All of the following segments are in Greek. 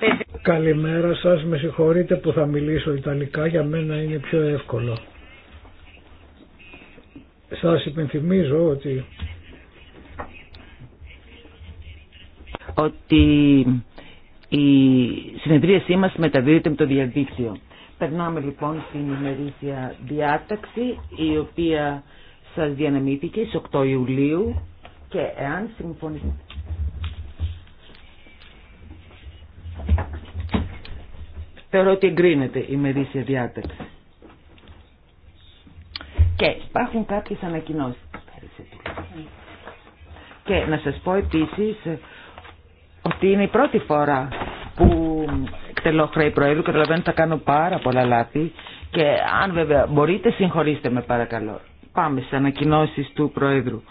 Ε, Καλημέρα σας, με συγχωρείτε που θα μιλήσω Ιταλικά, για μένα είναι πιο εύκολο. Σας υπενθυμίζω ότι... Ότι η συνεδρίασή μας μεταδίδεται με το διαδίκτυο. Περνάμε λοιπόν στην ημερήσια διάταξη, η οποία σας διανεμήθηκε στις 8 Ιουλίου και εάν συμφωνείτε, θεωρώ ότι εγκρίνεται η μερίσια διάταξη. Και υπάρχουν κάποιες ανακοινώσεις. Και να σας πω επίσης ότι είναι η πρώτη φορά που εκτελώ χρέη προέδρου και καταλαβαίνω θα κάνω πάρα πολλά λάθη και αν βέβαια μπορείτε συγχωρήστε με παρακαλώ. Πάμε στις ανακοινώσεις του Προέδρου.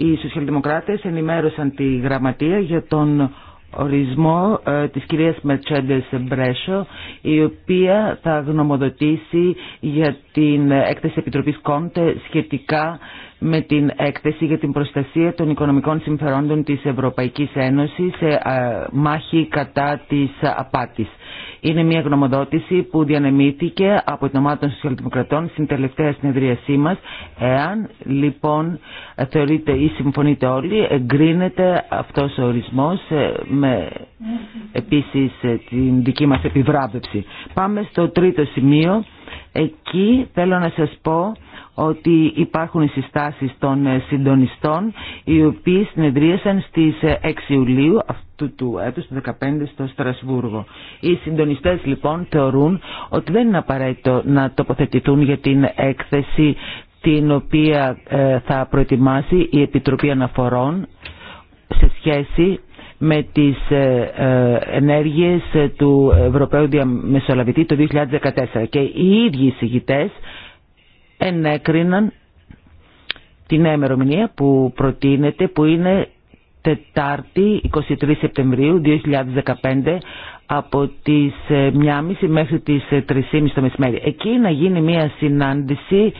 Οι σοσιαλδημοκράτες ενημέρωσαν τη γραμματεία για τον ορισμό ε, της κυρίας Μετσέντες Μπρέσο η οποία θα γνωμοδοτήσει για την έκθεση Επιτροπής Κόντε σχετικά με την έκθεση για την προστασία των οικονομικών συμφερόντων της Ευρωπαϊκής Ένωσης σε μάχη κατά της απάτης. Είναι μια γνωμοδότηση που διανεμήθηκε από την ομάδα των Σοσιαλδημοκρατών στην τελευταία συνεδρίασή μας. Εάν λοιπόν θεωρείτε ή συμφωνείτε όλοι, εγκρίνεται αυτός ο ορισμός ε, με επίσης ε, την δική μας επιβράβευση. Πάμε στο τρίτο σημείο. Εκεί θέλω να σας πω ότι υπάρχουν οι συστάσεις των ε, συντονιστών οι οποίοι συνεδρίασαν στις 6 ε, Ιουλίου αυτού του έτους το 2015 στο Στρασβούργο. Οι συντονιστές λοιπόν θεωρούν ότι δεν είναι απαραίτητο να τοποθετηθούν για την έκθεση την οποία ε, θα προετοιμάσει η Επιτροπή Αναφορών σε σχέση με τις ενέργειες του Ευρωπαίου Διαμεσολαβητή το 2014 και οι ίδιοι συγητές ενέκριναν την νέα ημερομηνία που προτείνεται που είναι Τετάρτη 23 Σεπτεμβρίου 2015 από τις 1.30 ε, μέχρι τις 3.30 ε, το μεσημέρι. Εκεί να γίνει μια συνάντηση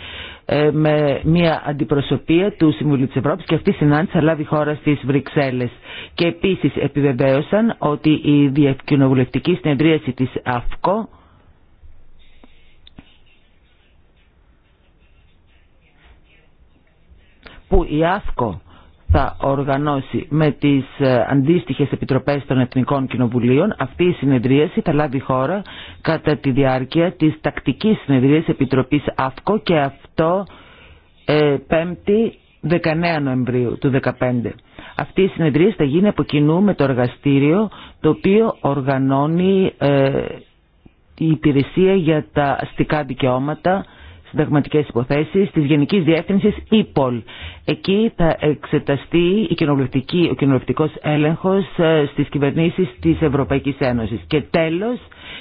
ε, με μια αντιπροσωπεία του Συμβουλίου της Ευρώπης και αυτή η συνάντηση θα λάβει χώρα στις Βρυξέλλες. Και επίσης επιβεβαίωσαν ότι η Διευκοινοβουλευτική συνεδρίαση της ΑΦΚΟ που η ΑΦΚΟ θα οργανώσει με τις ε, αντίστοιχες επιτροπές των Εθνικών Κοινοβουλίων. Αυτή η συνεδρίαση θα λάβει χώρα κατά τη διάρκεια της τακτικής συνεδρίας Επιτροπής ΑΦΚΟ και αυτό 5η ε, 19 Νοεμβρίου του 2015. Αυτή η συνεδρίαση θα γίνει από κοινού με το εργαστήριο το οποίο οργανώνει ε, η υπηρεσία για τα αστικά δικαιώματα συνταγματικές υποθέσεις της Γενικής Διεύθυνσης ΥΠΟΛ. E Εκεί θα εξεταστεί ο κοινοβουλευτικός έλεγχος ε, στις κυβερνήσεις της Ευρωπαϊκής Ένωσης. Και τέλος,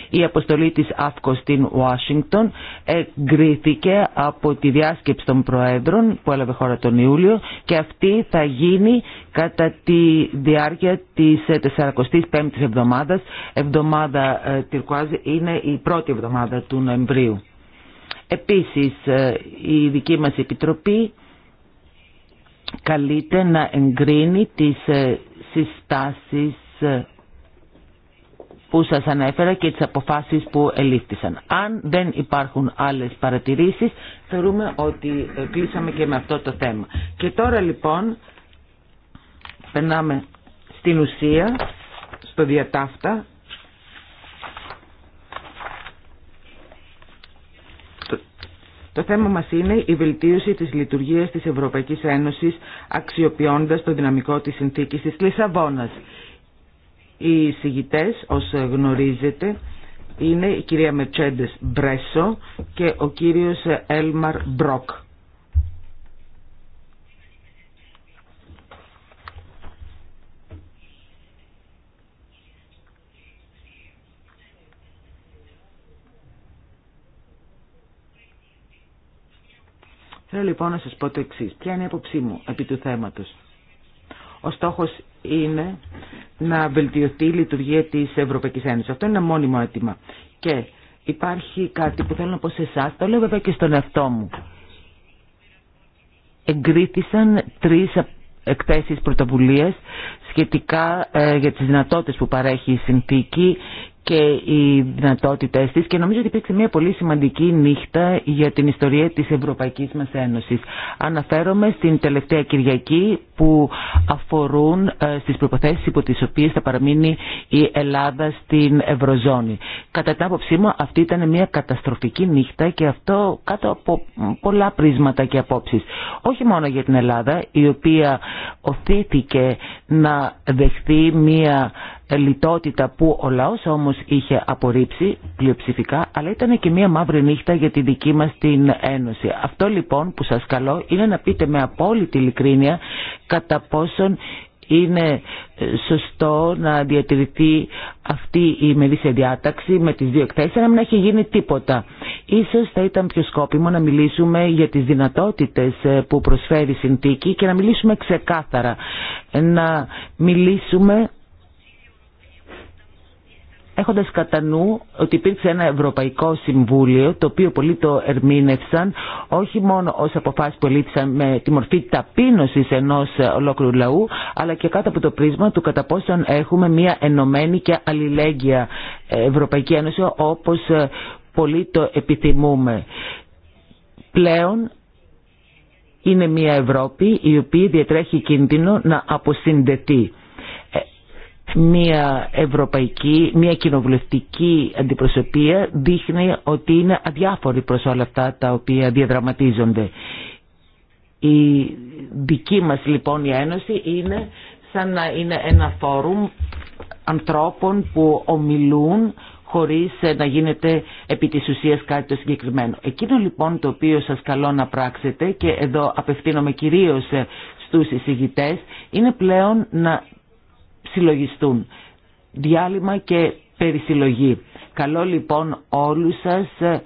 η αποστολή της ΑΦΚΟ στην Ουάσιγκτον εγκρίθηκε από τη διάσκεψη των Προέδρων που έλαβε χώρα τον Ιούλιο και αυτή θα γίνει κατά τη διάρκεια της 45ης ε, εβδομάδας. Εβδομάδα ε, Τυρκουάζ είναι η πρώτη εβδομάδα του Νοεμβρίου. Επίσης ε, η δική μας Επιτροπή καλείται να εγκρίνει τις ε, συστάσεις ε, που σας ανέφερα και τις αποφάσεις που ελήφθησαν. Αν δεν υπάρχουν άλλες παρατηρήσεις, θεωρούμε ότι κλείσαμε και με αυτό το θέμα. Και τώρα λοιπόν περνάμε στην ουσία, στο διατάφτα, Το θέμα μας είναι η βελτίωση της λειτουργίας της Ευρωπαϊκής Ένωσης αξιοποιώντας το δυναμικό της συνθήκης της Λισαβόνας. Οι συγητές, ως γνωρίζετε, είναι η κυρία Μετσέντες Μπρέσο και ο κύριος Έλμαρ Μπρόκ. Θέλω λοιπόν να σας πω το εξής. Ποια είναι η άποψή μου επί του θέματος. Ο στόχος είναι να βελτιωθεί η λειτουργία της Ευρωπαϊκής Ένωσης. Αυτό είναι ένα μόνιμο αίτημα. Και υπάρχει κάτι που θέλω να πω σε εσά, το λέω βέβαια και στον εαυτό μου. Εγκρίθησαν τρεις εκθέσεις πρωτοβουλίες σχετικά ε, για τις δυνατότητες που παρέχει η συνθήκη και οι δυνατότητε τη και νομίζω ότι υπήρξε μια πολύ σημαντική νύχτα για την ιστορία της Ευρωπαϊκής μας Ένωσης. Αναφέρομαι στην τελευταία Κυριακή που αφορούν ε, στις προποθέσεις υπό τις οποίες θα παραμείνει η Ελλάδα στην Ευρωζώνη. Κατά την άποψή μου αυτή ήταν μια καταστροφική νύχτα και αυτό κάτω από πολλά πρίσματα και απόψεις. Όχι μόνο για την Ελλάδα η οποία οθήθηκε να δεχθεί μια λιτότητα που ο λαός όμως είχε απορρίψει πλειοψηφικά αλλά ήταν και μία μαύρη νύχτα για τη δική μας την Ένωση. Αυτό λοιπόν που σας καλώ είναι να πείτε με απόλυτη ειλικρίνεια κατά πόσον είναι σωστό να διατηρηθεί αυτή η μερίσια διάταξη με τις δύο εκθέσεις να μην έχει γίνει τίποτα. Ίσως θα ήταν πιο σκόπιμο να μιλήσουμε για τις δυνατότητες που προσφέρει η συνθήκη και να μιλήσουμε ξεκάθαρα. Να μιλήσουμε Έχοντα κατά νου ότι υπήρξε ένα Ευρωπαϊκό Συμβούλιο το οποίο πολλοί το ερμήνευσαν όχι μόνο ως αποφάσεις που με τη μορφή ταπείνωσης ενός ολόκληρου λαού αλλά και κάτω από το πρίσμα του κατά πόσον έχουμε μια ενωμένη και αλληλέγγυα Ευρωπαϊκή Ένωση όπως πολλοί το επιθυμούμε. Πλέον είναι μια Ευρώπη η οποία διατρέχει κίνδυνο να αποσυνδετεί μια ευρωπαϊκή, μια κοινοβουλευτική αντιπροσωπεία δείχνει ότι είναι αδιάφορη προς όλα αυτά τα οποία διαδραματίζονται. Η δική μας λοιπόν η Ένωση είναι σαν να είναι ένα φόρουμ ανθρώπων που ομιλούν χωρίς να γίνεται επί της ουσίας κάτι το συγκεκριμένο. Εκείνο λοιπόν το οποίο σας καλώ να πράξετε και εδώ απευθύνομαι κυρίως στους εισηγητές είναι πλέον να συλλογιστούν. Διάλειμμα και περισυλλογή. Καλό λοιπόν όλους σας ε,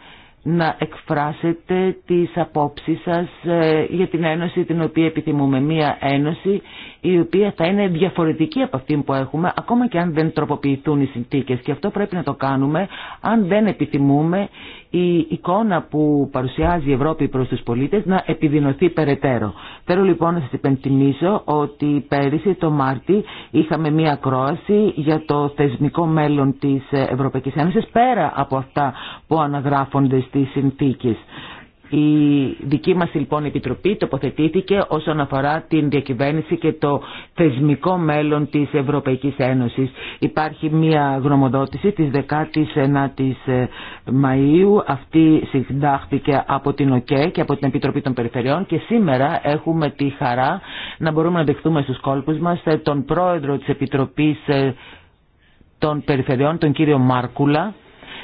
να εκφράσετε τις απόψεις σας ε, για την ένωση την οποία επιθυμούμε. Μία ένωση η οποία θα είναι διαφορετική από αυτή που έχουμε ακόμα και αν δεν τροποποιηθούν οι συνθήκες και αυτό πρέπει να το κάνουμε αν δεν επιθυμούμε η εικόνα που παρουσιάζει η Ευρώπη προς τους πολίτες να επιδεινωθεί περαιτέρω. Θέλω λοιπόν να σας υπενθυμίσω ότι πέρυσι το Μάρτι είχαμε μία ακρόαση για το θεσμικό μέλλον της Ευρωπαϊκής Ένωσης πέρα από αυτά που αναγράφονται στις συνθήκες. Η δική μας λοιπόν επιτροπή τοποθετήθηκε όσον αφορά την διακυβέρνηση και το θεσμικό μέλλον της Ευρωπαϊκής Ένωσης. Υπάρχει μια γνωμοδότηση της 19ης ε, Μαΐου, αυτή συντάχθηκε από την ΟΚΕ και από την Επιτροπή των Περιφερειών και σήμερα έχουμε τη χαρά να μπορούμε να δεχθούμε στους κόλπους μας ε, τον πρόεδρο της Επιτροπής ε, των Περιφερειών, τον κύριο Μάρκουλα,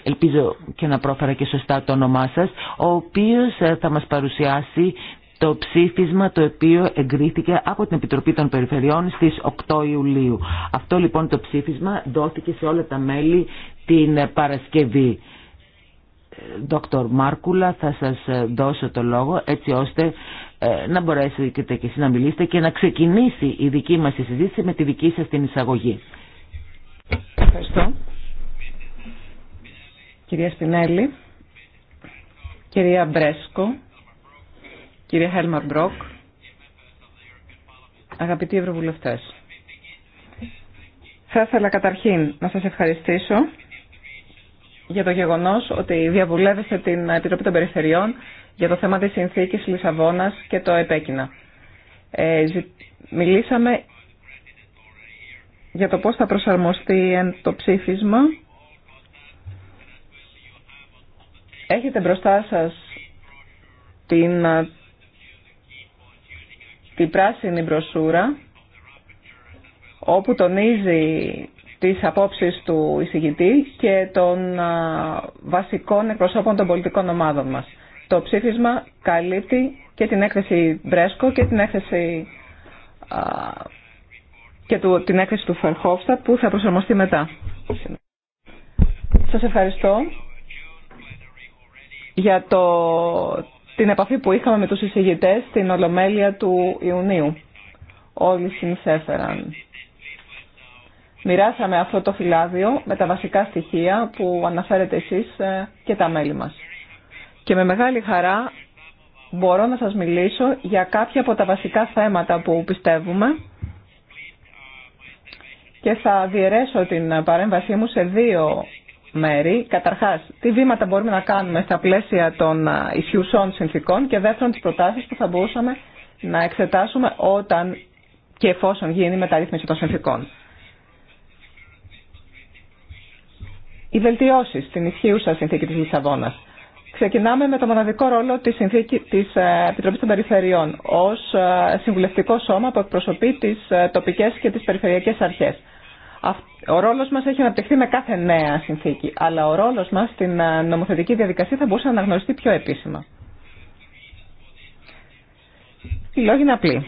ελπίζω και να πρόφερα και σωστά το όνομά σας, ο οποίος ε, θα μας παρουσιάσει το ψήφισμα το οποίο εγκρίθηκε από την Επιτροπή των Περιφερειών στις 8 Ιουλίου. Αυτό λοιπόν το ψήφισμα δόθηκε σε όλα τα μέλη την ε, Παρασκευή. Ε, Δόκτωρ Μάρκουλα θα σας δώσω το λόγο έτσι ώστε να μπορέσετε και εσείς να μιλήσετε και να ξεκινήσει η δική μας συζήτηση με τη δική σας την εισαγωγή. Ευχαριστώ κυρία Σπινέλη, κυρία Μπρέσκο, κυρία Χέλμαρ Μπρόκ, αγαπητοί ευρωβουλευτές. Θα ήθελα καταρχήν να σας ευχαριστήσω για το γεγονός ότι διαβουλεύεστε την Επιτροπή των Περιφερειών για το θέμα της συνθήκης Λισαβόνας και το επέκεινα. Ε, μιλήσαμε για το πώς θα προσαρμοστεί το ψήφισμα Έχετε μπροστά σας την, την πράσινη μπροσούρα όπου τονίζει τις απόψεις του εισηγητή και των βασικών εκπροσώπων των πολιτικών ομάδων μας. Το ψήφισμα καλύπτει και την έκθεση Μπρέσκο και την έκθεση και την έκθεση του Φερχόφστα που θα προσαρμοστεί μετά. Σας ευχαριστώ για το, την επαφή που είχαμε με τους εισηγητές στην Ολομέλεια του Ιουνίου. Όλοι συνεισέφεραν. Μοιράσαμε αυτό το φυλάδιο με τα βασικά στοιχεία που αναφέρετε εσείς ε, και τα μέλη μας. Και με μεγάλη χαρά μπορώ να σας μιλήσω για κάποια από τα βασικά θέματα που πιστεύουμε και θα διαιρέσω την παρέμβασή μου σε δύο μέρη. Καταρχάς, τι βήματα μπορούμε να κάνουμε στα πλαίσια των ισχυουσών συνθήκων και δεύτερον τι προτάσει που θα μπορούσαμε να εξετάσουμε όταν και εφόσον γίνει η μεταρρύθμιση των συνθήκων. Οι βελτιώσει στην ισχύουσα συνθήκη τη Λισαβόνα. Ξεκινάμε με το μοναδικό ρόλο τη συνθήκη τη ε, Επιτροπή των Περιφερειών ω ε, συμβουλευτικό σώμα που εκπροσωπεί τι ε, τοπικέ και τι περιφερειακέ αρχέ. Ο ρόλο μα έχει αναπτυχθεί με κάθε νέα συνθήκη, αλλά ο ρόλο μα στην ε, νομοθετική διαδικασία θα μπορούσε να αναγνωριστεί πιο επίσημα. Η λόγη είναι απλή.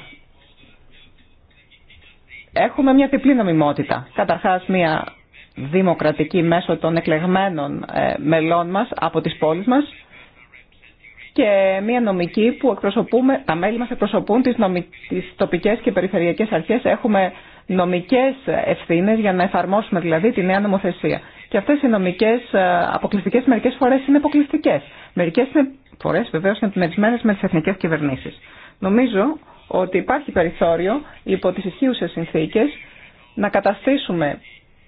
Έχουμε μια διπλή νομιμότητα. Καταρχά, μια δημοκρατική μέσω των εκλεγμένων ε, μελών μα από τι πόλει μα και μια νομική που εκπροσωπούμε, τα μέλη μας εκπροσωπούν τι τοπικέ και περιφερειακέ αρχέ. Έχουμε νομικές ευθύνες για να εφαρμόσουμε δηλαδή τη νέα νομοθεσία. Και αυτές οι νομικές ε, αποκλειστικές μερικές φορές είναι αποκλειστικές. Μερικές φορές βεβαίως είναι επιμερισμένες με τις εθνικές κυβερνήσεις. Νομίζω ότι υπάρχει περιθώριο υπό τις ισχύουσες συνθήκες να καταστήσουμε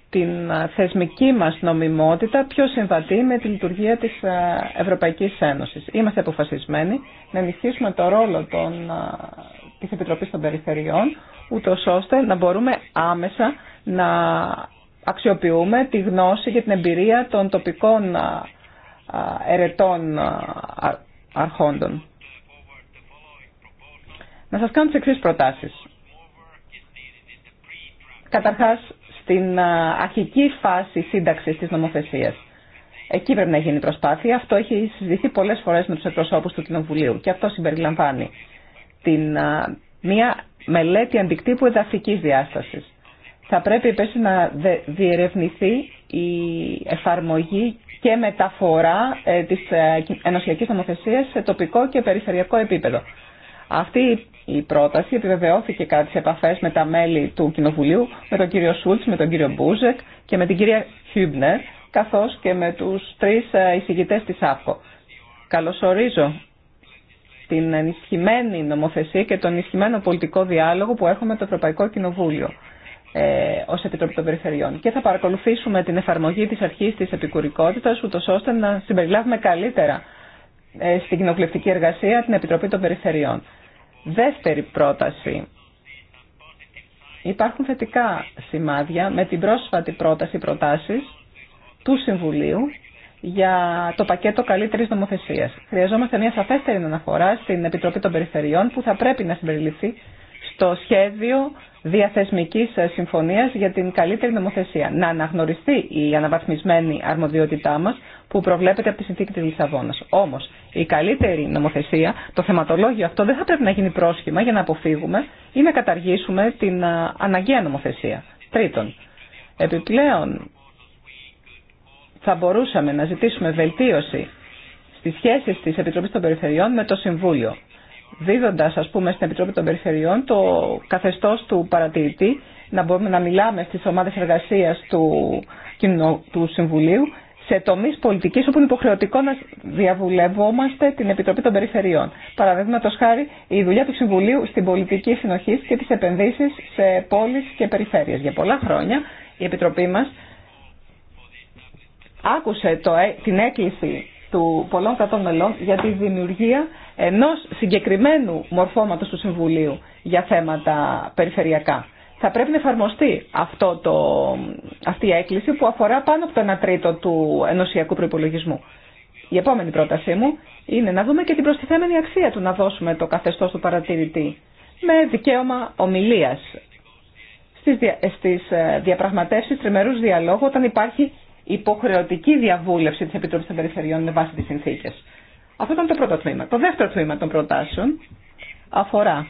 την ε, θεσμική μας νομιμότητα πιο συμβατή με τη λειτουργία της ε, Ευρωπαϊκής Ένωσης. Είμαστε αποφασισμένοι να ενισχύσουμε το ρόλο των, της των Περιφερειών ούτω ώστε να μπορούμε άμεσα να αξιοποιούμε τη γνώση και την εμπειρία των τοπικών ερετών αρχόντων. Να σας κάνω τις εξής προτάσεις. Καταρχάς, στην αρχική φάση σύνταξης της νομοθεσίας. Εκεί πρέπει να γίνει προσπάθεια. Αυτό έχει συζητηθεί πολλές φορές με τους εκπροσώπους του Κοινοβουλίου και αυτό συμπεριλαμβάνει την, μια μελέτη αντικτύπου εδαφικής διάστασης. Θα πρέπει επίση να διερευνηθεί η εφαρμογή και μεταφορά ε, της ε, ενωσιακής νομοθεσίας σε τοπικό και περιφερειακό επίπεδο. Αυτή η πρόταση επιβεβαιώθηκε κατά τις επαφές με τα μέλη του Κοινοβουλίου, με τον κύριο Σούλτς, με τον κύριο Μπούζεκ και με την κυρία Χιούμπνερ, καθώς και με τους τρεις ε, εισηγητές της ΑΦΚΟ. Καλωσορίζω την ενισχυμένη νομοθεσία και τον ενισχυμένο πολιτικό διάλογο που έχουμε το Ευρωπαϊκό Κοινοβούλιο ε, ω Επιτροπή των Περιφερειών. Και θα παρακολουθήσουμε την εφαρμογή τη αρχή τη επικουρικότητα, ούτω ώστε να συμπεριλάβουμε καλύτερα ε, στην κοινοβουλευτική εργασία την Επιτροπή των Περιφερειών. Δεύτερη πρόταση. Υπάρχουν θετικά σημάδια με την πρόσφατη πρόταση προτάσεις του Συμβουλίου για το πακέτο καλύτερη νομοθεσία. Χρειαζόμαστε μια σαφέστερη αναφορά στην Επιτροπή των Περιφερειών που θα πρέπει να συμπεριληφθεί στο σχέδιο διαθεσμική συμφωνία για την καλύτερη νομοθεσία. Να αναγνωριστεί η αναβαθμισμένη αρμοδιότητά μα που προβλέπεται από τη συνθήκη τη Λισαβόνα. Όμω, η καλύτερη νομοθεσία, το θεματολόγιο αυτό δεν θα πρέπει να γίνει πρόσχημα για να αποφύγουμε ή να καταργήσουμε την αναγκαία νομοθεσία. Τρίτον, επιπλέον θα μπορούσαμε να ζητήσουμε βελτίωση στις σχέσεις της Επιτροπής των Περιφερειών με το Συμβούλιο, δίδοντας ας πούμε στην Επιτροπή των Περιφερειών το καθεστώς του παρατηρητή, να μπορούμε να μιλάμε στις ομάδες εργασίας του, του Συμβουλίου σε τομεί πολιτική όπου είναι υποχρεωτικό να διαβουλευόμαστε την Επιτροπή των Περιφερειών. Παραδείγματο χάρη η δουλειά του Συμβουλίου στην πολιτική συνοχή και τι επενδύσει σε πόλει και περιφέρειες. Για πολλά χρόνια η Επιτροπή μα άκουσε το, ε, την έκκληση του πολλών κρατών μελών για τη δημιουργία ενός συγκεκριμένου μορφώματος του Συμβουλίου για θέματα περιφερειακά. Θα πρέπει να εφαρμοστεί αυτό το, αυτή η έκκληση που αφορά πάνω από το 1 τρίτο του ενωσιακού προπολογισμού. Η επόμενη πρότασή μου είναι να δούμε και την προστιθέμενη αξία του να δώσουμε το καθεστώς του παρατηρητή με δικαίωμα ομιλίας στις, διαπραγματεύσει στις ε, διαπραγματεύσεις τριμερούς διαλόγου όταν υπάρχει υποχρεωτική διαβούλευση τη επιτροπή των Περιφερειών με βάση τι συνθήκε. Αυτό ήταν το πρώτο τμήμα. Το δεύτερο τμήμα των προτάσεων αφορά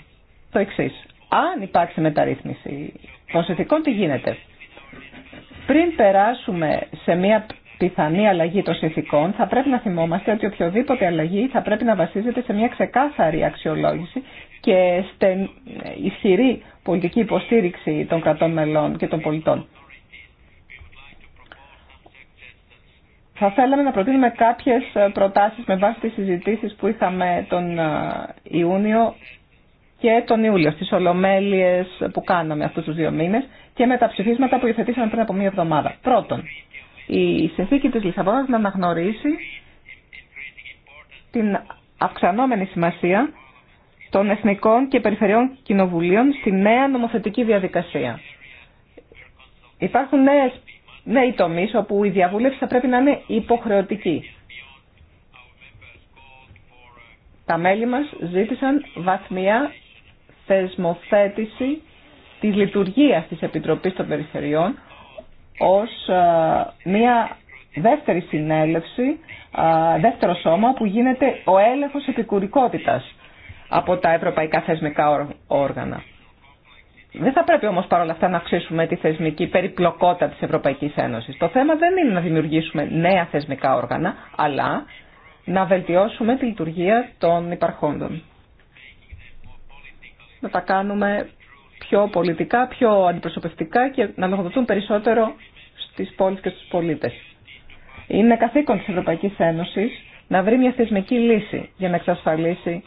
το εξή. Αν υπάρξει μεταρρύθμιση των συνθήκων, τι γίνεται. Πριν περάσουμε σε μια πιθανή αλλαγή των συνθήκων, θα πρέπει να θυμόμαστε ότι οποιοδήποτε αλλαγή θα πρέπει να βασίζεται σε μια ξεκάθαρη αξιολόγηση και στε... ισχυρή πολιτική υποστήριξη των κρατών μελών και των πολιτών. Θα θέλαμε να προτείνουμε κάποιες ε, προτάσεις με βάση τις συζητήσεις που είχαμε τον ε, Ιούνιο και τον Ιούλιο, στις ολομέλειες που κάναμε αυτούς τους δύο μήνες και με τα ψηφίσματα που υιοθετήσαμε πριν από μία εβδομάδα. Πρώτον, η συνθήκη της Λισαβόνας να αναγνωρίσει την αυξανόμενη σημασία των εθνικών και περιφερειών κοινοβουλίων στη νέα νομοθετική διαδικασία. Υπάρχουν νέες ναι, οι τομεί όπου η διαβούλευση θα πρέπει να είναι υποχρεωτική. Τα μέλη μας ζήτησαν βαθμία θεσμοθέτηση της λειτουργίας της Επιτροπής των Περιφερειών ως μία δεύτερη συνέλευση, δεύτερο σώμα που γίνεται ο έλεγχος επικουρικότητας από τα ευρωπαϊκά θεσμικά όργανα. Δεν θα πρέπει όμως παρόλα αυτά να αυξήσουμε τη θεσμική περιπλοκότητα της Ευρωπαϊκής Ένωσης. Το θέμα δεν είναι να δημιουργήσουμε νέα θεσμικά όργανα, αλλά να βελτιώσουμε τη λειτουργία των υπαρχόντων. Να τα κάνουμε πιο πολιτικά, πιο αντιπροσωπευτικά και να λογοδοτούν περισσότερο στις πόλεις και στους πολίτες. Είναι καθήκον της Ευρωπαϊκής Ένωσης να βρει μια θεσμική λύση για να εξασφαλίσει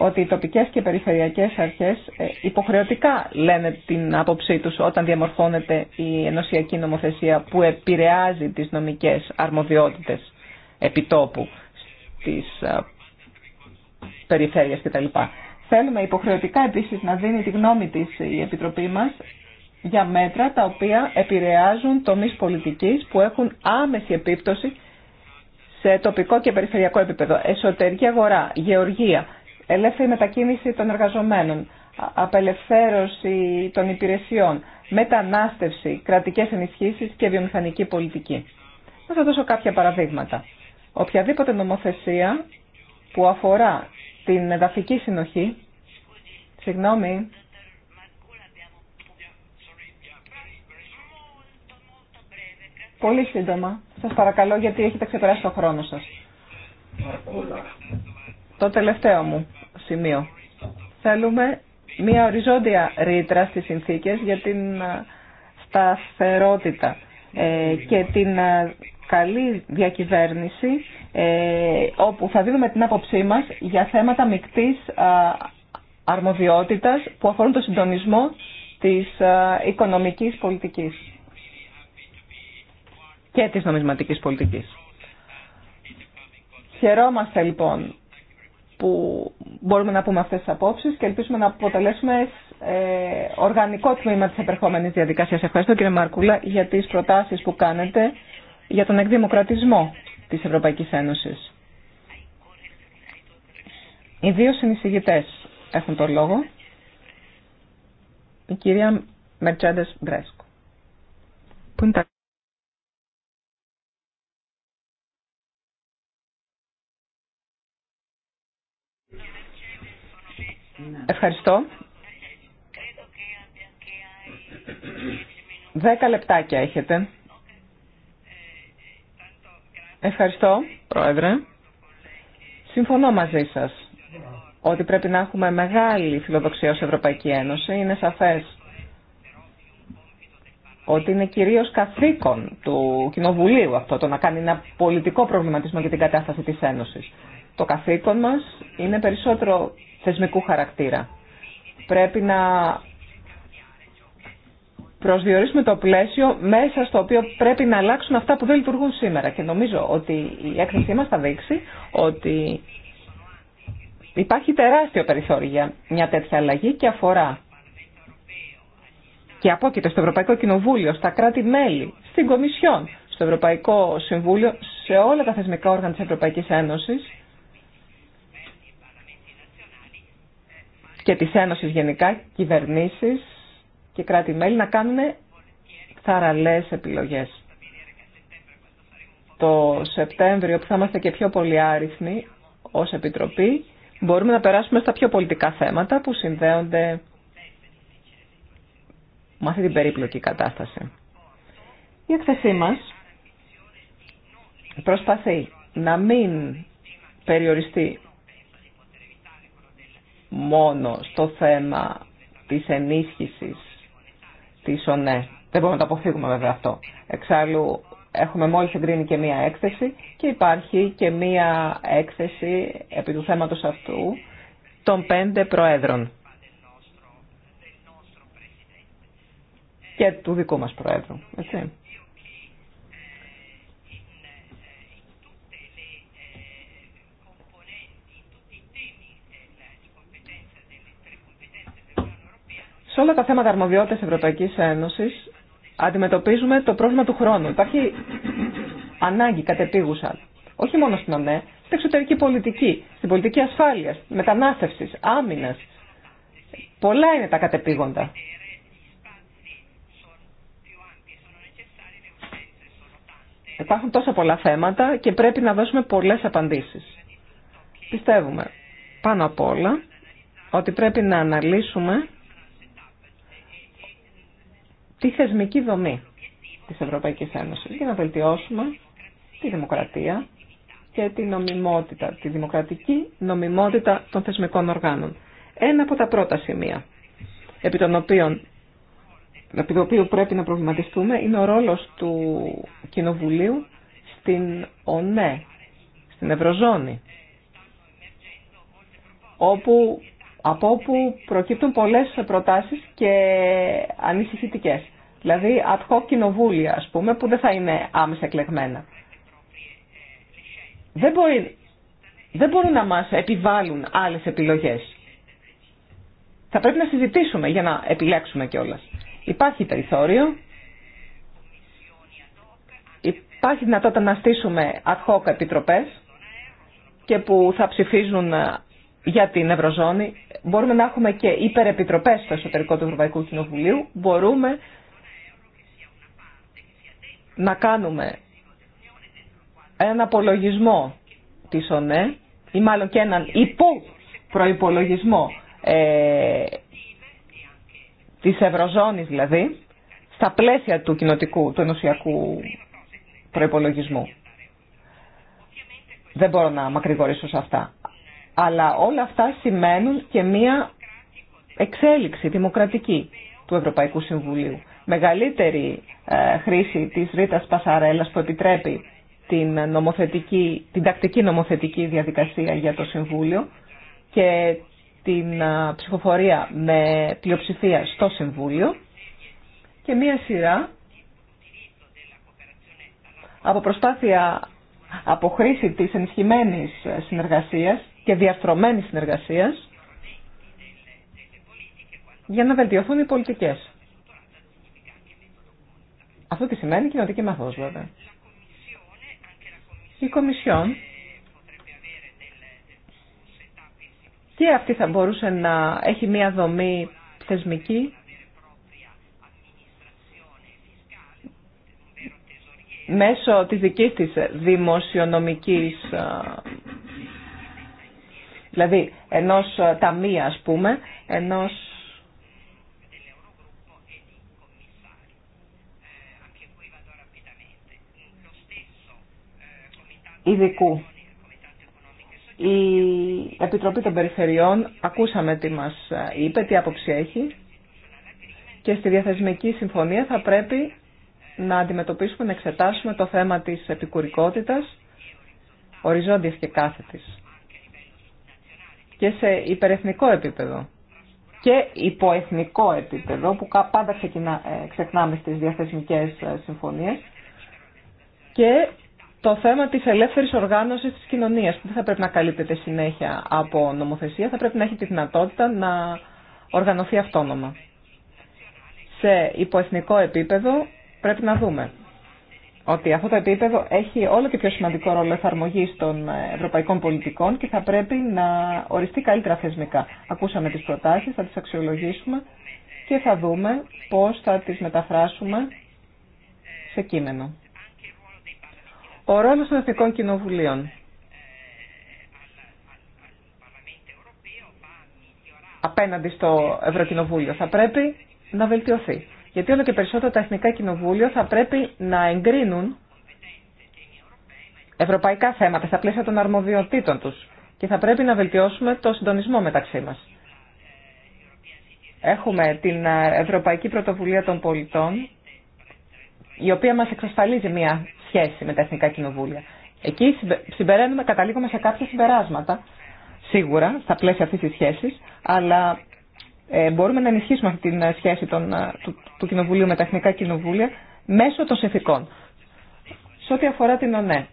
ότι οι τοπικές και περιφερειακές αρχές ε, υποχρεωτικά λένε την άποψή τους όταν διαμορφώνεται η ενωσιακή νομοθεσία που επηρεάζει τις νομικές αρμοδιότητες επιτόπου στις ε, περιφέρειες κτλ. Θέλουμε υποχρεωτικά επίσης να δίνει τη γνώμη της η Επιτροπή μας για μέτρα τα οποία επηρεάζουν τομείς πολιτικής που έχουν άμεση επίπτωση σε τοπικό και περιφερειακό επίπεδο. Εσωτερική αγορά, γεωργία, ελεύθερη μετακίνηση των εργαζομένων, απελευθέρωση των υπηρεσιών, μετανάστευση, κρατικές ενισχύσεις και βιομηχανική πολιτική. Να σας δώσω κάποια παραδείγματα. Οποιαδήποτε νομοθεσία που αφορά την εδαφική συνοχή, συγγνώμη, Πολύ σύντομα. Σας παρακαλώ γιατί έχετε ξεπεράσει το χρόνο σας. Το τελευταίο μου σημείο. Θέλουμε μια οριζόντια ρήτρα στις συνθήκες για την ε, σταθερότητα ε, και την ε, καλή διακυβέρνηση όπου θα δίνουμε την άποψή μας για θέματα μικτής αρμοδιότητας που αφορούν το συντονισμό της οικονομικής πολιτικής και της νομισματικής πολιτικής. Χαιρόμαστε λοιπόν που μπορούμε να πούμε αυτές τις απόψεις και ελπίζουμε να αποτελέσουμε ε, οργανικό τμήμα της επερχόμενης διαδικασίας. Ευχαριστώ κύριε Μαρκούλα για τις προτάσεις που κάνετε για τον εκδημοκρατισμό της Ευρωπαϊκής Ένωσης. Οι δύο συνεισηγητές έχουν τον λόγο. Η κυρία Μερτσέντες Μπρέσκο. Ευχαριστώ. Δέκα λεπτάκια έχετε. Ευχαριστώ, Πρόεδρε. Συμφωνώ μαζί σας ότι πρέπει να έχουμε μεγάλη φιλοδοξία ως Ευρωπαϊκή Ένωση. Είναι σαφές ότι είναι κυρίως καθήκον του Κοινοβουλίου αυτό το να κάνει ένα πολιτικό προβληματισμό για την κατάσταση της Ένωσης. Το καθήκον μας είναι περισσότερο θεσμικού χαρακτήρα. Πρέπει να προσδιορίσουμε το πλαίσιο μέσα στο οποίο πρέπει να αλλάξουν αυτά που δεν λειτουργούν σήμερα. Και νομίζω ότι η έκθεσή μας θα δείξει ότι υπάρχει τεράστιο περιθώριο για μια τέτοια αλλαγή και αφορά και απόκειται στο Ευρωπαϊκό Κοινοβούλιο, στα κράτη-μέλη, στην Κομισιόν, στο Ευρωπαϊκό Συμβούλιο, σε όλα τα θεσμικά όργανα της Ευρωπαϊκής Ένωσης και της Ένωσης γενικά, κυβερνήσεις και κράτη-μέλη να κάνουν θαραλές επιλογές. Το Σεπτέμβριο που θα είμαστε και πιο πολύ άριθμοι ως Επιτροπή μπορούμε να περάσουμε στα πιο πολιτικά θέματα που συνδέονται με αυτή την περίπλοκη κατάσταση. Η εκθεσή μας προσπαθεί να μην περιοριστεί μόνο στο θέμα της ενίσχυσης της ΟΝΕ. Δεν μπορούμε να το αποφύγουμε βέβαια αυτό. Εξάλλου έχουμε μόλις εγκρίνει και μία έκθεση και υπάρχει και μία έκθεση επί του θέματος αυτού των πέντε προέδρων και του δικού μας προέδρου. Έτσι. Σε όλα τα θέματα αρμοδιότητας Ευρωπαϊκή Ένωση αντιμετωπίζουμε το πρόβλημα του χρόνου. Υπάρχει ανάγκη κατεπίγουσα, όχι μόνο στην ΟΝΕ, στην εξωτερική πολιτική, στην πολιτική ασφάλεια, μετανάστευση, άμυνας. Πολλά είναι τα κατεπίγοντα. Υπάρχουν τόσα πολλά θέματα και πρέπει να δώσουμε πολλές απαντήσεις. Πιστεύουμε πάνω απ' όλα ότι πρέπει να αναλύσουμε τη θεσμική δομή της Ευρωπαϊκής Ένωσης για να βελτιώσουμε τη δημοκρατία και τη νομιμότητα, τη δημοκρατική νομιμότητα των θεσμικών οργάνων. Ένα από τα πρώτα σημεία επί των οποίων επί το οποίο πρέπει να προβληματιστούμε είναι ο ρόλος του Κοινοβουλίου στην ΟΝΕ, στην Ευρωζώνη, όπου από όπου προκύπτουν πολλές προτάσεις και ανησυχητικές. Δηλαδή, ad hoc κοινοβούλια, ας πούμε, που δεν θα είναι άμεσα εκλεγμένα. Δεν, μπορεί, δεν μπορούν να μας επιβάλλουν άλλες επιλογές. Θα πρέπει να συζητήσουμε για να επιλέξουμε κιόλα. Υπάρχει περιθώριο, υπάρχει δυνατότητα να στήσουμε ad hoc επιτροπές και που θα ψηφίζουν για την Ευρωζώνη. Μπορούμε να έχουμε και υπερεπιτροπές στο εσωτερικό του Ευρωπαϊκού Κοινοβουλίου. Μπορούμε να κάνουμε έναν απολογισμό της ΟΝΕ ή μάλλον και έναν υπο ε, της Ευρωζώνης δηλαδή στα πλαίσια του κοινοτικού, του ενωσιακού προϋπολογισμού. Δεν μπορώ να μακρηγορήσω σε αυτά. Αλλά όλα αυτά σημαίνουν και μία εξέλιξη δημοκρατική του Ευρωπαϊκού Συμβουλίου. Μεγαλύτερη ε, χρήση της ρήτας Πασαρέλας που επιτρέπει την, νομοθετική, την τακτική νομοθετική διαδικασία για το Συμβούλιο και την ε, ψηφοφορία με πλειοψηφία στο Συμβούλιο και μία σειρά από προσπάθεια από χρήση της ενισχυμένης συνεργασίας και διαρθρωμένης συνεργασία για να βελτιωθούν οι πολιτικές. Αυτό τι σημαίνει κοινωτική μεθόδος βέβαια. Η Κομισιόν και αυτή θα μπορούσε να έχει μια δομή θεσμική μέσω της δικής της δημοσιονομικής δηλαδή ενός ε, ταμεία ας πούμε, ενός ειδικού. Η Επιτροπή των Περιφερειών, ακούσαμε τι μας ε, είπε, τι άποψη έχει και στη διαθεσμική συμφωνία θα πρέπει να αντιμετωπίσουμε, να εξετάσουμε το θέμα της επικουρικότητας, οριζόντιας και κάθετης και σε υπερεθνικό επίπεδο και υποεθνικό επίπεδο που πάντα ξεκινά, ε, ξεχνάμε στις διαθεσμικές ε, συμφωνίες και το θέμα της ελεύθερης οργάνωσης της κοινωνίας που δεν θα πρέπει να καλύπτεται συνέχεια από νομοθεσία, θα πρέπει να έχει τη δυνατότητα να οργανωθεί αυτόνομα. Σε υποεθνικό επίπεδο πρέπει να δούμε ότι αυτό το επίπεδο έχει όλο και πιο σημαντικό ρόλο εφαρμογή των ευρωπαϊκών πολιτικών και θα πρέπει να οριστεί καλύτερα θεσμικά. Ακούσαμε τι προτάσει, θα τι αξιολογήσουμε και θα δούμε πώ θα τι μεταφράσουμε σε κείμενο. Ο ρόλο των Εθνικών Κοινοβουλίων. Απέναντι στο Ευρωκοινοβούλιο θα πρέπει να βελτιωθεί. Γιατί όλο και περισσότερο τα εθνικά κοινοβούλια θα πρέπει να εγκρίνουν ευρωπαϊκά θέματα στα πλαίσια των αρμοδιοτήτων τους και θα πρέπει να βελτιώσουμε το συντονισμό μεταξύ μας. Έχουμε την Ευρωπαϊκή Πρωτοβουλία των Πολιτών, η οποία μας εξασφαλίζει μια σχέση με τα Εθνικά Κοινοβούλια. Εκεί συμπεραίνουμε, καταλήγουμε σε κάποια συμπεράσματα, σίγουρα, στα πλαίσια αυτής της σχέσης, αλλά ε, μπορούμε να ενισχύσουμε αυτή τη ε, σχέση των, ε, του, του Κοινοβουλίου με τα Εθνικά Κοινοβούλια μέσω των συνθηκών. Σε ό,τι αφορά την ΟΝΕ,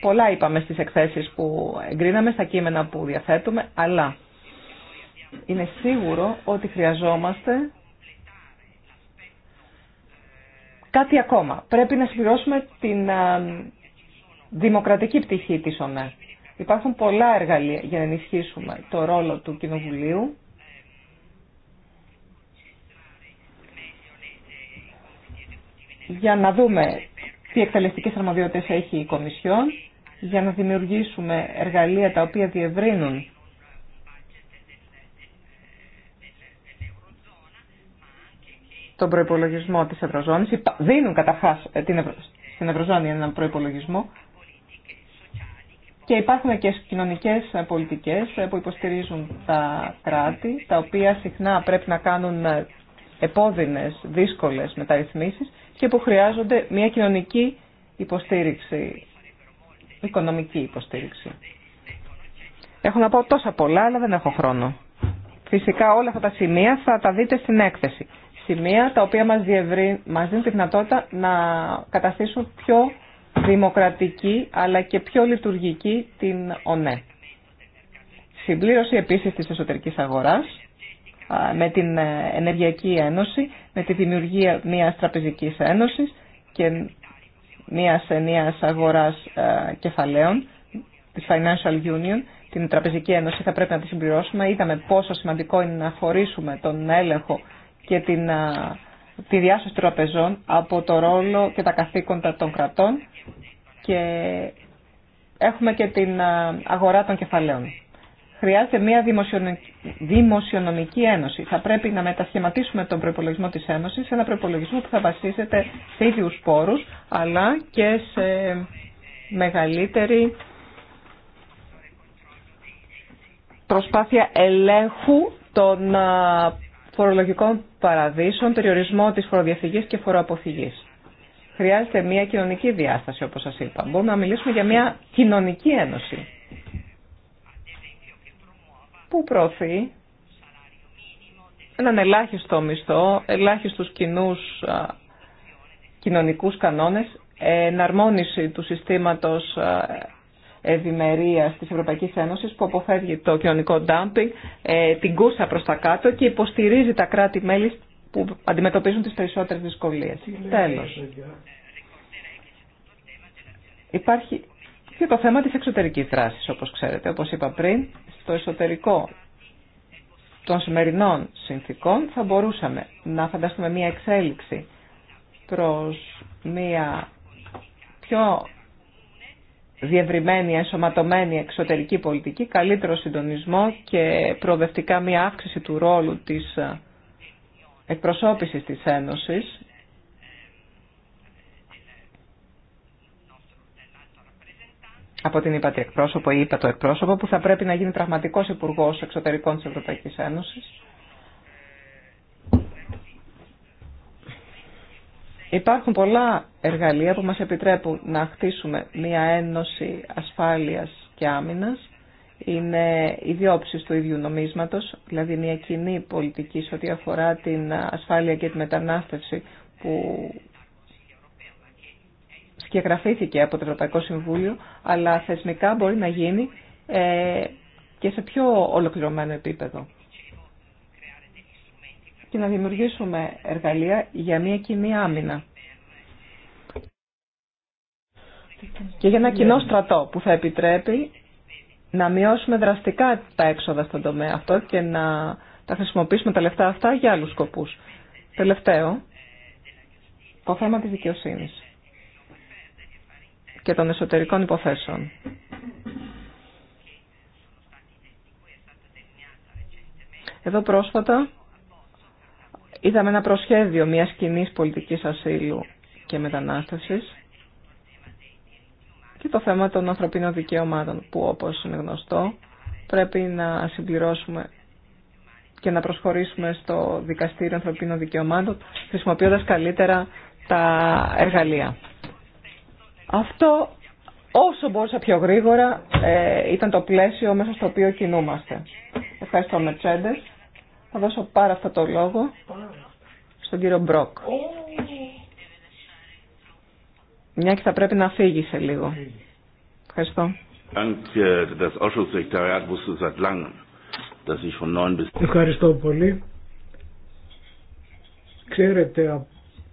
πολλά είπαμε στις εκθέσεις που εγκρίναμε, στα κείμενα που διαθέτουμε, αλλά είναι σίγουρο ότι χρειαζόμαστε κάτι ακόμα. Πρέπει να συμπληρώσουμε την δημοκρατική πτυχή της ΟΝΕ. Υπάρχουν πολλά εργαλεία για να ενισχύσουμε το ρόλο του Κοινοβουλίου για να δούμε τι εκτελεστικές αρμοδιότητες έχει η Κομισιόν, για να δημιουργήσουμε εργαλεία τα οποία διευρύνουν τον προϋπολογισμό της Ευρωζώνης, δίνουν καταρχάς ε, στην Ευρωζώνη έναν προϋπολογισμό και υπάρχουν και κοινωνικές ε, πολιτικές ε, που υποστηρίζουν τα κράτη, τα οποία συχνά πρέπει να κάνουν επώδυνες, δύσκολες μεταρρυθμίσεις και που χρειάζονται μια κοινωνική υποστήριξη, οικονομική υποστήριξη. Έχω να πω τόσα πολλά, αλλά δεν έχω χρόνο. Φυσικά όλα αυτά τα σημεία θα τα δείτε στην έκθεση. Σημεία τα οποία μας, διευρύ, μας δίνουν τη δυνατότητα να καταστήσουν πιο δημοκρατική αλλά και πιο λειτουργική την ΩΝΕ. Συμπλήρωση επίσης της εσωτερικής αγοράς με την ε, Ενεργειακή Ένωση, με τη δημιουργία μιας τραπεζικής ένωσης και μιας ενίας αγοράς ε, κεφαλαίων, της Financial Union, την Τραπεζική Ένωση θα πρέπει να τη συμπληρώσουμε. Είδαμε πόσο σημαντικό είναι να χωρίσουμε τον έλεγχο και την, τη διάσωση των τραπεζών από το ρόλο και τα καθήκοντα των κρατών και έχουμε και την αγορά των κεφαλαίων χρειάζεται μια δημοσιονομική ένωση. Θα πρέπει να μετασχηματίσουμε τον προπολογισμό της Ένωσης σε ένα προπολογισμό που θα βασίζεται σε ίδιους πόρους, αλλά και σε μεγαλύτερη προσπάθεια ελέγχου των φορολογικών παραδείσων, περιορισμό της φοροδιαφυγής και φοροαποφυγής. Χρειάζεται μια κοινωνική διάσταση, όπως σας είπα. Μπορούμε να μιλήσουμε για μια κοινωνική ένωση που προωθεί έναν ελάχιστο μισθό, ελάχιστους κοινούς κοινωνικούς κανόνες, εναρμόνιση του συστήματος ευημερίας της Ευρωπαϊκής Ένωσης που αποφεύγει το κοινωνικό ντάμπινγκ, ε, την κούσα προς τα κάτω και υποστηρίζει τα κράτη-μέλη που αντιμετωπίζουν τις περισσότερες δυσκολίες. Τέλος. Υπάρχει και το θέμα της εξωτερικής δράσης, όπως ξέρετε. Όπως είπα πριν, στο εσωτερικό των σημερινών συνθήκων θα μπορούσαμε να φανταστούμε μία εξέλιξη προς μία πιο διευρυμένη, ενσωματωμένη εξωτερική πολιτική, καλύτερο συντονισμό και προοδευτικά μία αύξηση του ρόλου της εκπροσώπησης της Ένωσης από την ΥΠΑΤΗ εκπρόσωπο ή είπα το εκπρόσωπο που θα πρέπει να γίνει πραγματικός υπουργό εξωτερικών της Ευρωπαϊκής Ένωσης. Υπάρχουν πολλά εργαλεία που μας επιτρέπουν να χτίσουμε μια ένωση ασφάλειας και άμυνας. Είναι οι διόψεις του ίδιου νομίσματος, δηλαδή μια κοινή πολιτική σε ό,τι αφορά την ασφάλεια και τη μετανάστευση που διαγραφήθηκε από το Ευρωπαϊκό Συμβούλιο, αλλά θεσμικά μπορεί να γίνει ε, και σε πιο ολοκληρωμένο επίπεδο. Και να δημιουργήσουμε εργαλεία για μια κοινή άμυνα. Και για ένα κοινό ναι. στρατό που θα επιτρέπει να μειώσουμε δραστικά τα έξοδα στον τομέα αυτό και να τα χρησιμοποιήσουμε τα λεφτά αυτά για άλλους σκοπούς. Τελευταίο, το θέμα της δικαιοσύνης και των εσωτερικών υποθέσεων. Εδώ πρόσφατα είδαμε ένα προσχέδιο μιας κοινή πολιτικής ασύλου και μετανάστευσης και το θέμα των ανθρωπίνων δικαιωμάτων που όπως είναι γνωστό πρέπει να συμπληρώσουμε και να προσχωρήσουμε στο Δικαστήριο Ανθρωπίνων Δικαιωμάτων χρησιμοποιώντας καλύτερα τα εργαλεία. Αυτό όσο μπορούσα πιο γρήγορα ε, ήταν το πλαίσιο μέσα στο οποίο κινούμαστε. Ευχαριστώ Μετσέντες. Θα δώσω πάρα αυτό το λόγο στον κύριο Μπρόκ. Μια και θα πρέπει να φύγει σε λίγο. Ευχαριστώ. Ευχαριστώ πολύ. Ξέρετε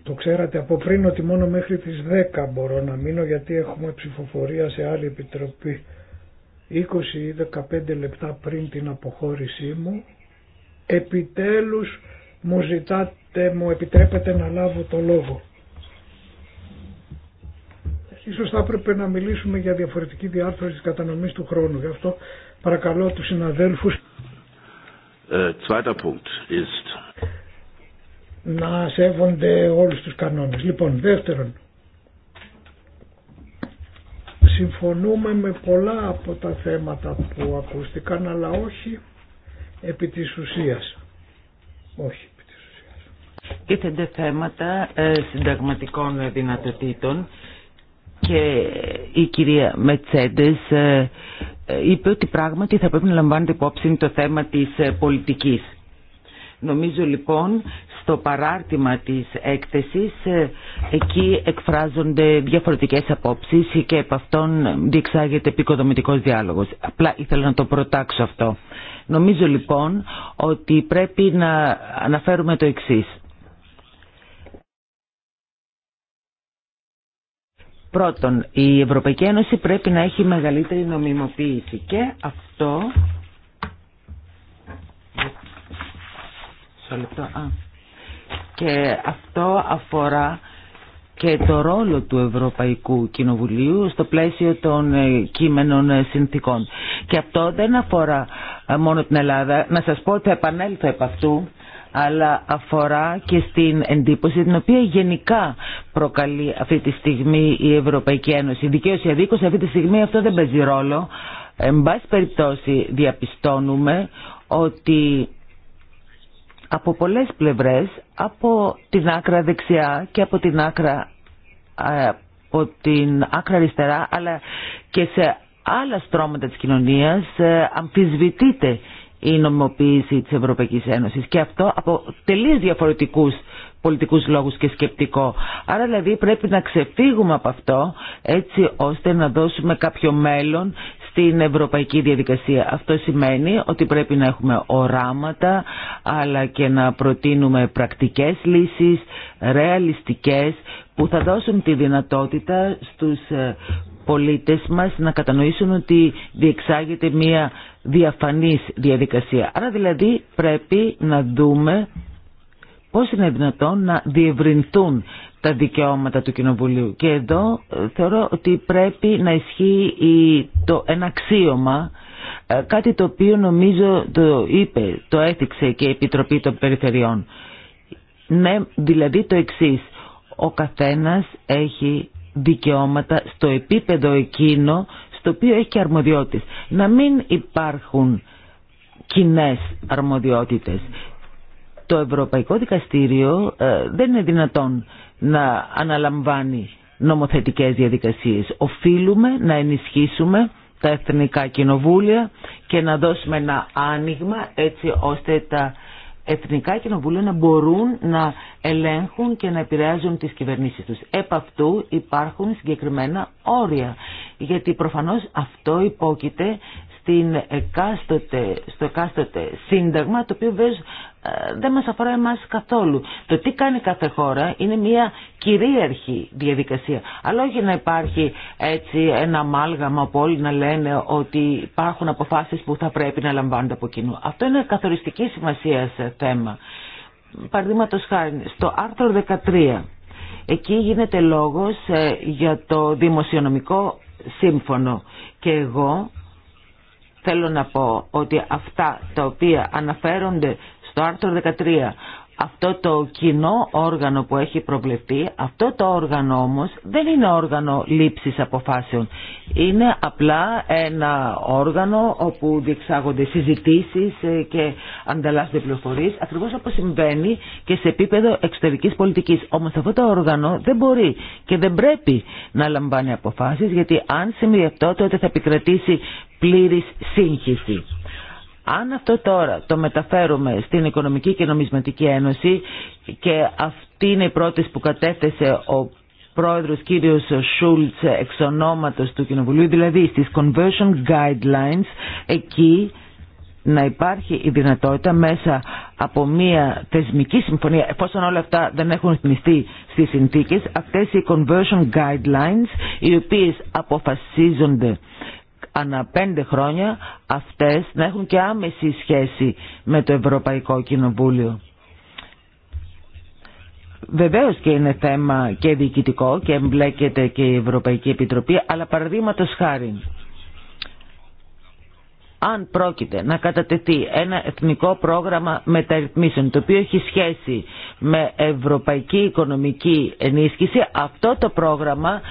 το ξέρατε από πριν ότι μόνο μέχρι τις 10 μπορώ να μείνω γιατί έχουμε ψηφοφορία σε άλλη επιτροπή. 20 ή 15 λεπτά πριν την αποχώρησή μου, επιτέλους μου ζητάτε, μου επιτρέπετε να λάβω το λόγο. Ίσως θα έπρεπε να μιλήσουμε για διαφορετική διάρθρωση της κατανομής του χρόνου. Γι' αυτό παρακαλώ τους συναδέλφους. Ε, να σέβονται όλους τους κανόνες. Λοιπόν, δεύτερον, συμφωνούμε με πολλά από τα θέματα που ακούστηκαν, αλλά όχι επί της ουσίας. Όχι επί της ουσίας. Τίθενται θέματα ε, συνταγματικών δυνατοτήτων και η κυρία Μετσέντες ε, ε, είπε ότι πράγματι θα πρέπει να λαμβάνεται υπόψη το θέμα της πολιτικής. Νομίζω λοιπόν στο παράρτημα της έκθεσης ε, εκεί εκφράζονται διαφορετικές απόψεις και από αυτόν διεξάγεται επικοδομητικός διάλογος. Απλά ήθελα να το προτάξω αυτό. Νομίζω λοιπόν ότι πρέπει να αναφέρουμε το εξής. Πρώτον, η Ευρωπαϊκή Ένωση πρέπει να έχει μεγαλύτερη νομιμοποίηση και αυτό Και αυτό αφορά και το ρόλο του Ευρωπαϊκού Κοινοβουλίου στο πλαίσιο των ε, κείμενων ε, συνθήκων. Και αυτό δεν αφορά ε, μόνο την Ελλάδα. Να σας πω ότι θα επανέλθω επ' αυτού αλλά αφορά και στην εντύπωση την οποία γενικά προκαλεί αυτή τη στιγμή η Ευρωπαϊκή Ένωση. Η δικαίωση αδίκως αυτή τη στιγμή αυτό δεν παίζει ρόλο. Εν πάση περιπτώσει διαπιστώνουμε ότι από πολλές πλευρές, από την άκρα δεξιά και από την άκρα, από την άκρα αριστερά, αλλά και σε άλλα στρώματα της κοινωνίας ε, αμφισβητείται η νομοποίηση της Ευρωπαϊκής Ένωσης και αυτό από τελείως διαφορετικούς πολιτικούς λόγους και σκεπτικό. Άρα δηλαδή πρέπει να ξεφύγουμε από αυτό έτσι ώστε να δώσουμε κάποιο μέλλον στην ευρωπαϊκή διαδικασία. Αυτό σημαίνει ότι πρέπει να έχουμε οράματα αλλά και να προτείνουμε πρακτικές λύσεις, ρεαλιστικές που θα δώσουν τη δυνατότητα στους ε, πολίτες μας να κατανοήσουν ότι διεξάγεται μια διαφανής διαδικασία. Άρα δηλαδή πρέπει να δούμε πώς είναι δυνατόν να διευρυνθούν τα δικαιώματα του Κοινοβουλίου. Και εδώ ε, θεωρώ ότι πρέπει να ισχύει το, ένα αξίωμα, ε, κάτι το οποίο νομίζω το είπε, το έθιξε και η Επιτροπή των Περιφερειών. Ναι, δηλαδή το εξής, ο καθένας έχει δικαιώματα στο επίπεδο εκείνο στο οποίο έχει αρμοδιότητες. Να μην υπάρχουν κοινέ αρμοδιότητες. Το Ευρωπαϊκό Δικαστήριο ε, δεν είναι δυνατόν να αναλαμβάνει νομοθετικές διαδικασίες. Οφείλουμε να ενισχύσουμε τα εθνικά κοινοβούλια και να δώσουμε ένα άνοιγμα έτσι ώστε τα εθνικά κοινοβούλια να μπορούν να ελέγχουν και να επηρεάζουν τις κυβερνήσεις τους. Επ' αυτού υπάρχουν συγκεκριμένα όρια, γιατί προφανώς αυτό υπόκειται στην στο εκάστοτε σύνταγμα, το οποίο βέβαια δεν μας αφορά εμάς καθόλου. Το τι κάνει κάθε χώρα είναι μια κυρίαρχη διαδικασία. Αλλά όχι να υπάρχει έτσι ένα αμάλγαμα που όλοι να λένε ότι υπάρχουν αποφάσεις που θα πρέπει να λαμβάνονται από κοινού. Αυτό είναι καθοριστική σημασία σε θέμα. Παραδείγματο χάρη, στο άρθρο 13, εκεί γίνεται λόγος ε, για το δημοσιονομικό σύμφωνο. Και εγώ θέλω να πω ότι αυτά τα οποία αναφέρονται στο άρθρο 13 αυτό το κοινό όργανο που έχει προβλεφτεί, αυτό το όργανο όμως δεν είναι όργανο λήψης αποφάσεων. Είναι απλά ένα όργανο όπου διεξάγονται συζητήσεις ε, και ανταλλάσσονται πληροφορίες, ακριβώς όπως συμβαίνει και σε επίπεδο εξωτερικής πολιτικής. Όμως αυτό το όργανο δεν μπορεί και δεν πρέπει να λαμβάνει αποφάσεις, γιατί αν συμβεί αυτό τότε θα επικρατήσει πλήρης σύγχυση. Αν αυτό τώρα το μεταφέρουμε στην Οικονομική και Νομισματική Ένωση και αυτή είναι η πρώτη που κατέθεσε ο πρόεδρος κύριος Σούλτς εξ ονόματος του Κοινοβουλίου, δηλαδή στις Conversion Guidelines, εκεί να υπάρχει η δυνατότητα μέσα από μια θεσμική συμφωνία, εφόσον όλα αυτά δεν έχουν θυμιστεί στις συνθήκες, αυτές οι conversion guidelines, οι οποίες αποφασίζονται ανά πέντε χρόνια αυτές να έχουν και άμεση σχέση με το Ευρωπαϊκό Κοινοβούλιο. Βεβαίως και είναι θέμα και διοικητικό και εμπλέκεται και η Ευρωπαϊκή Επιτροπή, αλλά παραδείγματο χάρη αν πρόκειται να κατατεθεί ένα εθνικό πρόγραμμα μεταρρυθμίσεων το οποίο έχει σχέση με ευρωπαϊκή οικονομική ενίσχυση αυτό το πρόγραμμα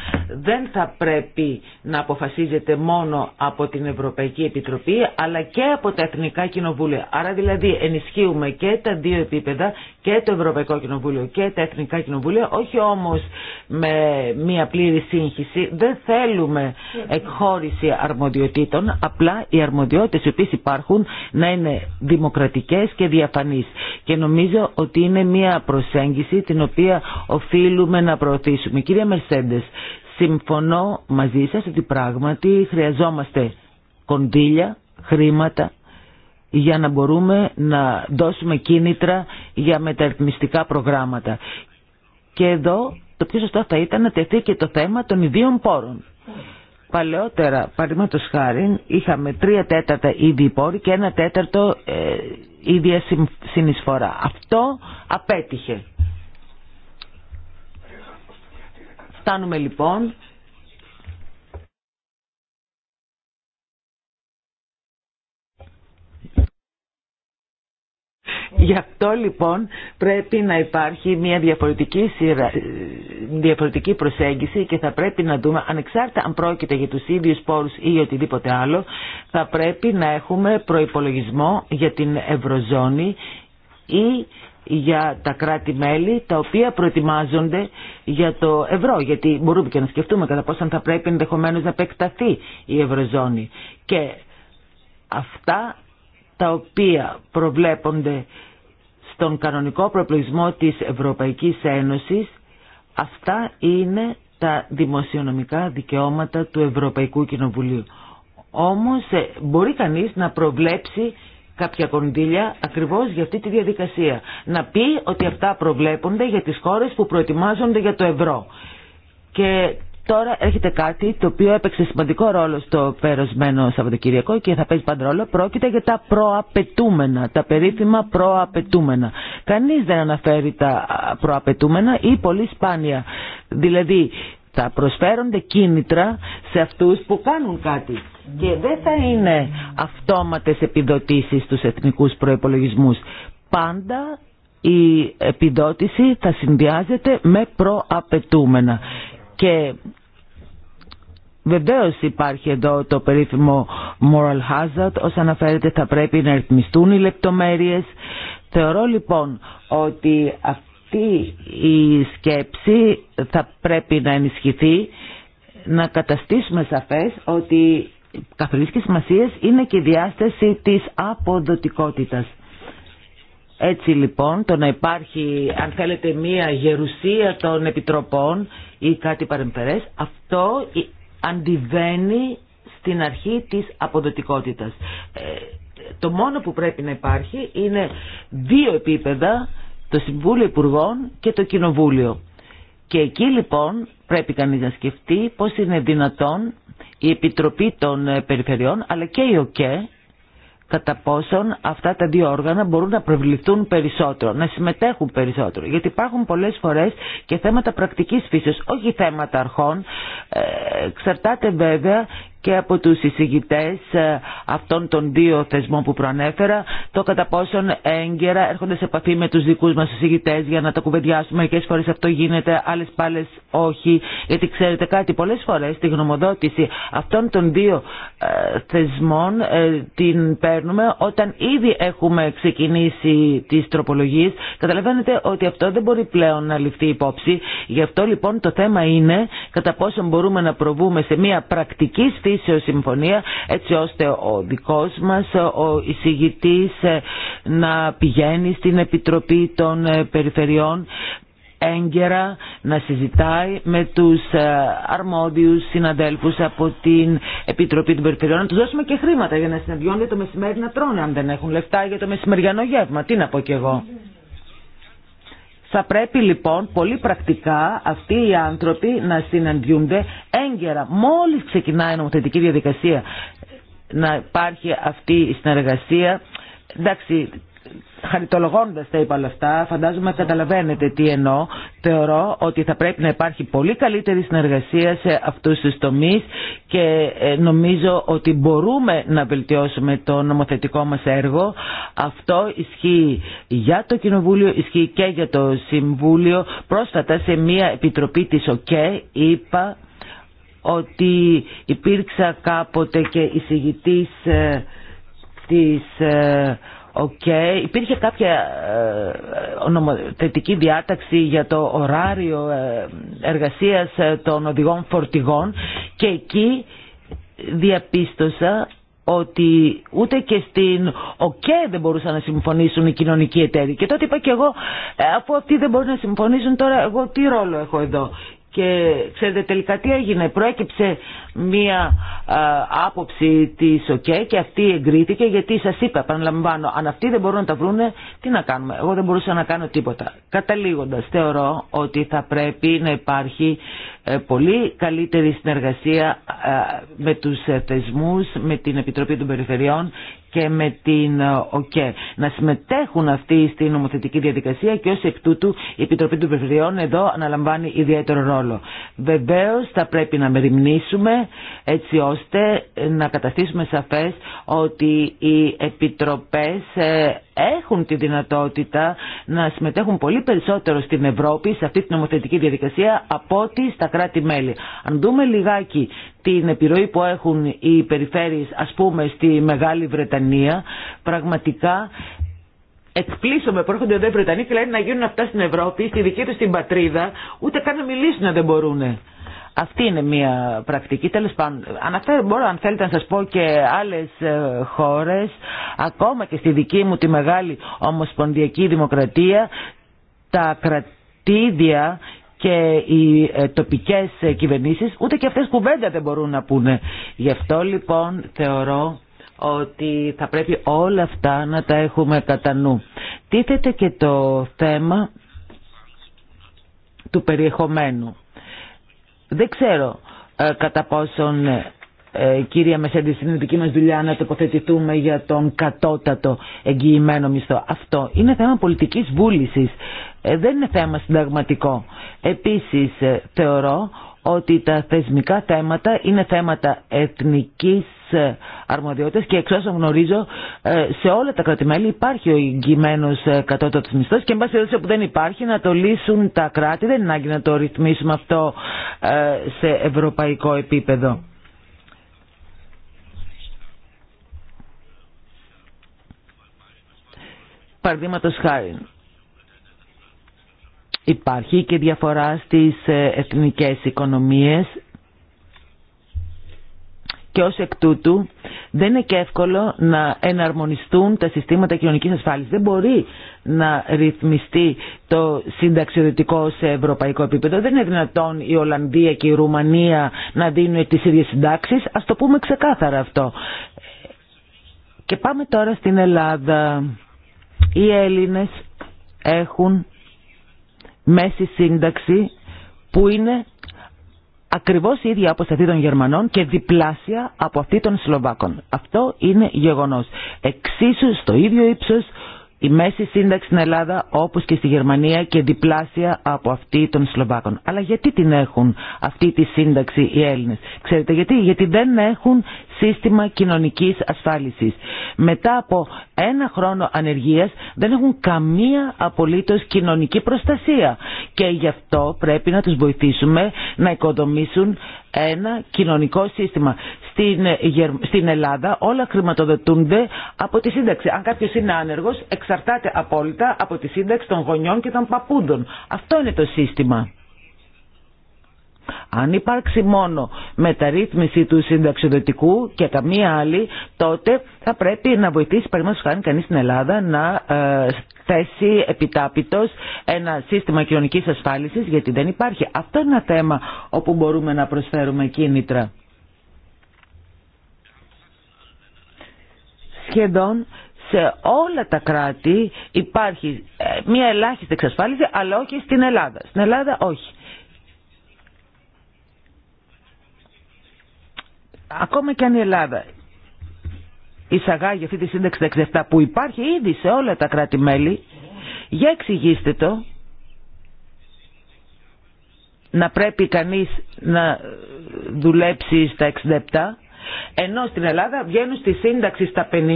δεν θα πρέπει να αποφασίζεται μόνο από την Ευρωπαϊκή Επιτροπή αλλά και από τα Εθνικά Κοινοβούλια. Άρα δηλαδή ενισχύουμε και τα δύο επίπεδα και το Ευρωπαϊκό Κοινοβούλιο και τα Εθνικά Κοινοβούλια, όχι όμως με μια πλήρη σύγχυση. Δεν θέλουμε εκχώρηση αρμοδιοτήτων, απλά οι αρμοδιότητες οι οποίες υπάρχουν να είναι δημοκρατικές και διαφανείς. Και νομίζω ότι είναι μια προσέγγιση την οποία οφείλουμε να προωθήσουμε. Κυρία Μερσέντες, συμφωνώ μαζί σας ότι πράγματι χρειαζόμαστε κονδύλια, χρήματα, για να μπορούμε να δώσουμε κίνητρα για μεταρρυθμιστικά προγράμματα. Και εδώ το πιο σωστό θα ήταν να τεθεί και το θέμα των ιδίων πόρων. Παλαιότερα, παραδείγματο χάρη, είχαμε τρία τέταρτα ίδιοι πόροι και ένα τέταρτο ε, ίδια συνεισφορά. Αυτό απέτυχε. Φτάνουμε λοιπόν λοιπόν πρέπει να υπάρχει μια διαφορετική, σειρά, διαφορετική προσέγγιση και θα πρέπει να δούμε ανεξάρτητα αν πρόκειται για τους ίδιους πόρους ή οτιδήποτε άλλο θα πρέπει να έχουμε προϋπολογισμό για την Ευρωζώνη ή για τα κράτη-μέλη τα οποία προετοιμάζονται για το ευρώ. Γιατί μπορούμε και να σκεφτούμε κατά πόσο θα πρέπει ενδεχομένω να επεκταθεί η Ευρωζώνη. Και αυτά τα οποία προβλέπονται στον κανονικό προπλησμό της Ευρωπαϊκής Ένωσης αυτά είναι τα δημοσιονομικά δικαιώματα του Ευρωπαϊκού Κοινοβουλίου. Όμως ε, μπορεί κανείς να προβλέψει κάποια κονδύλια ακριβώς για αυτή τη διαδικασία. Να πει ότι αυτά προβλέπονται για τις χώρες που προετοιμάζονται για το ευρώ. Και Τώρα έρχεται κάτι το οποίο έπαιξε σημαντικό ρόλο στο περασμένο Σαββατοκυριακό και θα παίζει πάντα ρόλο. Πρόκειται για τα προαπαιτούμενα, τα περίφημα προαπαιτούμενα. Κανεί δεν αναφέρει τα προαπαιτούμενα ή πολύ σπάνια. Δηλαδή θα προσφέρονται κίνητρα σε αυτούς που κάνουν κάτι και δεν θα είναι αυτόματες επιδοτήσει στους εθνικού προπολογισμού. Πάντα η επιδότηση θα συνδυάζεται με προαπαιτούμενα και Βεβαίως υπάρχει εδώ το περίφημο moral hazard, όσα αναφέρεται θα πρέπει να ρυθμιστούν οι λεπτομέρειες. Θεωρώ λοιπόν ότι αυτή η σκέψη θα πρέπει να ενισχυθεί, να καταστήσουμε σαφές ότι καθολής και σημασία είναι και η διάσταση της αποδοτικότητας. Έτσι λοιπόν το να υπάρχει αν θέλετε μία γερουσία των επιτροπών ή κάτι παρεμφερές, αυτό αντιβαίνει στην αρχή της αποδοτικότητας. Ε, το μόνο που πρέπει να υπάρχει είναι δύο επίπεδα, το Συμβούλιο Υπουργών και το Κοινοβούλιο. Και εκεί λοιπόν πρέπει κανείς να σκεφτεί πώς είναι δυνατόν η Επιτροπή των Περιφερειών αλλά και η ΟΚΕ κατά πόσον αυτά τα δύο όργανα μπορούν να προβληθούν περισσότερο, να συμμετέχουν περισσότερο. Γιατί υπάρχουν πολλές φορές και θέματα πρακτικής φύσης... όχι θέματα αρχών. Ε, εξαρτάται βέβαια και από τους εισηγητές ε, αυτών των δύο θεσμών που προανέφερα το κατά πόσον έγκαιρα έρχονται σε επαφή με τους δικούς μας εισηγητές για να τα κουβεντιάσουμε μερικές φορές αυτό γίνεται, άλλες πάλες όχι γιατί ξέρετε κάτι πολλές φορές τη γνωμοδότηση αυτών των δύο ε, θεσμών ε, την παίρνουμε όταν ήδη έχουμε ξεκινήσει τις τροπολογίες καταλαβαίνετε ότι αυτό δεν μπορεί πλέον να ληφθεί υπόψη γι' αυτό λοιπόν το θέμα είναι κατά πόσον μπορούμε να προβούμε σε μια πρακτική σε συμφωνία έτσι ώστε ο δικός μας ο εισηγητής ε, να πηγαίνει στην Επιτροπή των ε, Περιφερειών έγκαιρα να συζητάει με τους ε, αρμόδιους συναδέλφους από την Επιτροπή των Περιφερειών να τους δώσουμε και χρήματα για να συναντιόνται το μεσημέρι να τρώνε αν δεν έχουν λεφτά για το μεσημεριανό γεύμα. Τι να πω κι εγώ. Θα πρέπει λοιπόν πολύ πρακτικά αυτοί οι άνθρωποι να συναντιούνται έγκαιρα μόλις ξεκινάει η νομοθετική διαδικασία να υπάρχει αυτή η συνεργασία χαριτολογώντας τα είπα όλα αυτά, φαντάζομαι καταλαβαίνετε τι εννοώ, θεωρώ ότι θα πρέπει να υπάρχει πολύ καλύτερη συνεργασία σε αυτούς τους τομείς και ε, νομίζω ότι μπορούμε να βελτιώσουμε το νομοθετικό μας έργο. Αυτό ισχύει για το Κοινοβούλιο, ισχύει και για το Συμβούλιο. Πρόσφατα σε μια επιτροπή της ΟΚΕ είπα ότι υπήρξα κάποτε και εισηγητής ε, της ε, Okay. Υπήρχε κάποια ε, νομοθετική διάταξη για το ωράριο ε, εργασίας ε, των οδηγών φορτηγών και εκεί διαπίστωσα ότι ούτε και στην ΟΚΕ δεν μπορούσαν να συμφωνήσουν οι κοινωνικοί εταίροι. Και τότε είπα και εγώ, ε, αφού αυτοί δεν μπορούν να συμφωνήσουν, τώρα εγώ τι ρόλο έχω εδώ. Και ξέρετε τελικά τι έγινε. Προέκυψε μία ε, άποψη της ΟΚΕ και αυτή εγκρίθηκε γιατί σας είπα, επαναλαμβάνω, αν αυτοί δεν μπορούν να τα βρούνε, τι να κάνουμε. Εγώ δεν μπορούσα να κάνω τίποτα. Καταλήγοντας, θεωρώ ότι θα πρέπει να υπάρχει ε, πολύ καλύτερη συνεργασία ε, με τους θεσμούς, με την Επιτροπή των Περιφερειών και με την ε, ΟΚΕ. Να συμμετέχουν αυτοί στην νομοθετική διαδικασία και ως εκ τούτου η Επιτροπή των Περιφερειών εδώ αναλαμβάνει ιδιαίτερο ρόλο. Βεβαίω θα πρέπει να μεριμνήσουμε έτσι ώστε να καταστήσουμε σαφές ότι οι επιτροπές ε, έχουν τη δυνατότητα να συμμετέχουν πολύ περισσότερο στην Ευρώπη σε αυτή την νομοθετική διαδικασία από ότι στα κράτη-μέλη. Αν δούμε λιγάκι την επιρροή που έχουν οι περιφέρειες ας πούμε στη Μεγάλη Βρετανία πραγματικά εκπλήσωμε που έρχονται εδώ οι Βρετανοί και λένε να γίνουν αυτά στην Ευρώπη, στη δική τους την πατρίδα ούτε καν να μιλήσουν δεν μπορούν. Αυτή είναι μια πρακτική. τέλο πάντων, αναφέρω, μπορώ αν θέλετε να σας πω και άλλες ε, χώρες, ακόμα και στη δική μου τη μεγάλη ομοσπονδιακή δημοκρατία, τα κρατήδια και οι ε, τοπικές ε, κυβερνήσεις, ούτε και αυτές κουβέντα δεν μπορούν να πούνε. Γι' αυτό λοιπόν θεωρώ ότι θα πρέπει όλα αυτά να τα έχουμε κατά νου. Τίθεται και το θέμα του περιεχομένου. Δεν ξέρω ε, κατά πόσον ε, ε κύρια Μεσέντη στην δική μας δουλειά να τοποθετηθούμε για τον κατώτατο εγγυημένο μισθό. Αυτό είναι θέμα πολιτικής βούλησης. Ε, δεν είναι θέμα συνταγματικό. Επίσης θεωρώ ότι τα θεσμικά θέματα είναι θέματα εθνικής ε, αρμοδιότητες και εξ όσων γνωρίζω ε, σε όλα τα κρατημέλη υπάρχει ο εγγυημένος ε, κατώτατος μισθός και εν πάση που δεν υπάρχει να το λύσουν τα κράτη, δεν είναι να το ρυθμίσουμε αυτό σε ευρωπαϊκό επίπεδο. Παραδείγματος χάρη, υπάρχει και διαφορά στις εθνικές οικονομίες και ως εκ τούτου δεν είναι και εύκολο να εναρμονιστούν τα συστήματα κοινωνικής ασφάλισης. Δεν μπορεί να ρυθμιστεί το συνταξιοδοτικό σε ευρωπαϊκό επίπεδο. Δεν είναι δυνατόν η Ολλανδία και η Ρουμανία να δίνουν τις ίδιες συντάξεις. Ας το πούμε ξεκάθαρα αυτό. Και πάμε τώρα στην Ελλάδα. Οι Έλληνες έχουν μέση σύνταξη που είναι ακριβώς η ίδια από αυτή των Γερμανών και διπλάσια από αυτή των Σλοβάκων. Αυτό είναι γεγονός. Εξίσου στο ίδιο ύψος η μέση σύνταξη στην Ελλάδα όπως και στη Γερμανία και διπλάσια από αυτή των Σλοβάκων. Αλλά γιατί την έχουν αυτή τη σύνταξη οι Έλληνες. Ξέρετε γιατί. Γιατί δεν έχουν σύστημα κοινωνικής ασφάλισης. Μετά από ένα χρόνο ανεργίας δεν έχουν καμία απολύτως κοινωνική προστασία. Και γι' αυτό πρέπει να τους βοηθήσουμε να οικοδομήσουν ένα κοινωνικό σύστημα. Στην, ε, στην Ελλάδα όλα χρηματοδοτούνται από τη σύνταξη. Αν κάποιο είναι άνεργο, εξαρτάται απόλυτα από τη σύνταξη των γονιών και των παππούντων. Αυτό είναι το σύστημα. Αν υπάρξει μόνο μεταρρύθμιση του συνταξιδοτικού και καμία άλλη, τότε θα πρέπει να βοηθήσει, παραδείγματος χάνει κανείς στην Ελλάδα, να ε, θέσει επιτάπητος ένα σύστημα κοινωνικής ασφάλισης, γιατί δεν υπάρχει. Αυτό είναι ένα θέμα όπου μπορούμε να προσφέρουμε κίνητρα. Σχεδόν σε όλα τα κράτη υπάρχει ε, μια ελάχιστη εξασφάλιση, αλλά όχι στην Ελλάδα. Στην Ελλάδα όχι. Ακόμα και αν η Ελλάδα εισαγάγει αυτή τη σύνταξη 67 που υπάρχει ήδη σε όλα τα κράτη-μέλη, για εξηγήστε το, να πρέπει κανείς να δουλέψει στα 67, ενώ στην Ελλάδα βγαίνουν στη σύνταξη στα 50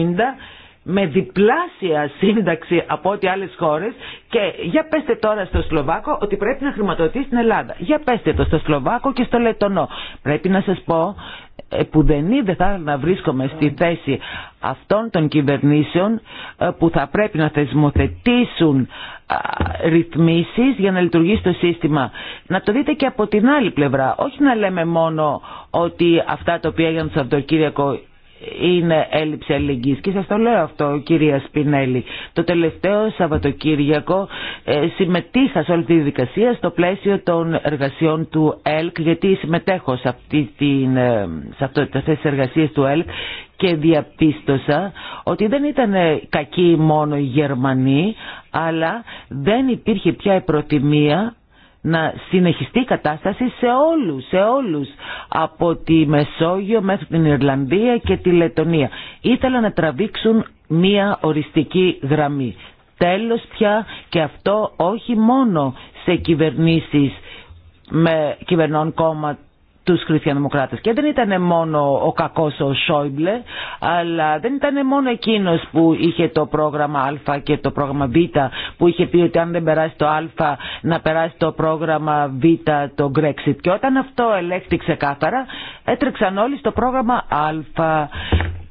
με διπλάσια σύνταξη από ό,τι άλλες χώρες και για πέστε τώρα στο Σλοβάκο ότι πρέπει να χρηματοδοτεί στην Ελλάδα. Για πέστε το στο Σλοβάκο και στο Λετωνό. Πρέπει να σας πω ε, που δεν είδε θα να βρίσκομαι στη θέση αυτών των κυβερνήσεων ε, που θα πρέπει να θεσμοθετήσουν ρυθμίσει για να λειτουργήσει το σύστημα. Να το δείτε και από την άλλη πλευρά. Όχι να λέμε μόνο ότι αυτά τα οποία έγιναν στο Σαββατοκύριακο είναι έλλειψη αλληλεγγύης και σας το λέω αυτό κυρία Σπινέλη. Το τελευταίο Σαββατοκύριακο ε, συμμετείχα σε όλη τη δικασία στο πλαίσιο των εργασιών του ΕΛΚ γιατί συμμετέχω σε, αυτή την, ε, σε αυτό, αυτές εργασίες του ΕΛΚ και διαπίστωσα ότι δεν ήταν ε, κακοί μόνο οι Γερμανοί αλλά δεν υπήρχε πια η προτιμία να συνεχιστεί η κατάσταση σε όλους, σε όλους από τη Μεσόγειο μέχρι την Ιρλανδία και τη Λετωνία. Ήθελα να τραβήξουν μία οριστική γραμμή. Τέλος πια και αυτό όχι μόνο σε κυβερνήσεις με κυβερνών κόμματα τους χριστιανοδημοκράτες. Και δεν ήταν μόνο ο κακός ο Σόιμπλε, αλλά δεν ήταν μόνο εκείνος που είχε το πρόγραμμα Α και το πρόγραμμα Β, που είχε πει ότι αν δεν περάσει το Α να περάσει το πρόγραμμα Β, το Brexit. Και όταν αυτό ελέγχθη ξεκάθαρα, έτρεξαν όλοι στο πρόγραμμα Α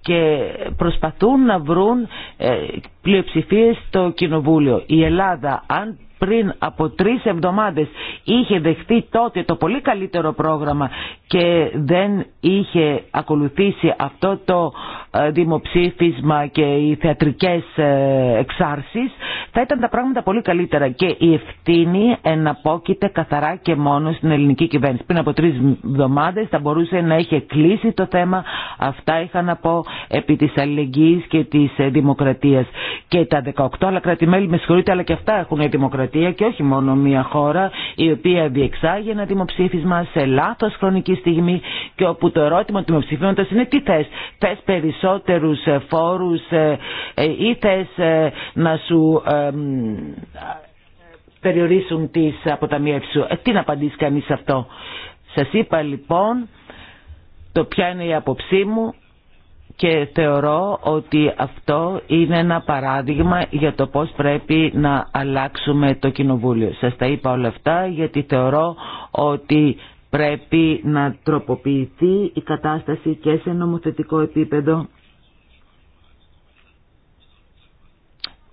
και προσπαθούν να βρουν ε, πλειοψηφίες στο Κοινοβούλιο. Η Ελλάδα, αν πριν από τρεις εβδομάδες είχε δεχτεί τότε το πολύ καλύτερο πρόγραμμα και δεν είχε ακολουθήσει αυτό το ε, δημοψήφισμα και οι θεατρικές ε, εξάρσεις θα ήταν τα πράγματα πολύ καλύτερα και η ευθύνη εναπόκειται καθαρά και μόνο στην ελληνική κυβέρνηση. Πριν από τρεις εβδομάδες θα μπορούσε να είχε κλείσει το θέμα αυτά είχα να πω επί της αλληλεγγύης και της ε, δημοκρατίας και τα 18 άλλα με συγχωρείτε αλλά και αυτά έχουν δημοκρατία και όχι μόνο μια χώρα η οποία διεξάγει ένα δημοψήφισμα σε λάθος χρονική στιγμή και όπου το ερώτημα του δημοψηφίσματος είναι τι θες. Θες περισσότερους ε, φόρους ε, ε, ή θες να σου περιορίσουν τις αποταμιεύσεις σου. Ε, τι να απαντήσει κανείς σε αυτό. Σας είπα λοιπόν το ποια είναι η άποψή μου και θεωρώ ότι αυτό είναι ένα παράδειγμα για το πώς πρέπει να αλλάξουμε το κοινοβούλιο. Σας τα είπα όλα αυτά γιατί θεωρώ ότι πρέπει να τροποποιηθεί η κατάσταση και σε νομοθετικό επίπεδο.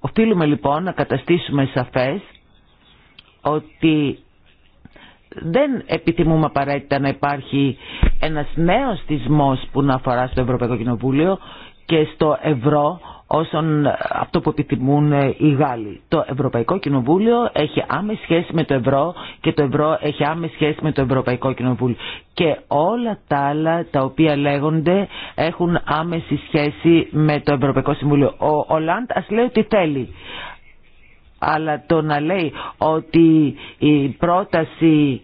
Οφείλουμε λοιπόν να καταστήσουμε σαφές ότι δεν επιθυμούμε απαραίτητα να υπάρχει ένας νέος θυσμός που να αφορά στο Ευρωπαϊκό Κοινοβούλιο και στο ευρώ όσον αυτό που επιθυμούν ε, οι Γάλλοι. Το Ευρωπαϊκό Κοινοβούλιο έχει άμεση σχέση με το ευρώ και το ευρώ έχει άμεση σχέση με το Ευρωπαϊκό Κοινοβούλιο. Και όλα τα άλλα τα οποία λέγονται έχουν άμεση σχέση με το Ευρωπαϊκό Συμβούλιο. Ο Ολάντ ας λέει ότι θέλει αλλά το να λέει ότι η πρόταση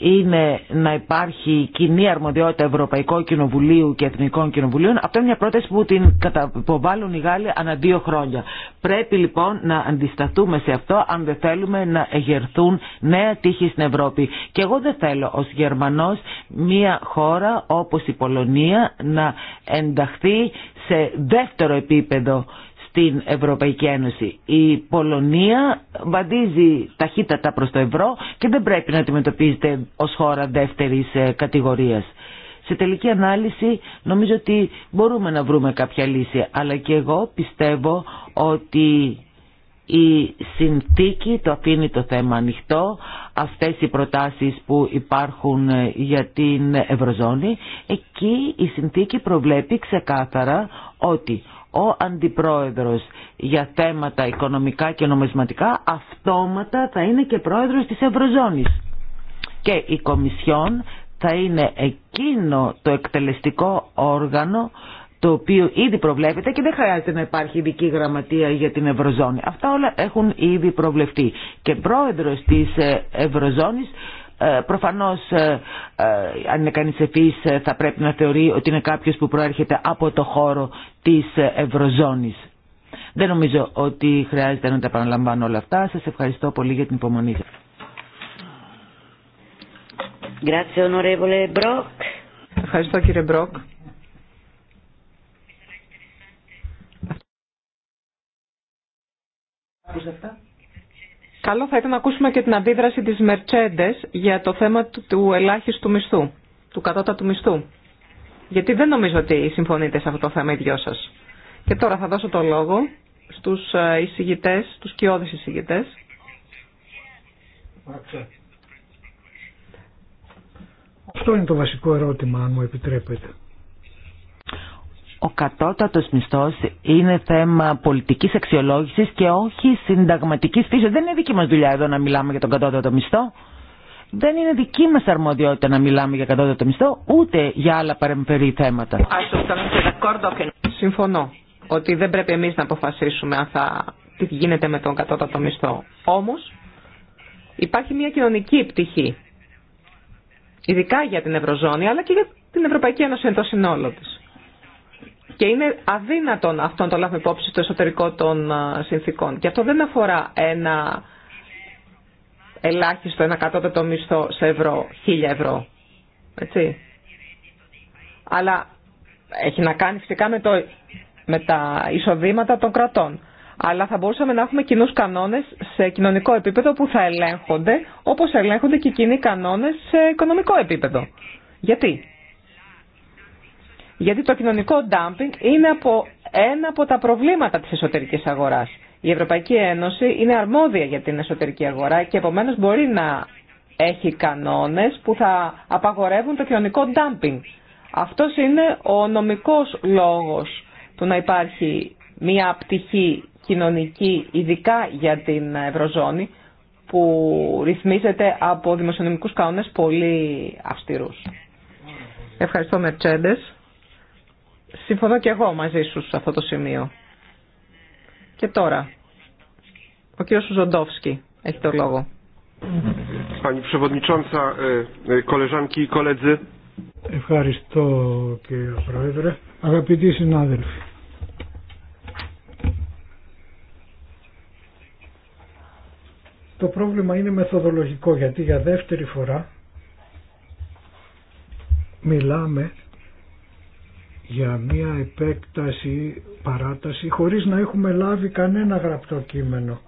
είναι να υπάρχει κοινή αρμοδιότητα Ευρωπαϊκού Κοινοβουλίου και Εθνικών Κοινοβουλίων. Αυτό είναι μια πρόταση που την καταποβάλλουν οι Γάλλοι ανά δύο χρόνια. Πρέπει λοιπόν να αντισταθούμε σε αυτό αν δεν θέλουμε να εγερθούν νέα τύχη στην Ευρώπη. Και εγώ δεν θέλω ως Γερμανός μια χώρα όπως η Πολωνία να ενταχθεί σε δεύτερο επίπεδο στην Ευρωπαϊκή Ένωση. Η Πολωνία βαντίζει ταχύτατα προς το ευρώ και δεν πρέπει να αντιμετωπίζεται ως χώρα δεύτερης ε, κατηγορίας. Σε τελική ανάλυση νομίζω ότι μπορούμε να βρούμε κάποια λύση, αλλά και εγώ πιστεύω ότι η συνθήκη το αφήνει το θέμα ανοιχτό, αυτές οι προτάσεις που υπάρχουν ε, για την Ευρωζώνη, εκεί η συνθήκη προβλέπει ξεκάθαρα ότι ο αντιπρόεδρος για θέματα οικονομικά και νομισματικά αυτόματα θα είναι και πρόεδρος της Ευρωζώνης. Και η Κομισιόν θα είναι εκείνο το εκτελεστικό όργανο το οποίο ήδη προβλέπεται και δεν χρειάζεται να υπάρχει ειδική γραμματεία για την Ευρωζώνη. Αυτά όλα έχουν ήδη προβλεφτεί. Και πρόεδρος της ε, Ευρωζώνης ε, προφανώς ε, ε, αν είναι κανείς ευφύης θα πρέπει να θεωρεί ότι είναι κάποιος που προέρχεται από το χώρο της Ευρωζώνης. Δεν νομίζω ότι χρειάζεται να τα επαναλαμβάνω όλα αυτά. Σας ευχαριστώ πολύ για την υπομονή σας. Ευχαριστώ κύριε Μπροκ. Αυτά. Καλό θα ήταν να ακούσουμε και την αντίδραση της Mercedes για το θέμα του ελάχιστου μισθού, του κατώτατου μισθού. Γιατί δεν νομίζω ότι συμφωνείτε σε αυτό το θέμα οι δυο σας. Και τώρα θα δώσω το λόγο στους ε, εισηγητές, τους κοιόδης εισηγητές. Αυτό είναι το βασικό ερώτημα, αν μου επιτρέπετε. Ο κατώτατος μισθός είναι θέμα πολιτικής αξιολόγησης και όχι συνταγματικής φύσης. Δεν είναι δική μας δουλειά εδώ να μιλάμε για τον κατώτατο μισθό. Δεν είναι δική μας αρμοδιότητα να μιλάμε για κατώτατο μισθό, ούτε για άλλα παρεμφερή θέματα. Συμφωνώ ότι δεν πρέπει εμείς να αποφασίσουμε αν θα... τι γίνεται με τον κατώτατο μισθό. Όμως υπάρχει μια κοινωνική πτυχή, ειδικά για την Ευρωζώνη, αλλά και για την Ευρωπαϊκή Ένωση εν το συνόλο της. Και είναι αδύνατον αυτό να το λάβουμε υπόψη στο εσωτερικό των συνθήκων. Και αυτό δεν αφορά ένα ελάχιστο, ένα κατώτατο μισθό σε ευρώ, χίλια ευρώ. Έτσι. Αλλά έχει να κάνει φυσικά με, το, με τα εισοδήματα των κρατών. Αλλά θα μπορούσαμε να έχουμε κοινού κανόνε σε κοινωνικό επίπεδο που θα ελέγχονται όπω ελέγχονται και κοινοί κανόνε σε οικονομικό επίπεδο. Γιατί γιατί το κοινωνικό dumping είναι από ένα από τα προβλήματα της εσωτερικής αγοράς. Η Ευρωπαϊκή Ένωση είναι αρμόδια για την εσωτερική αγορά και επομένως μπορεί να έχει κανόνες που θα απαγορεύουν το κοινωνικό dumping. Αυτός είναι ο νομικός λόγος του να υπάρχει μια πτυχή κοινωνική, ειδικά για την Ευρωζώνη, που ρυθμίζεται από δημοσιονομικούς κανόνες πολύ αυστηρούς. Ευχαριστώ Μερτσέντες. Συμφωνώ και εγώ μαζί σου σε αυτό το σημείο. Και τώρα, ο κύριος Ζοντόφσκι έχει το λόγο. E, e, Ευχαριστώ κύριο Πρόεδρε. Αγαπητοί συνάδελφοι. Το πρόβλημα είναι μεθοδολογικό γιατί για δεύτερη φορά μιλάμε για μια επέκταση, παράταση, χωρίς να έχουμε λάβει κανένα γραπτό κείμενο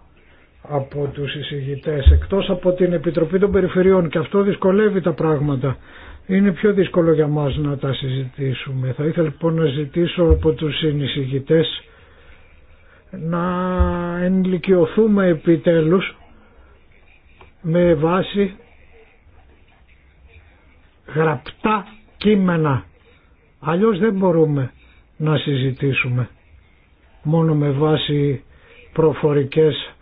από τους εισηγητές, εκτός από την Επιτροπή των Περιφερειών και αυτό δυσκολεύει τα πράγματα. Είναι πιο δύσκολο για μας να τα συζητήσουμε. Θα ήθελα λοιπόν να ζητήσω από τους συνεισηγητές να ενηλικιωθούμε επιτέλους με βάση γραπτά κείμενα Αλλιώς δεν μπορούμε να συζητήσουμε μόνο με βάση προφορικές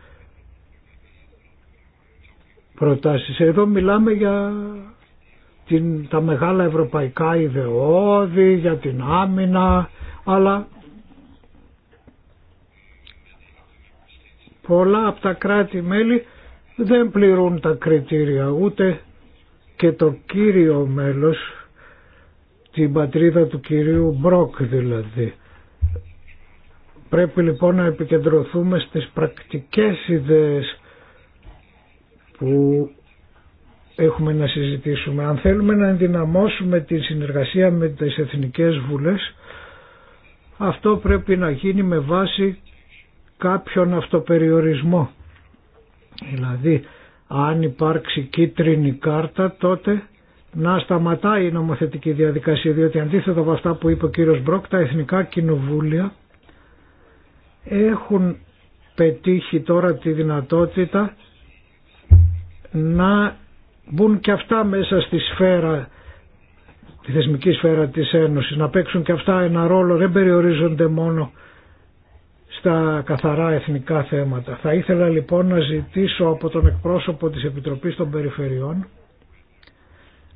προτάσεις. Εδώ μιλάμε για την, τα μεγάλα ευρωπαϊκά ιδεώδη, για την άμυνα, αλλά πολλά από τα κράτη-μέλη δεν πληρούν τα κριτήρια ούτε και το κύριο μέλος την πατρίδα του κυρίου Μπρόκ δηλαδή. Πρέπει λοιπόν να επικεντρωθούμε στις πρακτικές ιδέες που έχουμε να συζητήσουμε. Αν θέλουμε να ενδυναμώσουμε τη συνεργασία με τις εθνικές βουλές, αυτό πρέπει να γίνει με βάση κάποιον αυτοπεριορισμό. Δηλαδή, αν υπάρξει κίτρινη κάρτα, τότε να σταματάει η νομοθετική διαδικασία διότι αντίθετα από αυτά που είπε ο κύριος Μπρόκ τα εθνικά κοινοβούλια έχουν πετύχει τώρα τη δυνατότητα να μπουν και αυτά μέσα στη σφαίρα τη θεσμική σφαίρα της Ένωσης να παίξουν και αυτά ένα ρόλο δεν περιορίζονται μόνο στα καθαρά εθνικά θέματα. Θα ήθελα λοιπόν να ζητήσω από τον εκπρόσωπο της Επιτροπής των Περιφερειών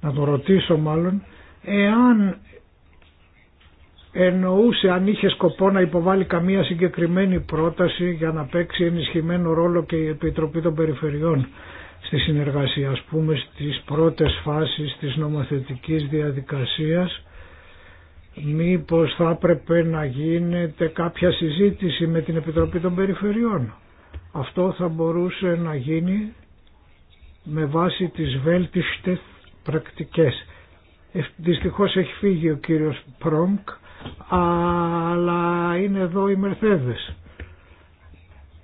να τον ρωτήσω μάλλον, εάν εννοούσε αν είχε σκοπό να υποβάλει καμία συγκεκριμένη πρόταση για να παίξει ενισχυμένο ρόλο και η Επιτροπή των Περιφερειών στη συνεργασία, ας πούμε στις πρώτες φάσεις της νομοθετικής διαδικασίας, μήπως θα έπρεπε να γίνεται κάποια συζήτηση με την Επιτροπή των Περιφερειών. Αυτό θα μπορούσε να γίνει με βάση της βέλτιστες πρακτικές. Δυστυχώς έχει φύγει ο κύριος Πρόμκ, αλλά είναι εδώ οι Μερθέδες.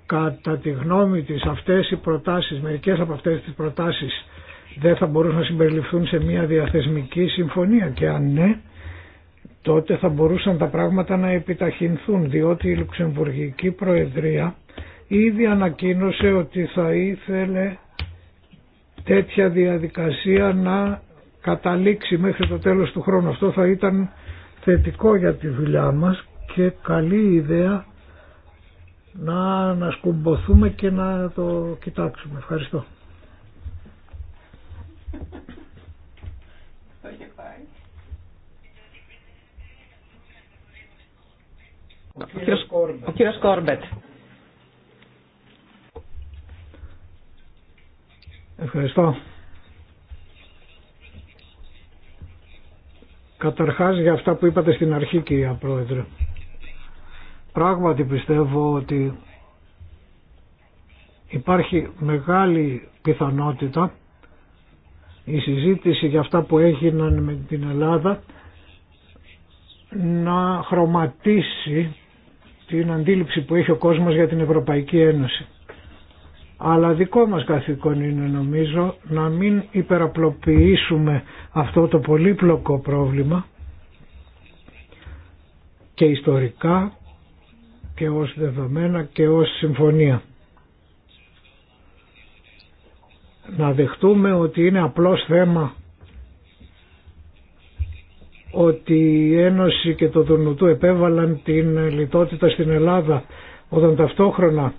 Κατά τη γνώμη της αυτές οι προτάσεις, μερικές από αυτές τις προτάσεις δεν θα μπορούσαν να συμπεριληφθούν σε μια διαθεσμική συμφωνία και αν ναι, τότε θα μπορούσαν τα πράγματα να επιταχυνθούν διότι η Λουξεμβουργική Προεδρία ήδη ανακοίνωσε ότι θα ήθελε τέτοια διαδικασία να καταλήξει μέχρι το τέλος του χρόνου. Αυτό θα ήταν θετικό για τη δουλειά μας και καλή ιδέα να, να σκουμποθούμε και να το κοιτάξουμε. Ευχαριστώ. Ο κύριος, ο κύριος Κόρμπετ. Ευχαριστώ. Καταρχάς για αυτά που είπατε στην αρχή κυρία Πρόεδρε. Πράγματι πιστεύω ότι υπάρχει μεγάλη πιθανότητα η συζήτηση για αυτά που έγιναν με την Ελλάδα να χρωματίσει την αντίληψη που έχει ο κόσμος για την Ευρωπαϊκή Ένωση αλλά δικό μας καθήκον είναι νομίζω να μην υπεραπλοποιήσουμε αυτό το πολύπλοκο πρόβλημα και ιστορικά και ως δεδομένα και ως συμφωνία. Να δεχτούμε ότι είναι απλώς θέμα ότι η Ένωση και το Δουνουτού επέβαλαν την λιτότητα στην Ελλάδα όταν ταυτόχρονα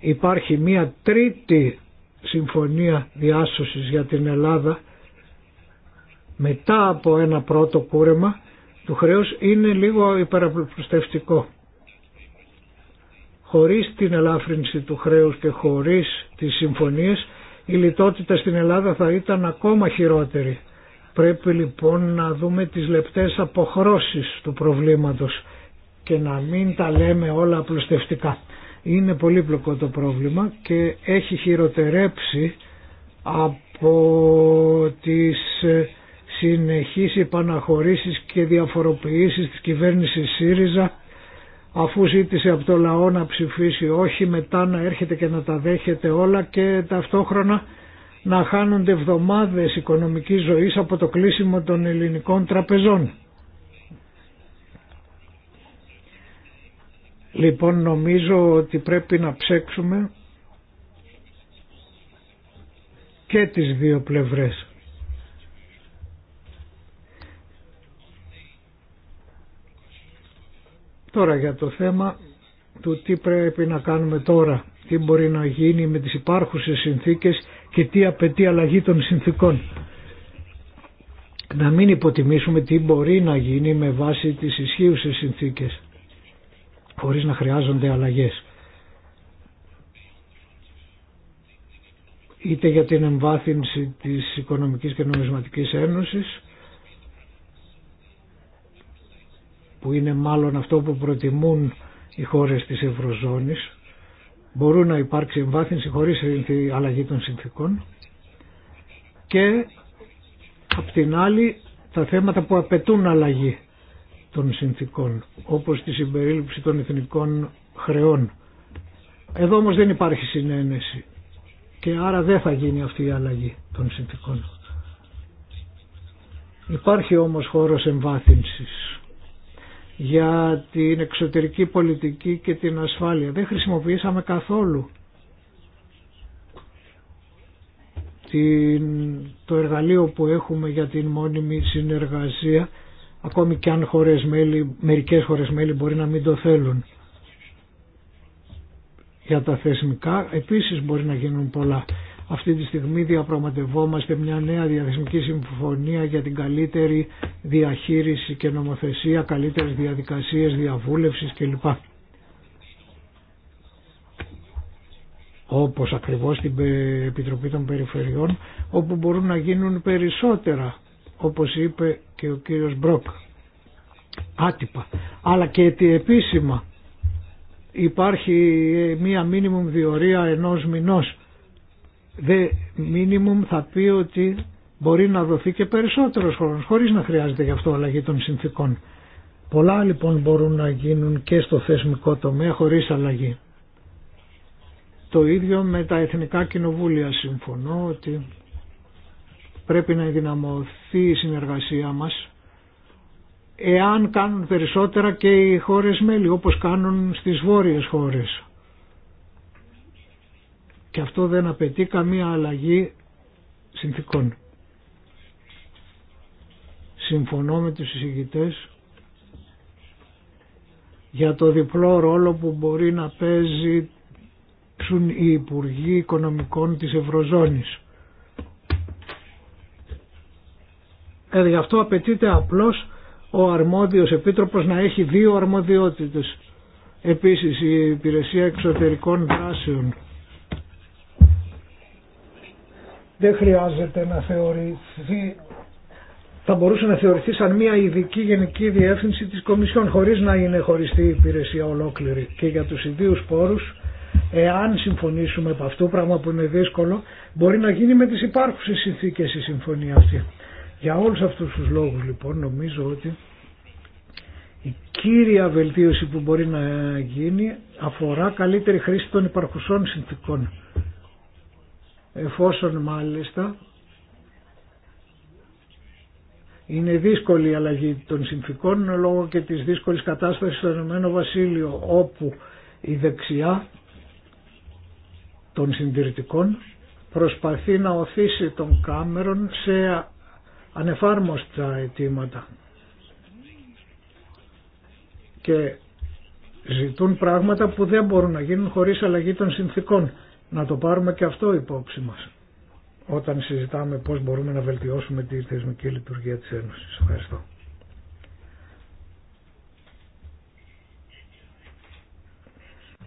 υπάρχει μία τρίτη συμφωνία διάσωσης για την Ελλάδα μετά από ένα πρώτο κούρεμα του χρέους είναι λίγο υπεραπλουστευτικό. Χωρίς την ελάφρυνση του χρέους και χωρίς τις συμφωνίες η λιτότητα στην Ελλάδα θα ήταν ακόμα χειρότερη. Πρέπει λοιπόν να δούμε τις λεπτές αποχρώσεις του προβλήματος και να μην τα λέμε όλα απλουστευτικά. Είναι πολύπλοκο το πρόβλημα και έχει χειροτερέψει από τις ε, συνεχείς επαναχωρήσεις και διαφοροποιήσεις της κυβέρνησης ΣΥΡΙΖΑ αφού ζήτησε από το λαό να ψηφίσει όχι μετά να έρχεται και να τα δέχεται όλα και ταυτόχρονα να χάνονται εβδομάδες οικονομικής ζωής από το κλείσιμο των ελληνικών τραπεζών. Λοιπόν νομίζω ότι πρέπει να ψέξουμε και τις δύο πλευρές. Τώρα για το θέμα του τι πρέπει να κάνουμε τώρα, τι μπορεί να γίνει με τις υπάρχουσες συνθήκες και τι απαιτεί αλλαγή των συνθήκων. Να μην υποτιμήσουμε τι μπορεί να γίνει με βάση τις ισχύουσες συνθήκες χωρίς να χρειάζονται αλλαγές. Είτε για την εμβάθυνση της Οικονομικής και Νομισματικής Ένωσης, που είναι μάλλον αυτό που προτιμούν οι χώρες της Ευρωζώνης, μπορούν να υπάρξει εμβάθυνση χωρίς αλλαγή των συνθήκων και απ' την άλλη τα θέματα που απαιτούν αλλαγή των συνθήκων, όπως τη συμπερίληψη των εθνικών χρεών. Εδώ όμως δεν υπάρχει συνένεση και άρα δεν θα γίνει αυτή η αλλαγή των συνθήκων. Υπάρχει όμως χώρος εμβάθυνσης για την εξωτερική πολιτική και την ασφάλεια. Δεν χρησιμοποιήσαμε καθόλου το εργαλείο που έχουμε για την μόνιμη συνεργασία ακόμη και αν χώρες μέλη, μερικές χώρες μέλη μπορεί να μην το θέλουν. Για τα θεσμικά επίσης μπορεί να γίνουν πολλά. Αυτή τη στιγμή διαπραγματευόμαστε μια νέα διαθεσμική συμφωνία για την καλύτερη διαχείριση και νομοθεσία, καλύτερες διαδικασίες διαβούλευσης κλπ. Όπως ακριβώς στην Επιτροπή των Περιφερειών, όπου μπορούν να γίνουν περισσότερα όπως είπε και ο κύριος Μπρόκ άτυπα αλλά και επίσημα υπάρχει ε, μία μίνιμουμ διορία ενός μηνός δε μίνιμουμ θα πει ότι μπορεί να δοθεί και περισσότερος χρόνος χωρίς να χρειάζεται γι' αυτό αλλαγή των συνθήκων πολλά λοιπόν μπορούν να γίνουν και στο θεσμικό τομέα χωρίς αλλαγή το ίδιο με τα εθνικά κοινοβούλια συμφωνώ ότι πρέπει να ενδυναμωθεί η συνεργασία μας εάν κάνουν περισσότερα και οι χώρες μέλη όπως κάνουν στις βόρειες χώρες. Και αυτό δεν απαιτεί καμία αλλαγή συνθήκων. Συμφωνώ με τους εισηγητές για το διπλό ρόλο που μπορεί να παίζει η Υπουργοί Οικονομικών της Ευρωζώνης. Ε, γι' αυτό απαιτείται απλώς ο αρμόδιος επίτροπος να έχει δύο αρμοδιότητες. Επίσης η υπηρεσία εξωτερικών δράσεων δεν χρειάζεται να θεωρηθεί θα μπορούσε να θεωρηθεί σαν μια ειδική γενική διεύθυνση της Κομισιόν χωρίς να είναι χωριστή η υπηρεσία ολόκληρη και για τους ιδίους πόρους εάν συμφωνήσουμε από αυτό πράγμα που είναι δύσκολο μπορεί να γίνει με τις υπάρχουσες συνθήκες η συμφωνία αυτή. Για όλους αυτούς τους λόγους λοιπόν νομίζω ότι η κύρια βελτίωση που μπορεί να γίνει αφορά καλύτερη χρήση των υπαρχουσών συνθήκων. Εφόσον μάλιστα είναι δύσκολη η αλλαγή των συνθήκων λόγω και της δύσκολης κατάστασης στο Ηνωμένο Βασίλειο όπου η δεξιά των συντηρητικών προσπαθεί να οθήσει τον Κάμερον σε ανεφάρμοστα αιτήματα και ζητούν πράγματα που δεν μπορούν να γίνουν χωρίς αλλαγή των συνθήκων. Να το πάρουμε και αυτό υπόψη μας όταν συζητάμε πώς μπορούμε να βελτιώσουμε τη θεσμική λειτουργία της Ένωσης. Ευχαριστώ.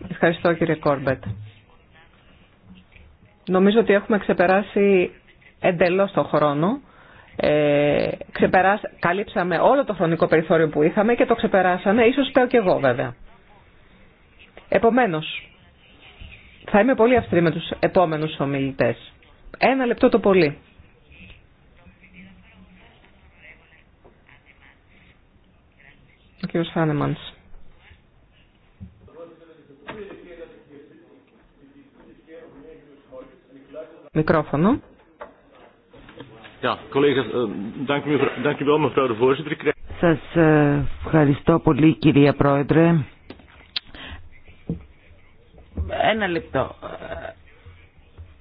Ευχαριστώ κύριε Κόρμπετ. Νομίζω ότι έχουμε ξεπεράσει εντελώς το χρόνο ε, καλύψαμε όλο το χρονικό περιθώριο που είχαμε και το ξεπεράσαμε, ίσως πέω και εγώ βέβαια. Επομένως, θα είμαι πολύ αυστηρή με τους επόμενους ομιλητές. Ένα λεπτό το πολύ. Ο κύριος Φάνεμανς. Μικρόφωνο. Σας ευχαριστώ πολύ κυρία Πρόεδρε. Ένα λεπτό.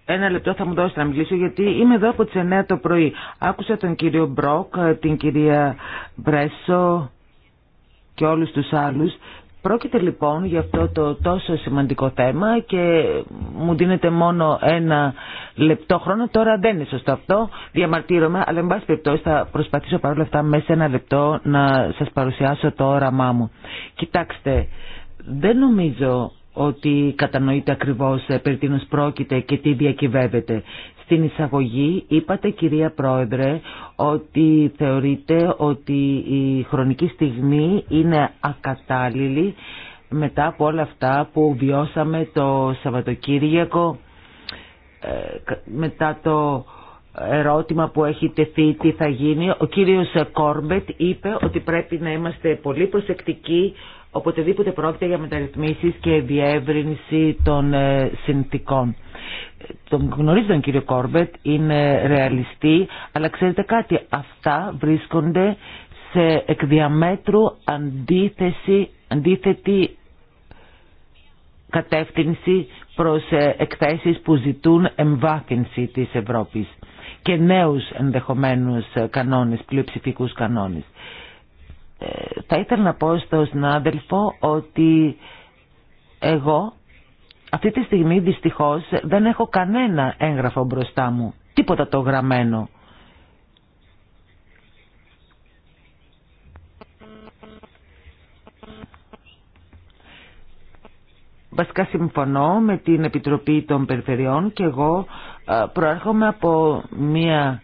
Ένα λεπτό θα μου δώσετε να μιλήσω γιατί είμαι εδώ από τις 9 το πρωί. Άκουσα τον κύριο Μπρόκ, την κυρία Μπρέσο και όλους τους άλλους Πρόκειται λοιπόν για αυτό το τόσο σημαντικό θέμα και μου δίνεται μόνο ένα λεπτό χρόνο. Τώρα δεν είναι σωστό αυτό, διαμαρτύρομαι, αλλά εν πάση περιπτώσει θα προσπαθήσω παρόλα αυτά μέσα ένα λεπτό να σας παρουσιάσω το όραμά μου. Κοιτάξτε, δεν νομίζω ότι κατανοείται ακριβώς ε, περί πρόκειται και τι διακυβεύεται. Στην εισαγωγή είπατε κυρία Πρόεδρε ότι θεωρείτε ότι η χρονική στιγμή είναι ακατάλληλη μετά από όλα αυτά που βιώσαμε το Σαββατοκύριακο ε, μετά το ερώτημα που έχει τεθεί τι θα γίνει ο κύριος Κόρμπετ είπε ότι πρέπει να είμαστε πολύ προσεκτικοί οποτεδήποτε πρόκειται για μεταρρυθμίσεις και διεύρυνση των ε, συνθήκων τον γνωρίζει τον κύριο Κόρμπετ, είναι ρεαλιστή, αλλά ξέρετε κάτι, αυτά βρίσκονται σε εκδιαμέτρου αντίθεση, αντίθετη κατεύθυνση προς ε, εκθέσεις που ζητούν εμβάθυνση της Ευρώπης και νέους ενδεχομένους ε, κανόνες, πλειοψηφικούς κανόνες. Ε, θα ήθελα να πω στον συνάδελφο ότι εγώ αυτή τη στιγμή δυστυχώς δεν έχω κανένα έγγραφο μπροστά μου, τίποτα το γραμμένο. Βασικά συμφωνώ με την Επιτροπή των Περιφερειών και εγώ ε, προέρχομαι από μια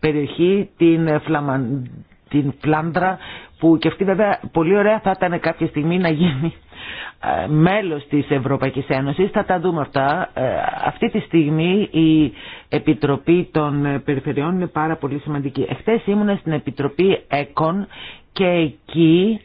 περιοχή, την, Φλαμαν... την Φλάνδρα, που και αυτή βέβαια πολύ ωραία θα ήταν κάποια στιγμή να γίνει ε, μέλος της Ευρωπαϊκής Ένωσης. Θα τα δούμε αυτά. Ε, αυτή τη στιγμή η Επιτροπή των Περιφερειών είναι πάρα πολύ σημαντική. Εχθές ήμουν στην Επιτροπή ΕΚΟΝ και εκεί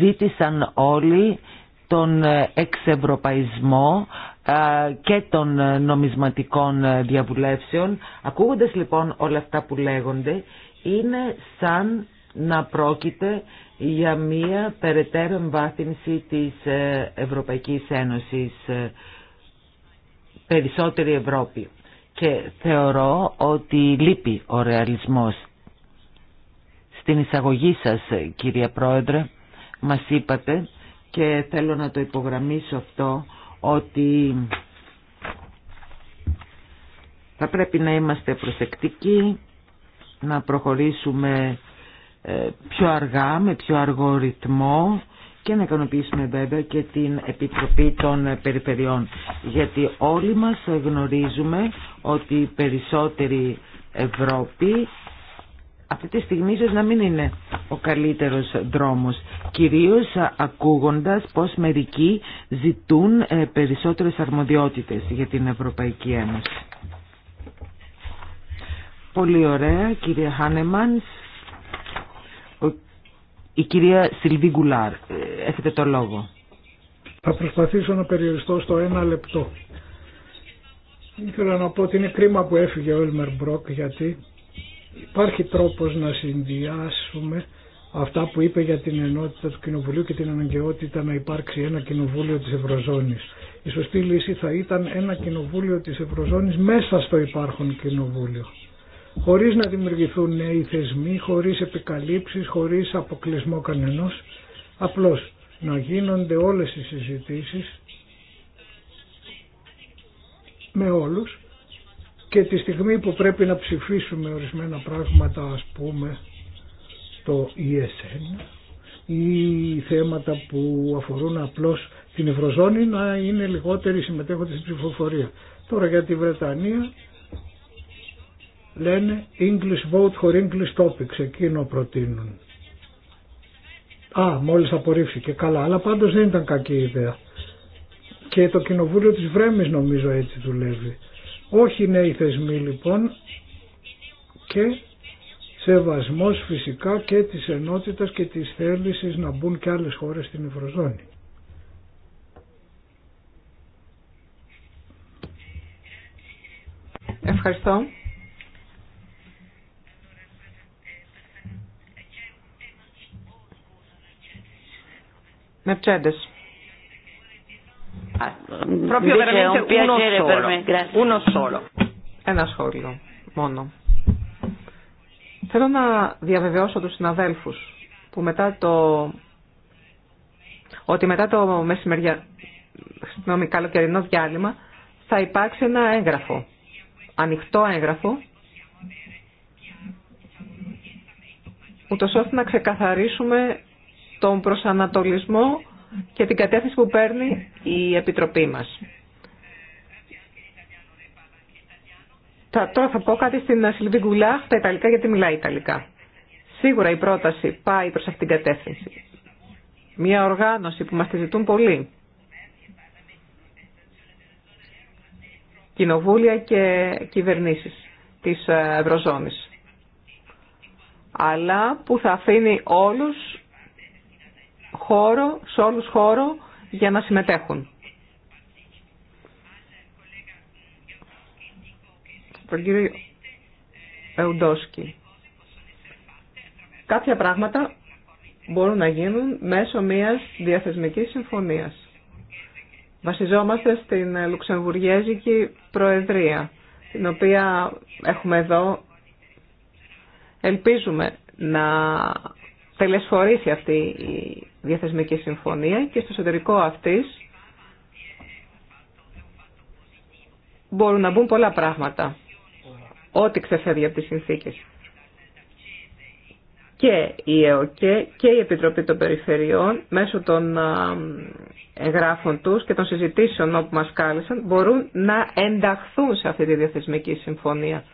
ζήτησαν όλοι τον εξευρωπαϊσμό ε, και των νομισματικών διαβουλεύσεων. Ακούγοντας λοιπόν όλα αυτά που λέγονται, είναι σαν να πρόκειται για μία περαιτέρω εμβάθυνση της ε, Ευρωπαϊκής Ένωσης ε, περισσότερη Ευρώπη και θεωρώ ότι λείπει ο ρεαλισμός. Στην εισαγωγή σας ε, κυρία Πρόεδρε μας είπατε και θέλω να το υπογραμμίσω αυτό ότι θα πρέπει να είμαστε προσεκτικοί να προχωρήσουμε ε, πιο αργά, με πιο αργό ρυθμό και να ικανοποιήσουμε βέβαια και την Επιτροπή των Περιφερειών. Γιατί όλοι μας γνωρίζουμε ότι περισσότερη Ευρώπη αυτή τη στιγμή ίσως να μην είναι ο καλύτερος δρόμος. Κυρίως ακούγοντας πως μερικοί ζητούν ε, περισσότερες αρμοδιότητες για την Ευρωπαϊκή Ένωση. Πολύ ωραία, κύριε Χάνεμανς. Η κυρία Σιλβί Γκουλάρ, ε, έχετε το λόγο. Θα προσπαθήσω να περιοριστώ στο ένα λεπτό. Ήθελα να πω ότι είναι κρίμα που έφυγε ο Έλμερ Μπρόκ γιατί υπάρχει τρόπος να συνδυάσουμε αυτά που είπε για την ενότητα του Κοινοβουλίου και την αναγκαιότητα να υπάρξει ένα Κοινοβούλιο της Ευρωζώνης. Η σωστή λύση θα ήταν ένα Κοινοβούλιο της Ευρωζώνης μέσα στο υπάρχον Κοινοβούλιο χωρίς να δημιουργηθούν νέοι θεσμοί, χωρίς επικαλύψεις, χωρίς αποκλεισμό κανενός, απλώς να γίνονται όλες οι συζητήσεις με όλους και τη στιγμή που πρέπει να ψηφίσουμε ορισμένα πράγματα ας πούμε το ESN ή θέματα που αφορούν απλώς την Ευρωζώνη να είναι λιγότεροι συμμετέχοντες στην ψηφοφορία. Τώρα για τη Βρετανία λένε English vote for English topics, εκείνο προτείνουν. Α, μόλις απορρίφθηκε, καλά, αλλά πάντως δεν ήταν κακή ιδέα. Και το κοινοβούλιο της Βρέμης νομίζω έτσι δουλεύει. Όχι νέοι θεσμοί λοιπόν και σεβασμός φυσικά και της ενότητας και της θέλησης να μπουν και άλλες χώρες στην Ευρωζώνη. Ευχαριστώ. Mercedes. Proprio veramente uno solo. Ένα σχόλιο μόνο. Θέλω να διαβεβαιώσω τους συναδέλφου που μετά το... ότι μετά το μεσημεριά... καλοκαιρινό διάλειμμα θα υπάρξει ένα έγγραφο. Ανοιχτό έγγραφο. Ούτως ώστε να ξεκαθαρίσουμε τον προσανατολισμό και την κατεύθυνση που παίρνει η Επιτροπή μας. τώρα θα πω κάτι στην Σιλβί Γκουλάχ, τα Ιταλικά, γιατί μιλάει Ιταλικά. Σίγουρα η πρόταση πάει προς αυτήν την κατεύθυνση. Μια οργάνωση που μας τη ζητούν πολύ. Κοινοβούλια και κυβερνήσεις της ε, Ευρωζώνης. Αλλά που θα αφήνει όλους χώρο, σε όλους χώρο για να συμμετέχουν. Τον κύριο Κάποια πράγματα μπορούν να γίνουν μέσω μιας διαθεσμικής συμφωνίας. Βασιζόμαστε στην Λουξεμβουργέζικη Προεδρία, την οποία έχουμε εδώ. Ελπίζουμε να τελεσφορήσει αυτή η διαθεσμική συμφωνία και στο εσωτερικό αυτής μπορούν να μπουν πολλά πράγματα. Ό,τι ξεφεύγει από τις συνθήκες. Και η ΕΟΚΕ και η Επιτροπή των Περιφερειών μέσω των εγγράφων τους και των συζητήσεων όπου μας κάλεσαν μπορούν να ενταχθούν σε αυτή τη διαθεσμική συμφωνία.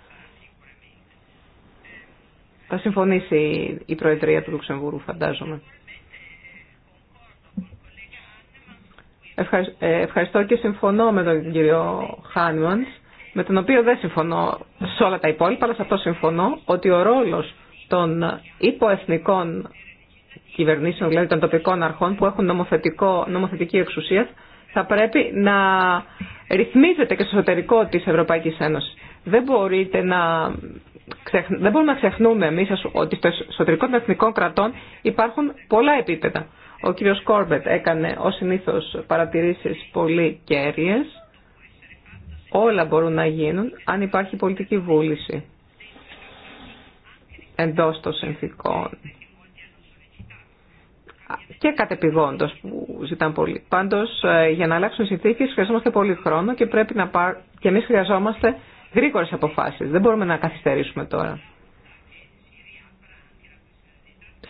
Θα συμφωνήσει η Προεδρία του Λουξεμβούρου, φαντάζομαι. Ε, ευχαριστώ και συμφωνώ με τον κύριο Χάνιμαντς, με τον οποίο δεν συμφωνώ σε όλα τα υπόλοιπα, αλλά σε αυτό συμφωνώ ότι ο ρόλος των υποεθνικών κυβερνήσεων, δηλαδή των τοπικών αρχών που έχουν νομοθετικό, νομοθετική εξουσία, θα πρέπει να ρυθμίζεται και στο εσωτερικό της Ευρωπαϊκής Ένωσης. Δεν μπορείτε να δεν μπορούμε να ξεχνούμε εμεί ότι στο εσωτερικό των εθνικών κρατών υπάρχουν πολλά επίπεδα. Ο κύριος Κόρμπετ έκανε ω συνήθω παρατηρήσεις πολύ κέρυες. Όλα μπορούν να γίνουν αν υπάρχει πολιτική βούληση εντός των συνθήκων και κατεπηγόντω που ζητάνε πολύ. Πάντω, ε, για να αλλάξουν συνθήκε, χρειαζόμαστε πολύ χρόνο και πρέπει να πάρουμε... και χρειαζόμαστε Γρήγορε αποφάσει. Δεν μπορούμε να καθυστερήσουμε τώρα.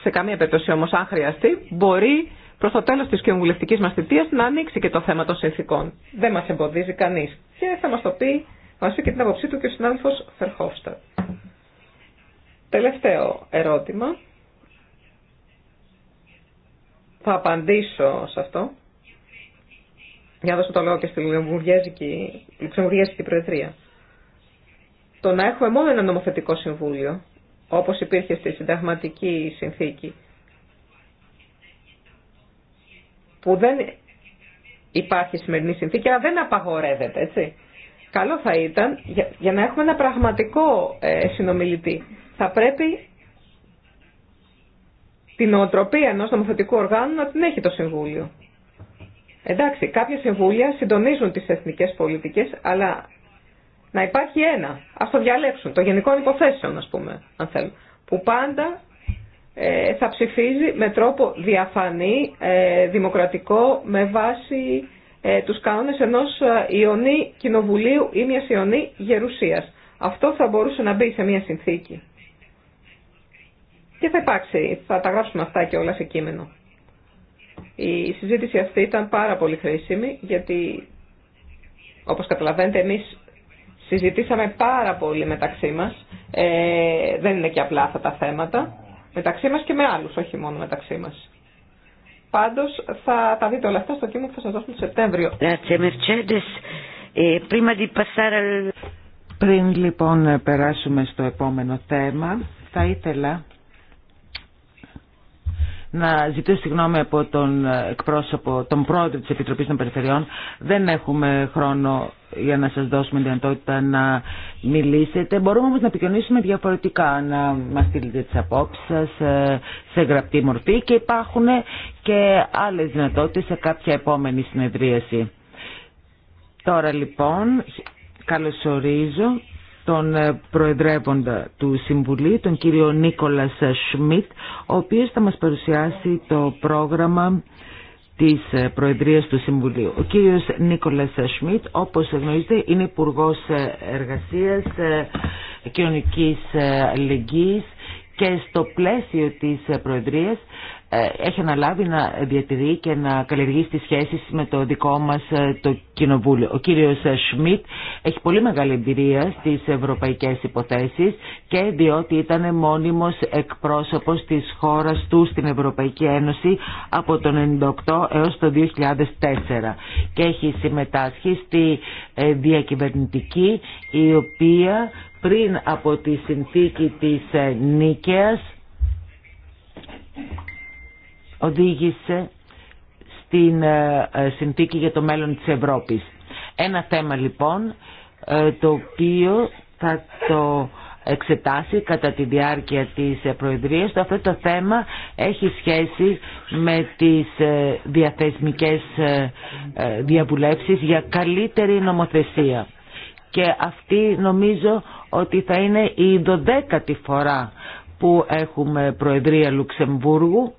Σε καμία περίπτωση όμως, αν χρειαστεί, μπορεί προ το τέλο της κοινοβουλευτική μας θητεία να ανοίξει και το θέμα των συνθήκων. Δεν μας εμποδίζει κανείς. Και θα μα το πει, θα πει και την άποψή του και ο συνάδελφο Φερχόφστα. Τελευταίο ερώτημα. Θα απαντήσω σε αυτό. Για να δώσω το λόγο και στη Λουξεμβουργέζικη Προεδρία το να έχουμε μόνο ένα νομοθετικό συμβούλιο, όπως υπήρχε στη συνταγματική συνθήκη, που δεν υπάρχει σημερινή συνθήκη, αλλά δεν απαγορεύεται, έτσι. Καλό θα ήταν για, να έχουμε ένα πραγματικό ε, συνομιλητή. Θα πρέπει την οτροπία ενός νομοθετικού οργάνου να την έχει το Συμβούλιο. Εντάξει, κάποια συμβούλια συντονίζουν τις εθνικές πολιτικές, αλλά να υπάρχει ένα. Ας το διαλέξουν, το γενικό υποθέσεων ας πούμε, αν θέλουν, που πάντα ε, θα ψηφίζει με τρόπο διαφανή, ε, δημοκρατικό, με βάση ε, τους κανόνες ενός ε, ιονή κοινοβουλίου ή μιας ιονή γερουσίας. Αυτό θα μπορούσε να μπει σε μια συνθήκη. Και θα υπάρξει, θα τα γράψουμε αυτά και όλα σε κείμενο. Η συζήτηση αυτή ήταν πάρα πολύ χρήσιμη γιατί όπως καταλαβαίνετε εμείς Συζητήσαμε πάρα πολύ μεταξύ μας. Ε, δεν είναι και απλά αυτά τα θέματα. Μεταξύ μας και με άλλους, όχι μόνο μεταξύ μας. Πάντως θα τα δείτε όλα αυτά στο κείμενο που θα σας δώσουμε το Σεπτέμβριο. Ε, Πριν λοιπόν περάσουμε στο επόμενο θέμα, θα ήθελα να ζητήσω συγγνώμη από τον ε, εκπρόσωπο, τον πρόεδρο της Επιτροπής των Περιφερειών. Δεν έχουμε χρόνο για να σας δώσουμε δυνατότητα να μιλήσετε. Μπορούμε όμως να επικοινωνήσουμε διαφορετικά, να μας στείλετε τις απόψεις σας ε, σε γραπτή μορφή και υπάρχουν και άλλες δυνατότητες σε κάποια επόμενη συνεδρίαση. Τώρα λοιπόν καλωσορίζω τον ε, Προεδρεύοντα του Συμβουλίου, τον κύριο Νίκολα Σμιτ, ο οποίος θα μας παρουσιάσει το πρόγραμμα της ε, Προεδρίας του Συμβουλίου. Ο κύριος Νίκολας Σμιτ, όπως γνωρίζετε, είναι υπουργό ε, Εργασίας, Κοινωνικής Αλληλεγγύης και στο πλαίσιο της Προεδρίας ε, έχει αναλάβει να διατηρεί και να καλλιεργεί τις σχέσεις με το δικό μας ε, το κοινοβούλιο. Ο κύριος ε, Σμιτ έχει πολύ μεγάλη εμπειρία στις ευρωπαϊκές υποθέσεις και διότι ήταν μόνιμος εκπρόσωπος της χώρας του στην Ευρωπαϊκή Ένωση από τον 1998 έως το 2004 και έχει συμμετάσχει στη διακυβερνητική η οποία πριν από τη συνθήκη της Νίκαιας οδήγησε στην ε, ε, συνθήκη για το μέλλον της Ευρώπης. Ένα θέμα λοιπόν ε, το οποίο θα το εξετάσει κατά τη διάρκεια της Προεδρίας. Αυτό το θέμα έχει σχέση με τις διαθεσμικές διαβουλεύσεις για καλύτερη νομοθεσία. Και αυτή νομίζω ότι θα είναι η 12η φορά που έχουμε Προεδρία Λουξεμβούργου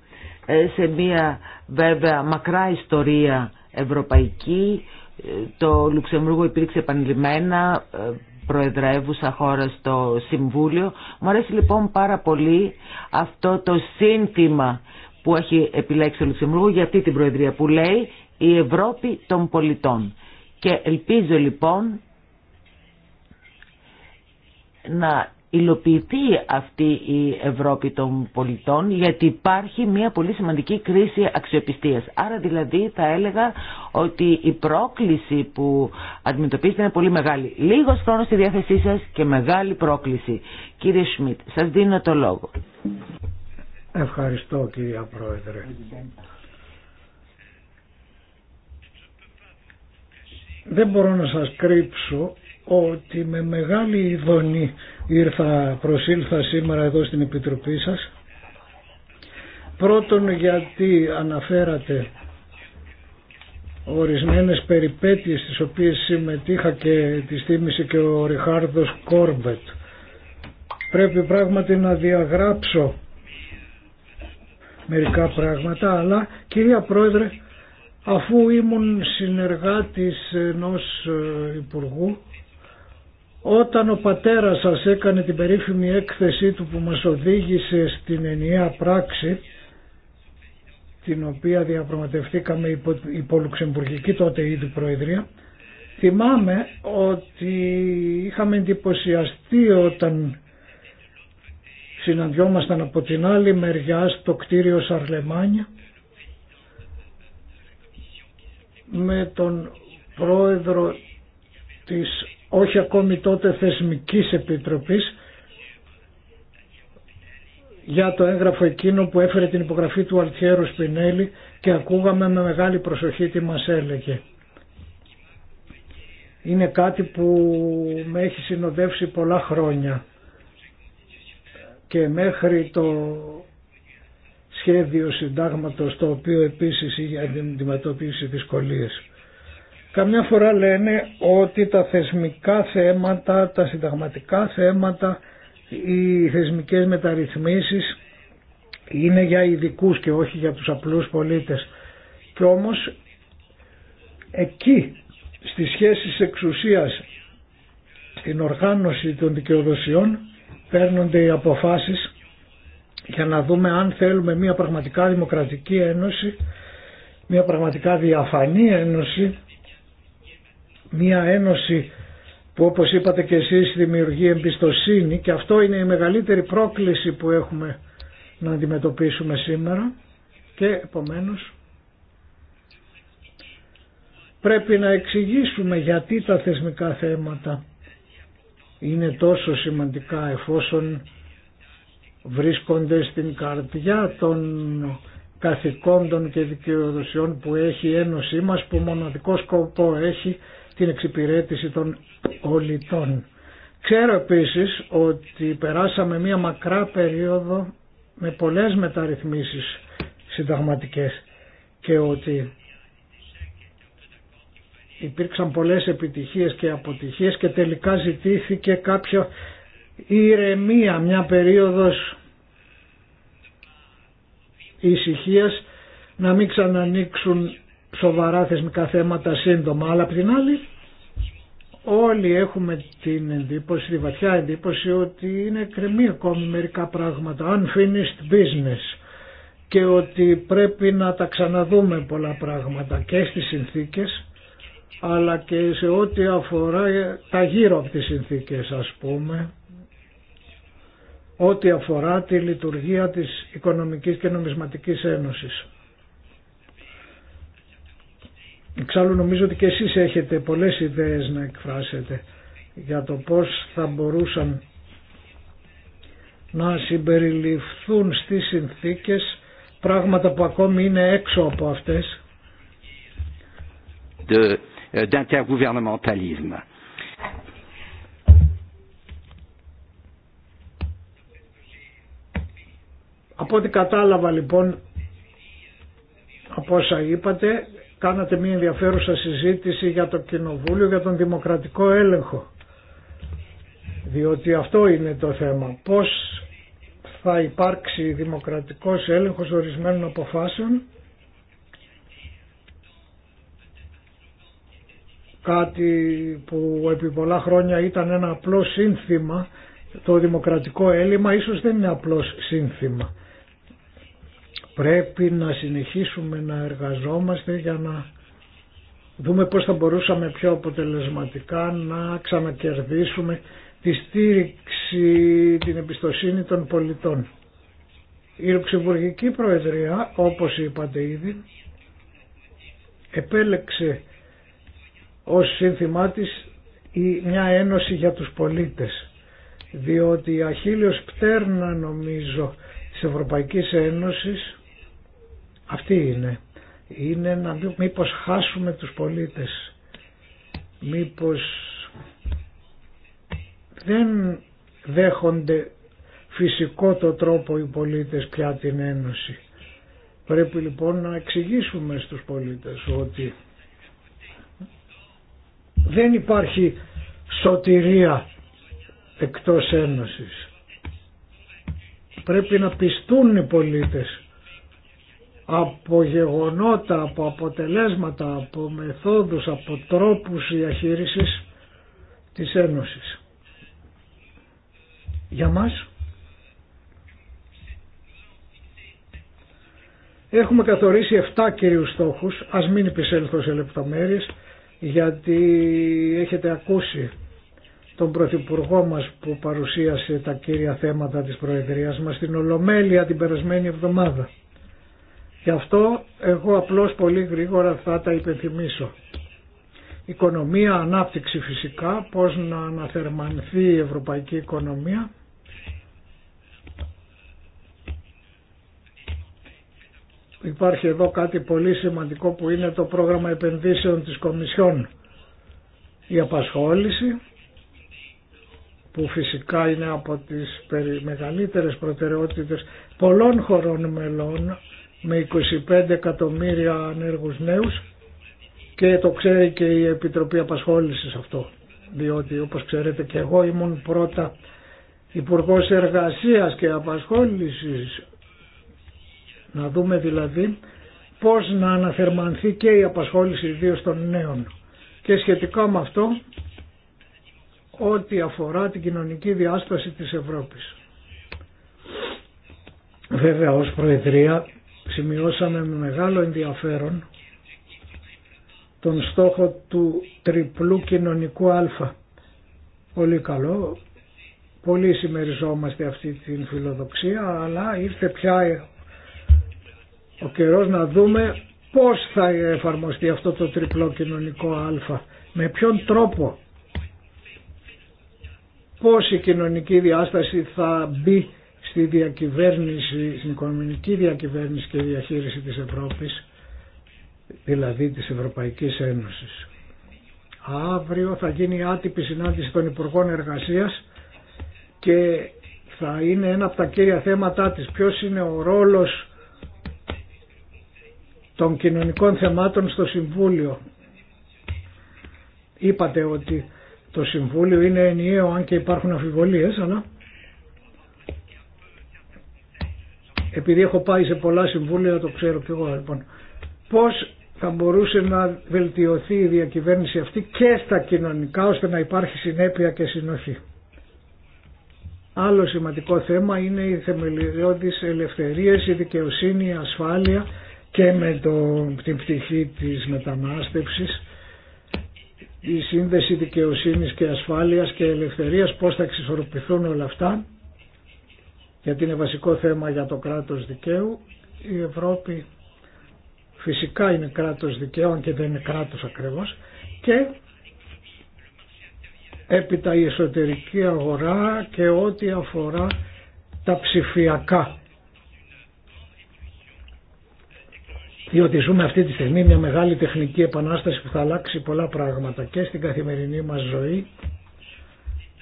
ε, σε μια βέβαια μακρά ιστορία ευρωπαϊκή. Ε, το Λουξεμβούργο υπήρξε επανειλημμένα ε, προεδρεύουσα χώρα στο Συμβούλιο. Μου αρέσει λοιπόν πάρα πολύ αυτό το σύνθημα που έχει επιλέξει το Λουξεμβούργο για αυτή την προεδρία που λέει «Η Ευρώπη των πολιτών». Και ελπίζω λοιπόν να υλοποιηθεί αυτή η Ευρώπη των πολιτών γιατί υπάρχει μια πολύ σημαντική κρίση αξιοπιστίας. Άρα δηλαδή θα έλεγα ότι η πρόκληση που αντιμετωπίζετε είναι πολύ μεγάλη. Λίγος χρόνος στη διάθεσή σας και μεγάλη πρόκληση. Κύριε Σμιτ, σας δίνω το λόγο. Ευχαριστώ κυρία Πρόεδρε. Δεν μπορώ να σας κρύψω ότι με μεγάλη ειδονή ήρθα, προσήλθα σήμερα εδώ στην Επιτροπή σας. Πρώτον γιατί αναφέρατε ορισμένες περιπέτειες στις οποίες συμμετείχα και τη θύμισε και ο Ριχάρδος Κόρμπετ. Πρέπει πράγματι να διαγράψω μερικά πράγματα, αλλά κυρία Πρόεδρε, αφού ήμουν συνεργάτης ενός ε, Υπουργού, όταν ο πατέρας σας έκανε την περίφημη έκθεσή του που μας οδήγησε στην ενιαία πράξη, την οποία διαπραγματευτήκαμε υπό, υπό Λουξεμβουργική τότε ήδη Προεδρία, θυμάμαι ότι είχαμε εντυπωσιαστεί όταν συναντιόμασταν από την άλλη μεριά στο κτίριο Σαρλεμάνια με τον πρόεδρο της όχι ακόμη τότε θεσμικής επιτροπής για το έγγραφο εκείνο που έφερε την υπογραφή του Αλτιέρου Σπινέλη και ακούγαμε με μεγάλη προσοχή τι μας έλεγε. Είναι κάτι που με έχει συνοδεύσει πολλά χρόνια και μέχρι το σχέδιο συντάγματος το οποίο επίσης είχε αντιμετωπίσει δυσκολίες. Καμιά φορά λένε ότι τα θεσμικά θέματα, τα συνταγματικά θέματα, οι θεσμικές μεταρρυθμίσεις είναι για ειδικού και όχι για τους απλούς πολίτες. Κι όμως εκεί στις σχέσεις εξουσίας, στην οργάνωση των δικαιοδοσιών παίρνονται οι αποφάσεις για να δούμε αν θέλουμε μια πραγματικά δημοκρατική ένωση, μια πραγματικά διαφανή ένωση μια ένωση που όπως είπατε και εσείς δημιουργεί εμπιστοσύνη και αυτό είναι η μεγαλύτερη πρόκληση που έχουμε να αντιμετωπίσουμε σήμερα και επομένως πρέπει να εξηγήσουμε γιατί τα θεσμικά θέματα είναι τόσο σημαντικά εφόσον βρίσκονται στην καρδιά των καθηκόντων και δικαιοδοσιών που έχει η Ένωσή μας που μοναδικό σκοπό έχει την εξυπηρέτηση των πολιτών. Ξέρω επίσης ότι περάσαμε μία μακρά περίοδο με πολλές μεταρρυθμίσεις συνταγματικές και ότι υπήρξαν πολλές επιτυχίες και αποτυχίες και τελικά ζητήθηκε κάποια ηρεμία, μια περίοδος ησυχίας να μην ξανανοίξουν σοβαρά θεσμικά θέματα σύντομα, αλλά απ' την άλλη όλοι έχουμε την εντύπωση, τη βαθιά εντύπωση ότι είναι κρεμή ακόμη μερικά πράγματα, unfinished business και ότι πρέπει να τα ξαναδούμε πολλά πράγματα και στις συνθήκες αλλά και σε ό,τι αφορά τα γύρω από τις συνθήκες ας πούμε ό,τι αφορά τη λειτουργία της Οικονομικής και Νομισματικής Ένωσης. Εξάλλου νομίζω ότι και εσείς έχετε πολλές ιδέες να εκφράσετε για το πώς θα μπορούσαν να συμπεριληφθούν στις συνθήκες πράγματα που ακόμη είναι έξω από αυτές. De, euh, από ό,τι κατάλαβα λοιπόν από όσα είπατε κάνατε μια ενδιαφέρουσα συζήτηση για το Κοινοβούλιο, για τον δημοκρατικό έλεγχο. Διότι αυτό είναι το θέμα. Πώς θα υπάρξει δημοκρατικός έλεγχος ορισμένων αποφάσεων κάτι που επί πολλά χρόνια ήταν ένα απλό σύνθημα το δημοκρατικό έλλειμμα ίσως δεν είναι απλό σύνθημα Πρέπει να συνεχίσουμε να εργαζόμαστε για να δούμε πώς θα μπορούσαμε πιο αποτελεσματικά να ξανακερδίσουμε τη στήριξη, την εμπιστοσύνη των πολιτών. Η Λουξεμβουργική Προεδρία, όπως είπατε ήδη, επέλεξε ως σύνθημά της μια ένωση για τους πολίτες διότι η αχίλιος πτέρνα νομίζω της Ευρωπαϊκής Ένωσης αυτή είναι. Είναι να μην μήπως χάσουμε τους πολίτες. Μήπως δεν δέχονται φυσικό το τρόπο οι πολίτες πια την Ένωση. Πρέπει λοιπόν να εξηγήσουμε στους πολίτες ότι δεν υπάρχει σωτηρία εκτός Ένωσης. Πρέπει να πιστούν οι πολίτες από γεγονότα, από αποτελέσματα, από μεθόδους, από τρόπους διαχείρισης της Ένωσης. Για μας έχουμε καθορίσει 7 κυρίους στόχους, ας μην επισέλθω σε λεπτομέρειες γιατί έχετε ακούσει τον Πρωθυπουργό μας που παρουσίασε τα κύρια θέματα της Προεδρίας μας στην Ολομέλεια την περασμένη εβδομάδα. Γι' αυτό εγώ απλώς πολύ γρήγορα θα τα υπενθυμίσω. Οικονομία, ανάπτυξη φυσικά, πώς να αναθερμανθεί η ευρωπαϊκή οικονομία. Υπάρχει εδώ κάτι πολύ σημαντικό που είναι το πρόγραμμα επενδύσεων της Κομισιόν. Η απασχόληση που φυσικά είναι από τις μεγαλύτερες προτεραιότητες πολλών χωρών μελών με 25 εκατομμύρια ανέργους νέους και το ξέρει και η Επιτροπή Απασχόλησης αυτό διότι όπως ξέρετε και εγώ ήμουν πρώτα υπουργό Εργασίας και Απασχόλησης να δούμε δηλαδή πώς να αναθερμανθεί και η απασχόληση ιδίως των νέων και σχετικά με αυτό ό,τι αφορά την κοινωνική διάσταση της Ευρώπης. Βέβαια ως Προεδρία σημειώσαμε με μεγάλο ενδιαφέρον τον στόχο του τριπλού κοινωνικού αλφα. Πολύ καλό, πολύ συμμεριζόμαστε αυτή την φιλοδοξία, αλλά ήρθε πια ο καιρός να δούμε πώς θα εφαρμοστεί αυτό το τριπλό κοινωνικό α, με ποιον τρόπο, πώς η κοινωνική διάσταση θα μπει στη διακυβέρνηση, στην οικονομική διακυβέρνηση και διαχείριση της Ευρώπης, δηλαδή της Ευρωπαϊκής Ένωσης. Αύριο θα γίνει άτυπη συνάντηση των Υπουργών Εργασίας και θα είναι ένα από τα κύρια θέματα της ποιος είναι ο ρόλος των κοινωνικών θεμάτων στο Συμβούλιο. Είπατε ότι το Συμβούλιο είναι ενιαίο αν και υπάρχουν αφιβολίες, αλλά επειδή έχω πάει σε πολλά συμβούλια, το ξέρω κι εγώ λοιπόν, πώς θα μπορούσε να βελτιωθεί η διακυβέρνηση αυτή και στα κοινωνικά ώστε να υπάρχει συνέπεια και συνοχή. Άλλο σημαντικό θέμα είναι οι θεμελιώδεις ελευθερίες, η δικαιοσύνη, η ασφάλεια και με το, την πτυχή της μετανάστευσης η σύνδεση δικαιοσύνης και ασφάλειας και ελευθερίας, πώς θα εξισορροπηθούν όλα αυτά γιατί είναι βασικό θέμα για το κράτος δικαίου. Η Ευρώπη φυσικά είναι κράτος δικαίων και δεν είναι κράτος ακριβώς και έπειτα η εσωτερική αγορά και ό,τι αφορά τα ψηφιακά. Διότι ζούμε αυτή τη στιγμή μια μεγάλη τεχνική επανάσταση που θα αλλάξει πολλά πράγματα και στην καθημερινή μας ζωή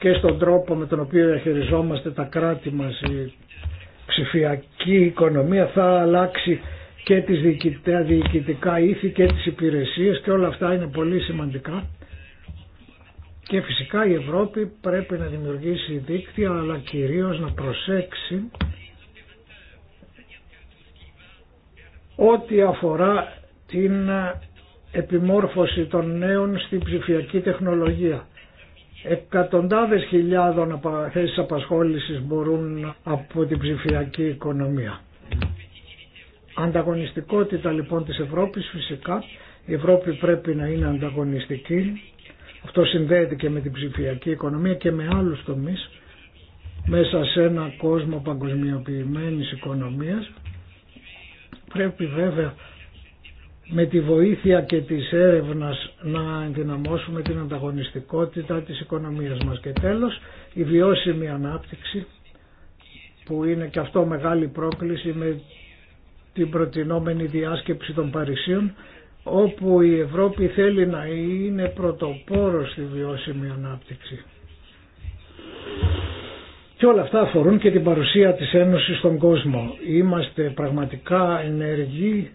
και στον τρόπο με τον οποίο διαχειριζόμαστε τα κράτη μας η ψηφιακή οικονομία θα αλλάξει και τις διοικητικά ήθη και τις υπηρεσίες και όλα αυτά είναι πολύ σημαντικά και φυσικά η Ευρώπη πρέπει να δημιουργήσει δίκτυα αλλά κυρίως να προσέξει ό,τι αφορά την επιμόρφωση των νέων στην ψηφιακή τεχνολογία εκατοντάδες χιλιάδων θέσεις απασχόλησης μπορούν από την ψηφιακή οικονομία. Ανταγωνιστικότητα λοιπόν της Ευρώπης φυσικά. Η Ευρώπη πρέπει να είναι ανταγωνιστική. Αυτό συνδέεται και με την ψηφιακή οικονομία και με άλλους τομείς μέσα σε ένα κόσμο παγκοσμιοποιημένης οικονομίας. Πρέπει βέβαια με τη βοήθεια και της έρευνας να ενδυναμώσουμε την ανταγωνιστικότητα της οικονομίας μας. Και τέλος, η βιώσιμη ανάπτυξη που είναι και αυτό μεγάλη πρόκληση με την προτινόμενη διάσκεψη των Παρισίων όπου η Ευρώπη θέλει να είναι πρωτοπόρος στη βιώσιμη ανάπτυξη. Και όλα αυτά αφορούν και την παρουσία της Ένωσης στον κόσμο. Είμαστε πραγματικά ενεργοί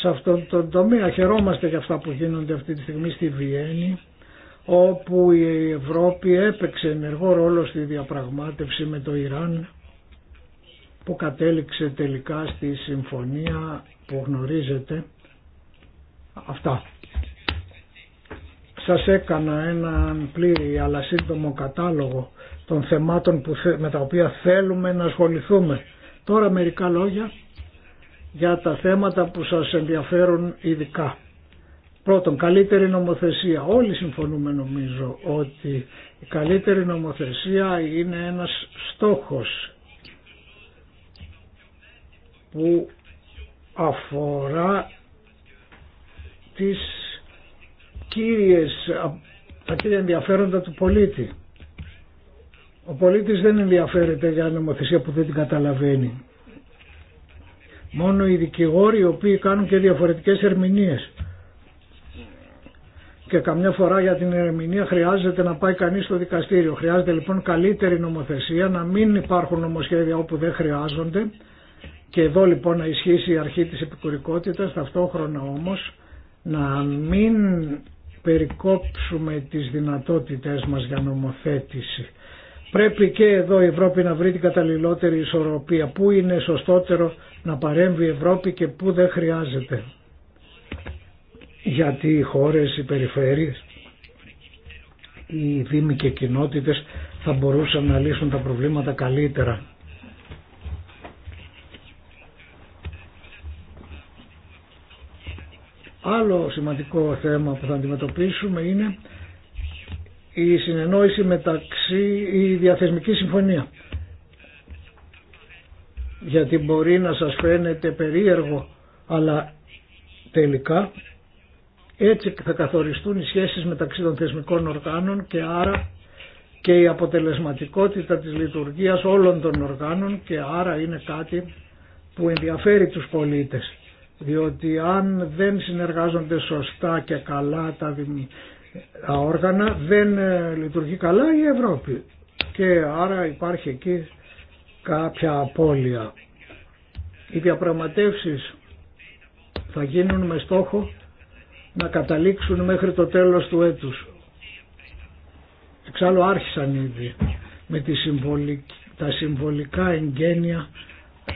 σε αυτόν τον τομέα. Χαιρόμαστε για αυτά που γίνονται αυτή τη στιγμή στη Βιέννη όπου η Ευρώπη έπαιξε ενεργό ρόλο στη διαπραγμάτευση με το Ιράν που κατέληξε τελικά στη συμφωνία που γνωρίζετε. Αυτά. Σας έκανα έναν πλήρη αλλά σύντομο κατάλογο των θεμάτων που, με τα οποία θέλουμε να ασχοληθούμε. Τώρα μερικά λόγια για τα θέματα που σας ενδιαφέρουν ειδικά. Πρώτον, καλύτερη νομοθεσία. Όλοι συμφωνούμε νομίζω ότι η καλύτερη νομοθεσία είναι ένας στόχος που αφορά τις κύριες, τα κύρια ενδιαφέροντα του πολίτη. Ο πολίτης δεν ενδιαφέρεται για νομοθεσία που δεν την καταλαβαίνει μόνο οι δικηγόροι οι οποίοι κάνουν και διαφορετικές ερμηνείες. Και καμιά φορά για την ερμηνεία χρειάζεται να πάει κανείς στο δικαστήριο. Χρειάζεται λοιπόν καλύτερη νομοθεσία, να μην υπάρχουν νομοσχέδια όπου δεν χρειάζονται. Και εδώ λοιπόν να ισχύσει η αρχή της επικουρικότητας, ταυτόχρονα όμως να μην περικόψουμε τις δυνατότητες μας για νομοθέτηση. Πρέπει και εδώ η Ευρώπη να βρει την καταλληλότερη ισορροπία. Πού είναι σωστότερο να παρέμβει η Ευρώπη και πού δεν χρειάζεται. Γιατί οι χώρες, οι περιφέρειες, οι δήμοι και οι κοινότητες θα μπορούσαν να λύσουν τα προβλήματα καλύτερα. Άλλο σημαντικό θέμα που θα αντιμετωπίσουμε είναι η συνεννόηση μεταξύ, η διαθεσμική συμφωνία γιατί μπορεί να σας φαίνεται περίεργο αλλά τελικά έτσι θα καθοριστούν οι σχέσεις μεταξύ των θεσμικών οργάνων και άρα και η αποτελεσματικότητα της λειτουργίας όλων των οργάνων και άρα είναι κάτι που ενδιαφέρει τους πολίτες διότι αν δεν συνεργάζονται σωστά και καλά τα, τα όργανα δεν ε, λειτουργεί καλά η Ευρώπη και άρα υπάρχει εκεί κάποια απώλεια. Οι διαπραγματεύσεις θα γίνουν με στόχο να καταλήξουν μέχρι το τέλος του έτους. Εξάλλου άρχισαν ήδη με τη τα συμβολικά εγγένεια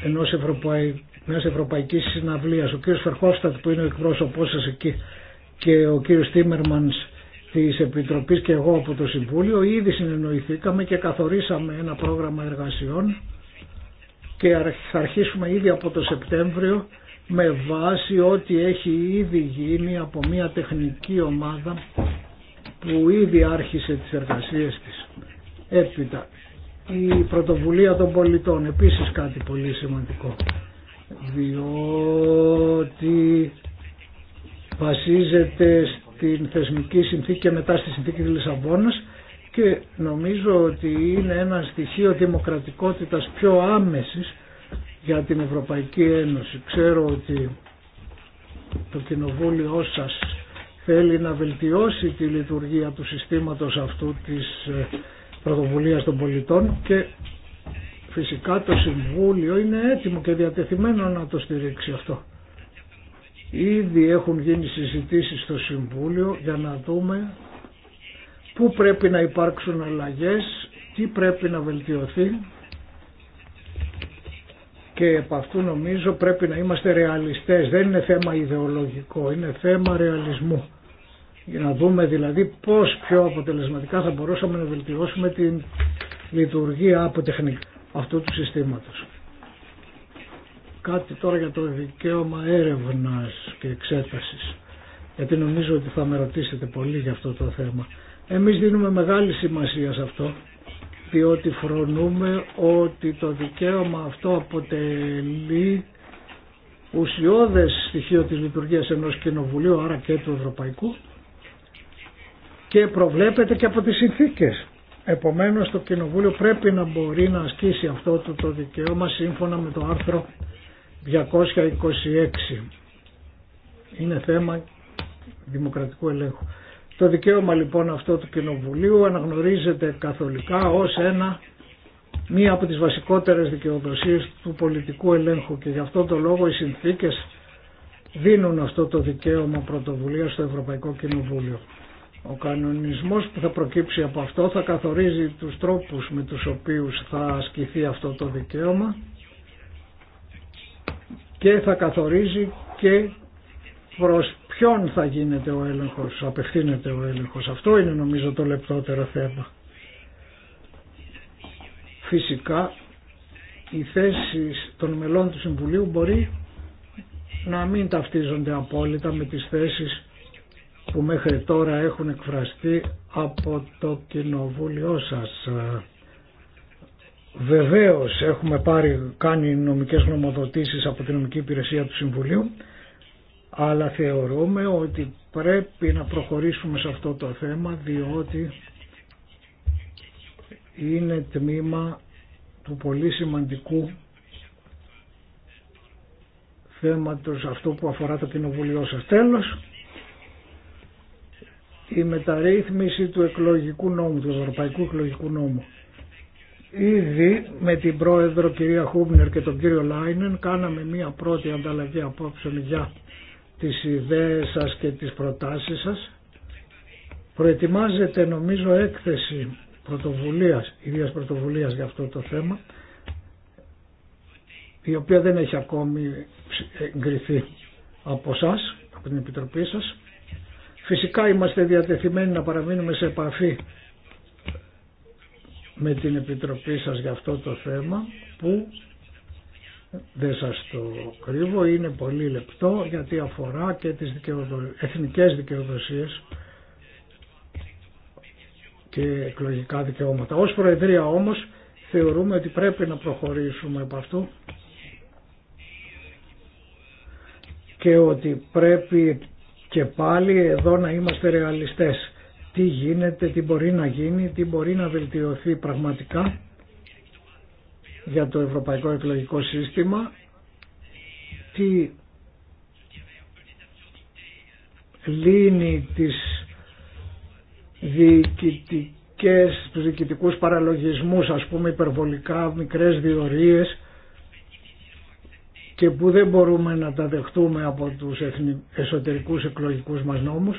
ενός Ευρωπαϊ... μιας Ευρωπαϊκής Συναυλίας. Ο κ. Φερχόφστατ που είναι ο εκπρόσωπός σας εκεί και ο κ. Τίμερμανς της Επιτροπής και εγώ από το Συμβούλιο ήδη συνεννοηθήκαμε και καθορίσαμε ένα πρόγραμμα εργασιών και θα αρχίσουμε ήδη από το Σεπτέμβριο με βάση ό,τι έχει ήδη γίνει από μια τεχνική ομάδα που ήδη άρχισε τις εργασίες της. Έπειτα, η πρωτοβουλία των πολιτών, επίσης κάτι πολύ σημαντικό, διότι βασίζεται στην θεσμική συνθήκη και μετά στη συνθήκη της Λισαβόνας και νομίζω ότι είναι ένα στοιχείο δημοκρατικότητας πιο άμεσης για την Ευρωπαϊκή Ένωση. Ξέρω ότι το κοινοβούλιο σας θέλει να βελτιώσει τη λειτουργία του συστήματος αυτού της ε, πρωτοβουλίας των πολιτών και φυσικά το Συμβούλιο είναι έτοιμο και διατεθειμένο να το στηρίξει αυτό. Ήδη έχουν γίνει συζητήσεις στο Συμβούλιο για να δούμε πού πρέπει να υπάρξουν αλλαγές, τι πρέπει να βελτιωθεί και επ' αυτού νομίζω πρέπει να είμαστε ρεαλιστές. Δεν είναι θέμα ιδεολογικό, είναι θέμα ρεαλισμού. Για να δούμε δηλαδή πώς πιο αποτελεσματικά θα μπορούσαμε να βελτιώσουμε την λειτουργία από τεχνική αυτού του συστήματος. Κάτι τώρα για το δικαίωμα έρευνας και εξέτασης. Γιατί νομίζω ότι θα με ρωτήσετε πολύ για αυτό το θέμα. Εμείς δίνουμε μεγάλη σημασία σε αυτό διότι φρονούμε ότι το δικαίωμα αυτό αποτελεί ουσιώδες στοιχείο της λειτουργίας ενός κοινοβουλίου, άρα και του Ευρωπαϊκού και προβλέπεται και από τις συνθήκες. Επομένως το Κοινοβούλιο πρέπει να μπορεί να ασκήσει αυτό το, το δικαίωμα σύμφωνα με το άρθρο 226. Είναι θέμα δημοκρατικού ελέγχου. Το δικαίωμα λοιπόν αυτό του Κοινοβουλίου αναγνωρίζεται καθολικά ως ένα, μία από τις βασικότερες δικαιοδοσίες του πολιτικού ελέγχου και γι' αυτό το λόγο οι συνθήκες δίνουν αυτό το δικαίωμα πρωτοβουλία στο Ευρωπαϊκό Κοινοβούλιο. Ο κανονισμός που θα προκύψει από αυτό θα καθορίζει τους τρόπους με τους οποίους θα ασκηθεί αυτό το δικαίωμα και θα καθορίζει και προς ποιον θα γίνεται ο έλεγχος, απευθύνεται ο έλεγχος. Αυτό είναι νομίζω το λεπτότερο θέμα. Φυσικά οι θέσει των μελών του Συμβουλίου μπορεί να μην ταυτίζονται απόλυτα με τις θέσεις που μέχρι τώρα έχουν εκφραστεί από το κοινοβούλιο σας. Βεβαίως έχουμε πάρει, κάνει νομικές νομοδοτήσεις από την νομική υπηρεσία του Συμβουλίου αλλά θεωρούμε ότι πρέπει να προχωρήσουμε σε αυτό το θέμα διότι είναι τμήμα του πολύ σημαντικού θέματος αυτό που αφορά το κοινοβουλίο σας. Τέλος, η μεταρρύθμιση του εκλογικού νόμου, του Ευρωπαϊκού Εκλογικού Νόμου. Ήδη με την πρόεδρο κυρία Χούμπνερ και τον κύριο Λάινεν κάναμε μία πρώτη ανταλλαγή απόψεων για τις ιδέες σας και τις προτάσεις σας. Προετοιμάζεται νομίζω έκθεση πρωτοβουλίας, ιδίας πρωτοβουλίας για αυτό το θέμα, η οποία δεν έχει ακόμη εγκριθεί από εσά, από την Επιτροπή σας. Φυσικά είμαστε διατεθειμένοι να παραμείνουμε σε επαφή με την Επιτροπή σας για αυτό το θέμα που δεν σας το κρύβω, είναι πολύ λεπτό γιατί αφορά και τις εθνικές δικαιοδοσίες και εκλογικά δικαιώματα. Ως Προεδρία όμως θεωρούμε ότι πρέπει να προχωρήσουμε από αυτού και ότι πρέπει και πάλι εδώ να είμαστε ρεαλιστές. Τι γίνεται, τι μπορεί να γίνει, τι μπορεί να βελτιωθεί πραγματικά για το Ευρωπαϊκό Εκλογικό Σύστημα τι λύνει τις διοικητικές, τους διοικητικούς παραλογισμούς, ας πούμε υπερβολικά μικρές διορίες και που δεν μπορούμε να τα δεχτούμε από τους εσωτερικούς εκλογικούς μας νόμους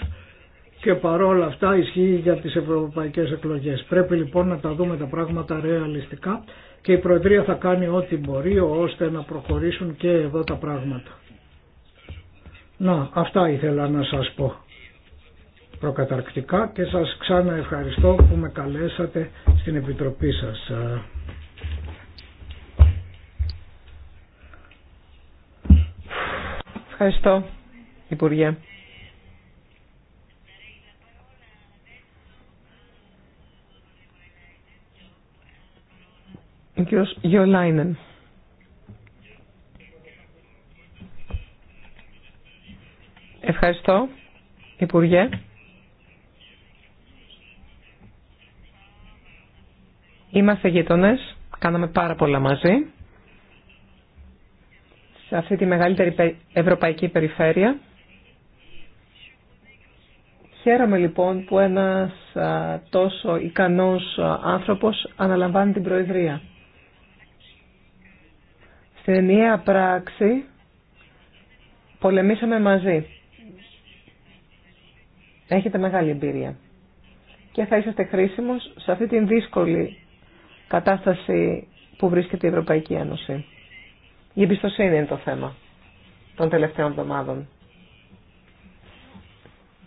και παρόλα αυτά ισχύει για τις ευρωπαϊκές εκλογές. Πρέπει λοιπόν να τα δούμε τα πράγματα ρεαλιστικά και η Προεδρία θα κάνει ό,τι μπορεί ώστε να προχωρήσουν και εδώ τα πράγματα. Να, αυτά ήθελα να σας πω προκαταρκτικά και σας ξανά ευχαριστώ που με καλέσατε στην Επιτροπή σας. Ευχαριστώ, Υπουργέ. Ο κ. Γιολάινεν. Ευχαριστώ, Υπουργέ. Είμαστε γείτονε, κάναμε πάρα πολλά μαζί. Σε αυτή τη μεγαλύτερη ευρωπαϊκή περιφέρεια. Χαίρομαι λοιπόν που ένας τόσο ικανός άνθρωπος αναλαμβάνει την Προεδρία. Στην ενιαία πράξη πολεμήσαμε μαζί. Έχετε μεγάλη εμπειρία. Και θα είσαστε χρήσιμος σε αυτή την δύσκολη κατάσταση που βρίσκεται η Ευρωπαϊκή Ένωση. Η εμπιστοσύνη είναι το θέμα των τελευταίων εβδομάδων.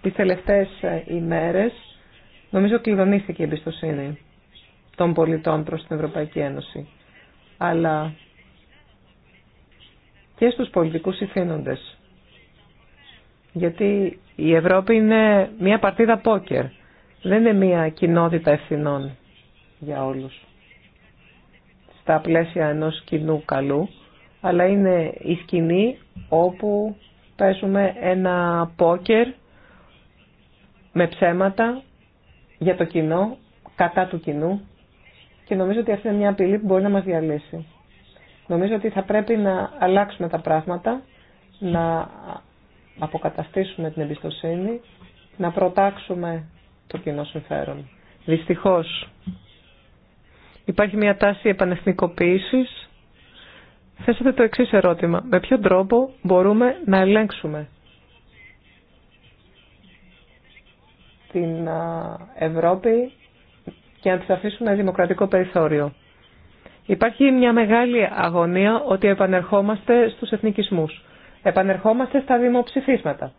Τις τελευταίες ε, ημέρες νομίζω κλειδονίστηκε η εμπιστοσύνη των πολιτών προς την Ευρωπαϊκή Ένωση. Αλλά και στους πολιτικούς συθήνοντες. Γιατί η Ευρώπη είναι μια παρτίδα πόκερ. Δεν είναι μια κοινότητα ευθυνών για όλους. Στα πλαίσια ενός κοινού καλού, αλλά είναι η σκηνή όπου παίζουμε ένα πόκερ με ψέματα για το κοινό, κατά του κοινού και νομίζω ότι αυτή είναι μια απειλή που μπορεί να μας διαλύσει. Νομίζω ότι θα πρέπει να αλλάξουμε τα πράγματα, να αποκαταστήσουμε την εμπιστοσύνη, να προτάξουμε το κοινό συμφέρον. Δυστυχώς υπάρχει μια τάση επανεθνικοποίησης. Θέσατε το εξής ερώτημα. Με ποιο τρόπο μπορούμε να ελέγξουμε την Ευρώπη και να της αφήσουμε δημοκρατικό περιθώριο. Υπάρχει μια μεγάλη αγωνία ότι επανερχόμαστε στους εθνικισμούς. Επανερχόμαστε στα δημοψηφίσματα.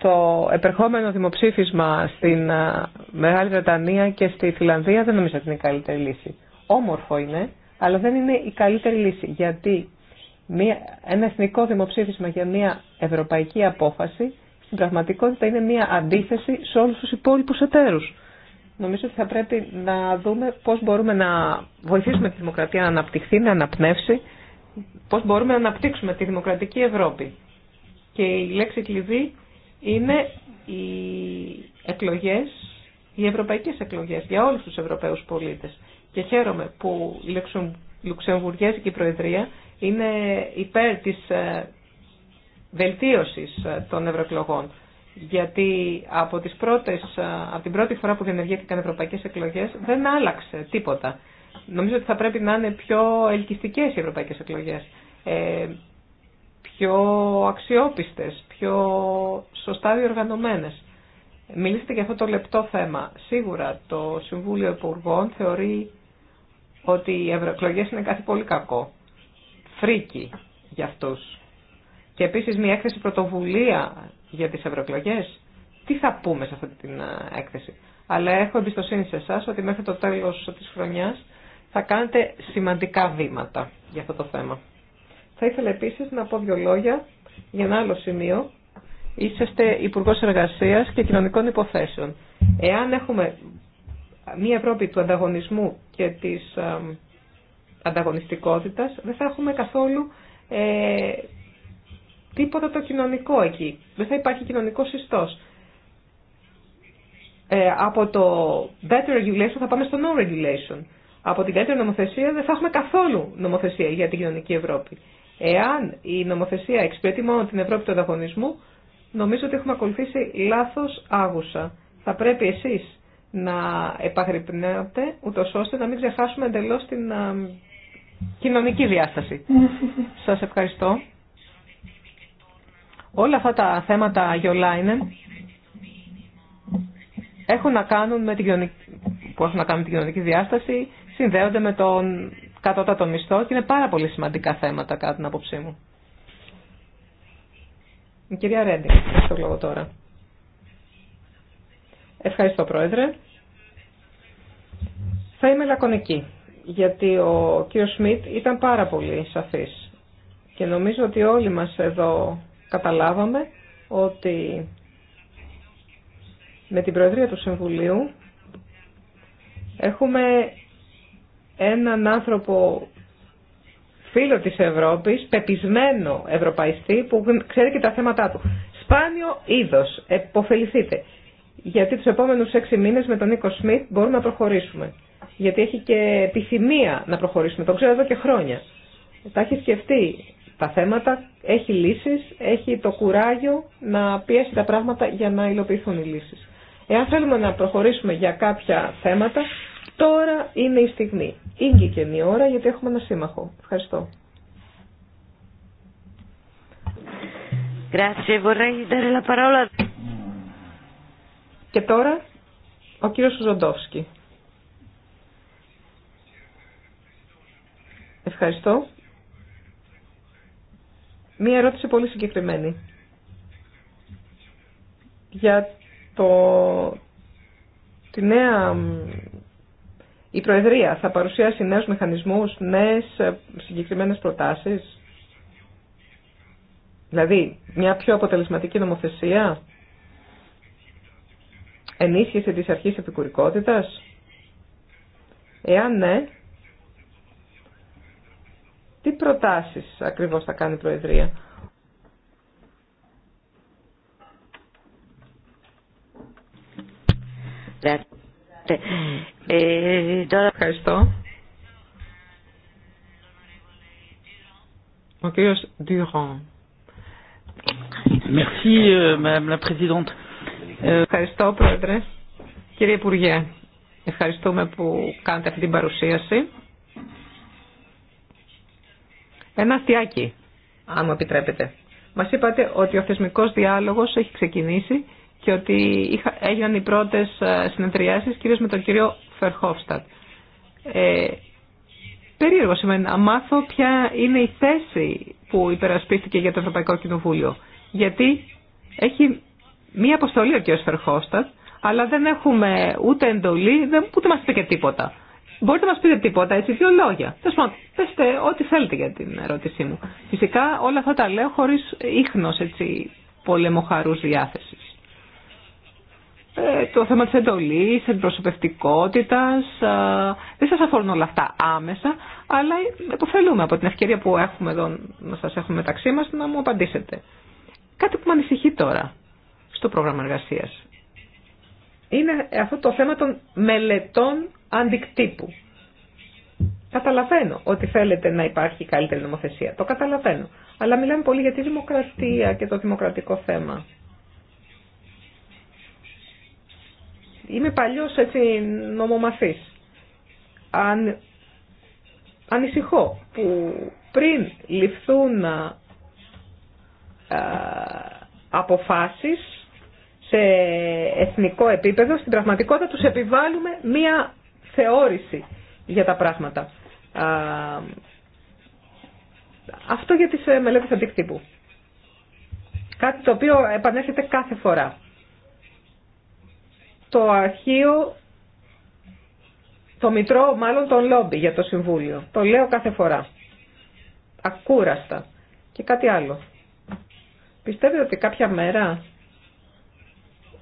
Το επερχόμενο δημοψήφισμα στην ε, Μεγάλη Βρετανία και στη Φιλανδία δεν νομίζω ότι είναι η καλύτερη λύση. Όμορφο είναι, αλλά δεν είναι η καλύτερη λύση. Γιατί μια, ένα εθνικό δημοψήφισμα για μια ευρωπαϊκή απόφαση στην πραγματικότητα είναι μια αντίθεση σε όλους τους υπόλοιπους εταίρους. Νομίζω ότι θα πρέπει να δούμε πώς μπορούμε να βοηθήσουμε τη δημοκρατία να αναπτυχθεί, να αναπνεύσει, πώς μπορούμε να αναπτύξουμε τη δημοκρατική Ευρώπη. Και η λέξη κλειδί είναι οι εκλογές, οι ευρωπαϊκές εκλογές για όλους τους Ευρωπαίους πολίτες. Και χαίρομαι που η Λουξεμβουργέζικη Προεδρία είναι υπέρ της ε, βελτίωσης ε, των ευρωεκλογών γιατί από, τις πρώτες, ε, από την πρώτη φορά που διενεργήθηκαν ευρωπαϊκέ, εκλογές δεν άλλαξε τίποτα. Νομίζω ότι θα πρέπει να είναι πιο ελκυστικέ οι ευρωπαϊκές εκλογές, ε, πιο αξιόπιστε, πιο σωστά διοργανωμένε. Μιλήσατε για αυτό το λεπτό θέμα. Σίγουρα το Συμβούλιο Υπουργών θεωρεί ότι οι ευρωεκλογέ είναι κάτι πολύ κακό. Φρίκι για αυτούς και επίσης μια έκθεση πρωτοβουλία για τις ευρωεκλογέ. Τι θα πούμε σε αυτή την έκθεση. Αλλά έχω εμπιστοσύνη σε εσά ότι μέχρι το τέλος της χρονιάς θα κάνετε σημαντικά βήματα για αυτό το θέμα. Θα ήθελα επίσης να πω δύο λόγια για ένα άλλο σημείο. Είσαστε Υπουργό Εργασία και Κοινωνικών Υποθέσεων. Εάν έχουμε μια Ευρώπη του ανταγωνισμού και της ανταγωνιστικότητας, δεν θα έχουμε καθόλου ε, τίποτα το κοινωνικό εκεί. Δεν θα υπάρχει κοινωνικό συστός. Ε, από το better regulation θα πάμε στο no regulation. Από την καλύτερη νομοθεσία δεν θα έχουμε καθόλου νομοθεσία για την κοινωνική Ευρώπη. Εάν η νομοθεσία εξυπηρετεί μόνο την Ευρώπη του ανταγωνισμού, νομίζω ότι έχουμε ακολουθήσει λάθος άγουσα. Θα πρέπει εσείς να επαγρυπνέατε, ούτω ώστε να μην ξεχάσουμε εντελώ την ε, κοινωνική διάσταση. Σα ευχαριστώ. Όλα αυτά τα θέματα Γιολάινεν έχουν να κάνουν με την κοινωνική, που έχουν να κάνουν με την κοινωνική διάσταση, συνδέονται με τον κατώτατο μισθό και είναι πάρα πολύ σημαντικά θέματα κατά την άποψή μου. Η κυρία το λόγο τώρα. Ευχαριστώ, Πρόεδρε. Θα είμαι λακωνική, γιατί ο κύριος Σμιτ ήταν πάρα πολύ σαφής και νομίζω ότι όλοι μας εδώ καταλάβαμε ότι με την Προεδρία του Συμβουλίου έχουμε έναν άνθρωπο φίλο της Ευρώπης, πεπισμένο ευρωπαϊστή που ξέρει και τα θέματά του. Σπάνιο είδος, εποφεληθείτε. Γιατί τους επόμενους έξι μήνες με τον Νίκο Σμιτ μπορούμε να προχωρήσουμε. Γιατί έχει και επιθυμία να προχωρήσουμε. Το ξέρω εδώ και χρόνια. Τα έχει σκεφτεί τα θέματα, έχει λύσεις, έχει το κουράγιο να πιέσει τα πράγματα για να υλοποιηθούν οι λύσεις. Εάν θέλουμε να προχωρήσουμε για κάποια θέματα, τώρα είναι η στιγμή. Είναι και η ώρα γιατί έχουμε ένα σύμμαχο. Ευχαριστώ. Και τώρα ο κύριος Ζοντόφσκι. Ευχαριστώ. Μία ερώτηση πολύ συγκεκριμένη. Για το... τη νέα... Η Προεδρία θα παρουσιάσει νέους μηχανισμούς, νέες ε, συγκεκριμένες προτάσεις. Δηλαδή, μια πιο αποτελεσματική νομοθεσία, ενίσχυση της αρχής επικουρικότητας. Εάν ναι, τι προτάσεις ακριβώς θα κάνει η Προεδρία. ευχαριστώ. Ο κύριος Durand. Merci, euh, Madame euh, Ευχαριστώ, Πρόεδρε. Κύριε Υπουργέ, ευχαριστούμε που κάνετε αυτή την παρουσίαση. Ένα αστιάκι, αν μου επιτρέπετε. Μας είπατε ότι ο θεσμικό διάλογος έχει ξεκινήσει και ότι έγιναν οι πρώτες ε, συνεδριάσει κυρίως με τον κύριο Φερχόφστατ. Ε, περίεργο σημαίνει να μάθω ποια είναι η θέση που υπερασπίστηκε για το Ευρωπαϊκό Κοινοβούλιο. Γιατί έχει μία αποστολή ο κ. Φερχόφστατ, αλλά δεν έχουμε ούτε εντολή, ούτε μα είπε και τίποτα. Μπορείτε να μα πείτε τίποτα, έτσι, δύο λόγια. Τέλο πάντων, ό,τι θέλετε για την ερώτησή μου. Φυσικά όλα αυτά τα λέω χωρί ίχνο πολεμοχαρού διάθεση. Ε, το θέμα τη εντολή, τη προσωπευτικότητα. Ε, δεν σα αφορούν όλα αυτά άμεσα, αλλά υποφελούμε από την ευκαιρία που έχουμε εδώ να σα έχουμε μεταξύ μα, να μου απαντήσετε. Κάτι που με ανησυχεί τώρα στο πρόγραμμα εργασία. είναι αυτό το θέμα των μελετών αντικτύπου. Καταλαβαίνω ότι θέλετε να υπάρχει καλύτερη νομοθεσία. Το καταλαβαίνω. Αλλά μιλάμε πολύ για τη δημοκρατία και το δημοκρατικό θέμα. Είμαι παλιός έτσι νομομαθής. Αν... Ανησυχώ που πριν ληφθούν α, αποφάσεις σε εθνικό επίπεδο, στην πραγματικότητα τους επιβάλλουμε μία θεώρηση για τα πράγματα. Αυτό για τις ε, μελέτες αντίκτυπου. Κάτι το οποίο επανέρχεται κάθε φορά. Το αρχείο, το μητρό μάλλον τον λόμπι για το Συμβούλιο. Το λέω κάθε φορά. Ακούραστα. Και κάτι άλλο. Πιστεύετε ότι κάποια μέρα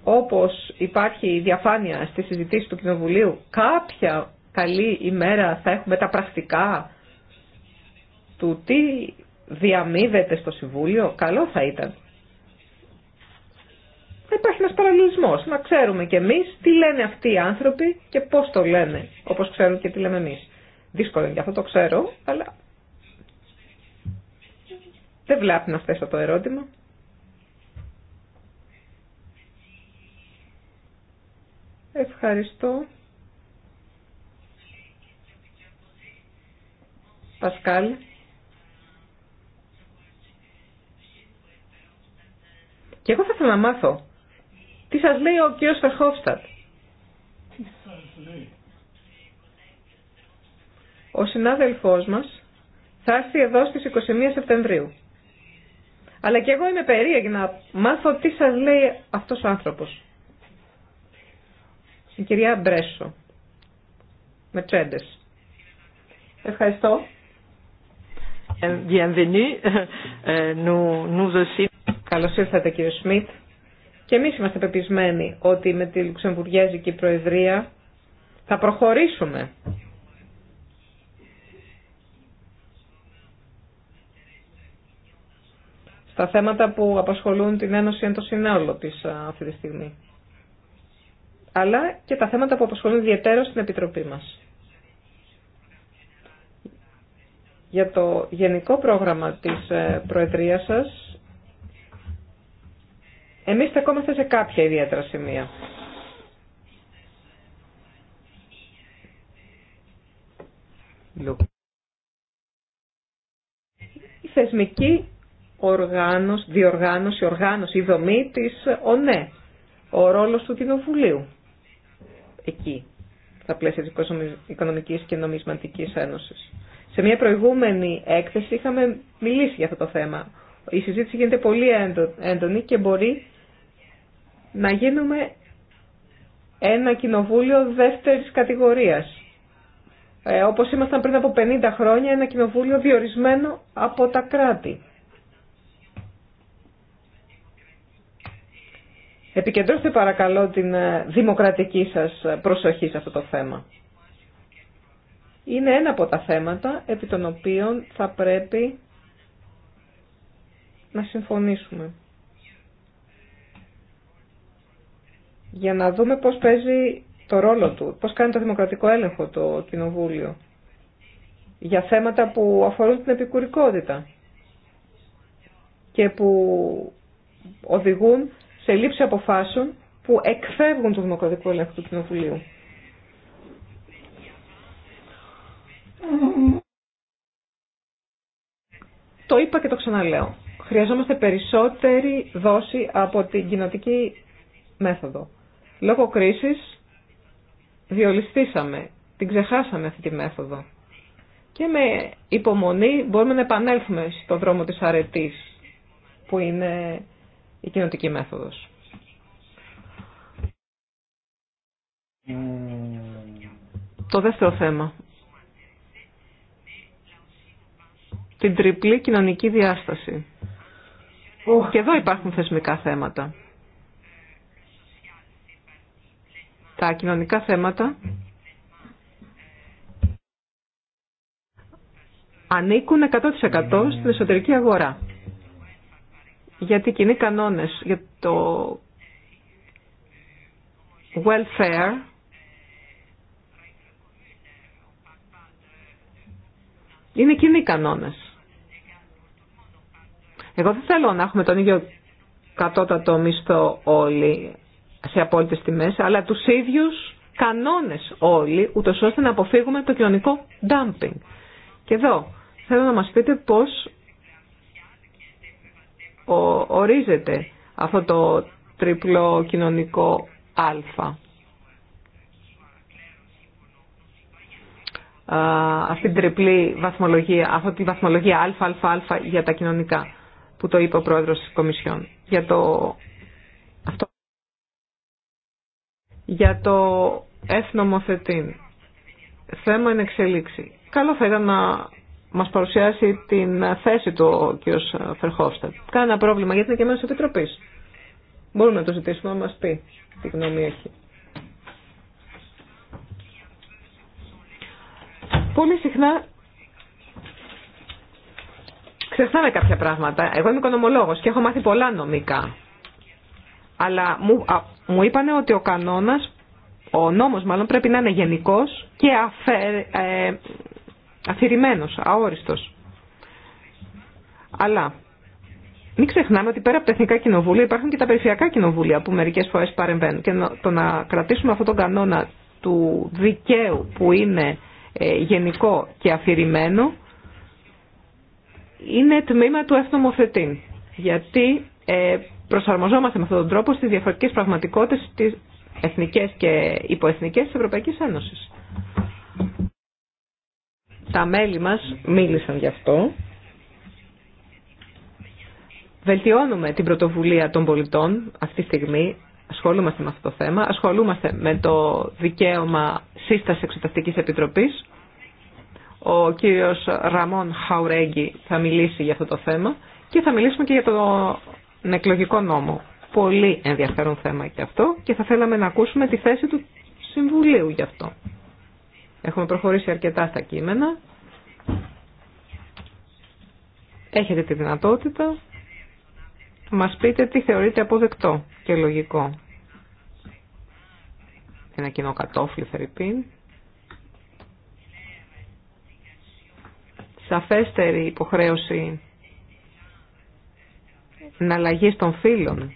όπως υπάρχει η διαφάνεια στη συζητήση του Κοινοβουλίου, κάποια καλή ημέρα θα έχουμε τα πρακτικά του τι διαμείδεται στο Συμβούλιο, καλό θα ήταν. υπάρχει ένας παραλληλισμό. να ξέρουμε και εμείς τι λένε αυτοί οι άνθρωποι και πώς το λένε, όπως ξέρουν και τι λέμε εμείς. Δύσκολο είναι και αυτό το ξέρω, αλλά δεν βλάπτει να θέσω το ερώτημα. Ευχαριστώ. Πασκάλ. Και εγώ θα ήθελα να μάθω. Τι σας λέει ο κύριος Φερχόφστατ. Ο συνάδελφός μας θα έρθει εδώ στις 21 Σεπτεμβρίου. Αλλά και εγώ είμαι περίεργη να μάθω τι σας λέει αυτός ο άνθρωπος στην κυρία Μπρέσο. Μετσέντες. Ευχαριστώ. Ε, ε, Καλώ ήρθατε κύριε Σμιτ. Και εμεί είμαστε πεπισμένοι ότι με τη Λουξεμβουργιάζικη Προεδρία θα προχωρήσουμε. Στα θέματα που απασχολούν την Ένωση εν το συνόλο της αυτή τη στιγμή αλλά και τα θέματα που απασχολούν ιδιαίτερα στην Επιτροπή μας. Για το γενικό πρόγραμμα της ε, Προεδρίας σας, εμείς στεκόμαστε σε κάποια ιδιαίτερα σημεία. Η θεσμική οργάνωση, διοργάνωση, οργάνωση, η δομή της ΟΝΕ, ναι, ο ρόλος του Κοινοβουλίου εκεί, στα πλαίσια της Οικονομικής και Νομισματικής Ένωσης. Σε μια προηγούμενη έκθεση είχαμε μιλήσει για αυτό το θέμα. Η συζήτηση γίνεται πολύ έντονη και μπορεί να γίνουμε ένα κοινοβούλιο δεύτερης κατηγορίας. Ε, όπως ήμασταν πριν από 50 χρόνια ένα κοινοβούλιο διορισμένο από τα κράτη. Επικεντρώστε παρακαλώ την ε, δημοκρατική σας προσοχή σε αυτό το θέμα. Είναι ένα από τα θέματα επί των οποίων θα πρέπει να συμφωνήσουμε. Για να δούμε πώς παίζει το ρόλο του, πώς κάνει το δημοκρατικό έλεγχο το Κοινοβούλιο για θέματα που αφορούν την επικουρικότητα και που οδηγούν σε λήψη αποφάσεων που εκφεύγουν το δημοκρατικό ελέγχου του Κοινοβουλίου. Το είπα και το ξαναλέω. Χρειαζόμαστε περισσότερη δόση από την κοινοτική μέθοδο. Λόγω κρίσης διολυστήσαμε, την ξεχάσαμε αυτή τη μέθοδο. Και με υπομονή μπορούμε να επανέλθουμε στον δρόμο της αρετής, που είναι η κοινωτική μέθοδος. Το δεύτερο θέμα. Την τριπλή κοινωνική διάσταση. Και εδώ υπάρχουν θεσμικά θέματα. Τα κοινωνικά θέματα ανήκουν 100% στην εσωτερική αγορά γιατί κοινοί κανόνες για το welfare είναι κοινοί κανόνες. Εγώ δεν θέλω να έχουμε τον ίδιο κατώτατο μισθό όλοι σε απόλυτες τιμές, αλλά τους ίδιους κανόνες όλοι, ούτω ώστε να αποφύγουμε το κοινωνικό dumping. Και εδώ θέλω να μας πείτε πώς ορίζεται αυτό το τριπλό κοινωνικό α. Αυτή την τριπλή βαθμολογία, αυτή τη βαθμολογία α για τα κοινωνικά που το είπε ο πρόεδρος της Κομισιόν. Για το, αυτό, για το έθνομοθετήν. Θέμα είναι εξελίξη. Καλό θα ήταν να μας παρουσιάσει την θέση του ο κ. Φερχόφστατ. Κάνα πρόβλημα γιατί είναι και τη Επιτροπής. Μπορούμε να το ζητήσουμε να μας πει τι γνώμη έχει. Πολύ συχνά ξεχνάμε κάποια πράγματα. Εγώ είμαι οικονομολόγος και έχω μάθει πολλά νομικά. Αλλά μου, α, είπανε ότι ο κανόνας, ο νόμος μάλλον πρέπει να είναι γενικός και ε, Αφηρημένος, αόριστος. Αλλά μην ξεχνάμε ότι πέρα από τα εθνικά κοινοβούλια υπάρχουν και τα περιφερειακά κοινοβούλια που μερικές φορές παρεμβαίνουν. Και το να κρατήσουμε αυτόν τον κανόνα του δικαίου που είναι ε, γενικό και αφηρημένο είναι τμήμα του εθνομοθετή. Γιατί ε, προσαρμοζόμαστε με αυτόν τον τρόπο στις διαφορετικές πραγματικότητες, της εθνικές και υποεθνικές της Ευρωπαϊκής Ένωσης. Τα μέλη μας μίλησαν γι' αυτό. Βελτιώνουμε την πρωτοβουλία των πολιτών αυτή τη στιγμή. Ασχολούμαστε με αυτό το θέμα. Ασχολούμαστε με το δικαίωμα σύσταση εξεταστικής επιτροπής. Ο κύριος Ραμόν Χαουρέγγι θα μιλήσει για αυτό το θέμα και θα μιλήσουμε και για τον εκλογικό νόμο. Πολύ ενδιαφέρον θέμα και αυτό και θα θέλαμε να ακούσουμε τη θέση του Συμβουλίου γι' αυτό. Έχουμε προχωρήσει αρκετά στα κείμενα. Έχετε τη δυνατότητα. Μας πείτε τι θεωρείτε αποδεκτό και λογικό. Ένα κοινό κατόφλι, Φερρυπίν. Σαφέστερη υποχρέωση εναλλαγής των φύλων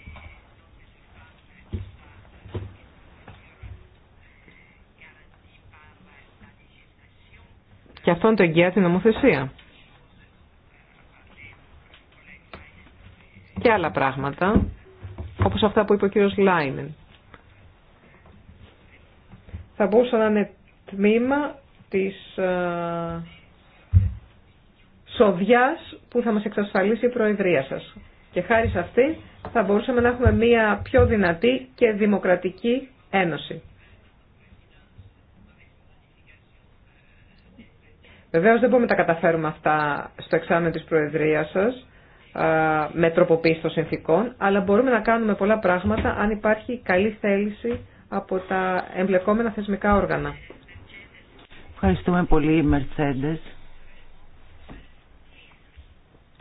Και αυτόν το εγγυάται την νομοθεσία. Και άλλα πράγματα, όπως αυτά που είπε ο κύριος Λάινεν. Θα μπορούσε να είναι τμήμα της ε, σοδιάς που θα μας εξασφαλίσει η Προεδρία σας. Και χάρη σε αυτή θα μπορούσαμε να έχουμε μία πιο δυνατή και δημοκρατική ένωση. Βεβαίω δεν μπορούμε να τα καταφέρουμε αυτά στο εξάμεινο τη Προεδρία σα με τροποποίηση των συνθήκων, αλλά μπορούμε να κάνουμε πολλά πράγματα αν υπάρχει καλή θέληση από τα εμπλεκόμενα θεσμικά όργανα. Ευχαριστούμε πολύ, Mercedes.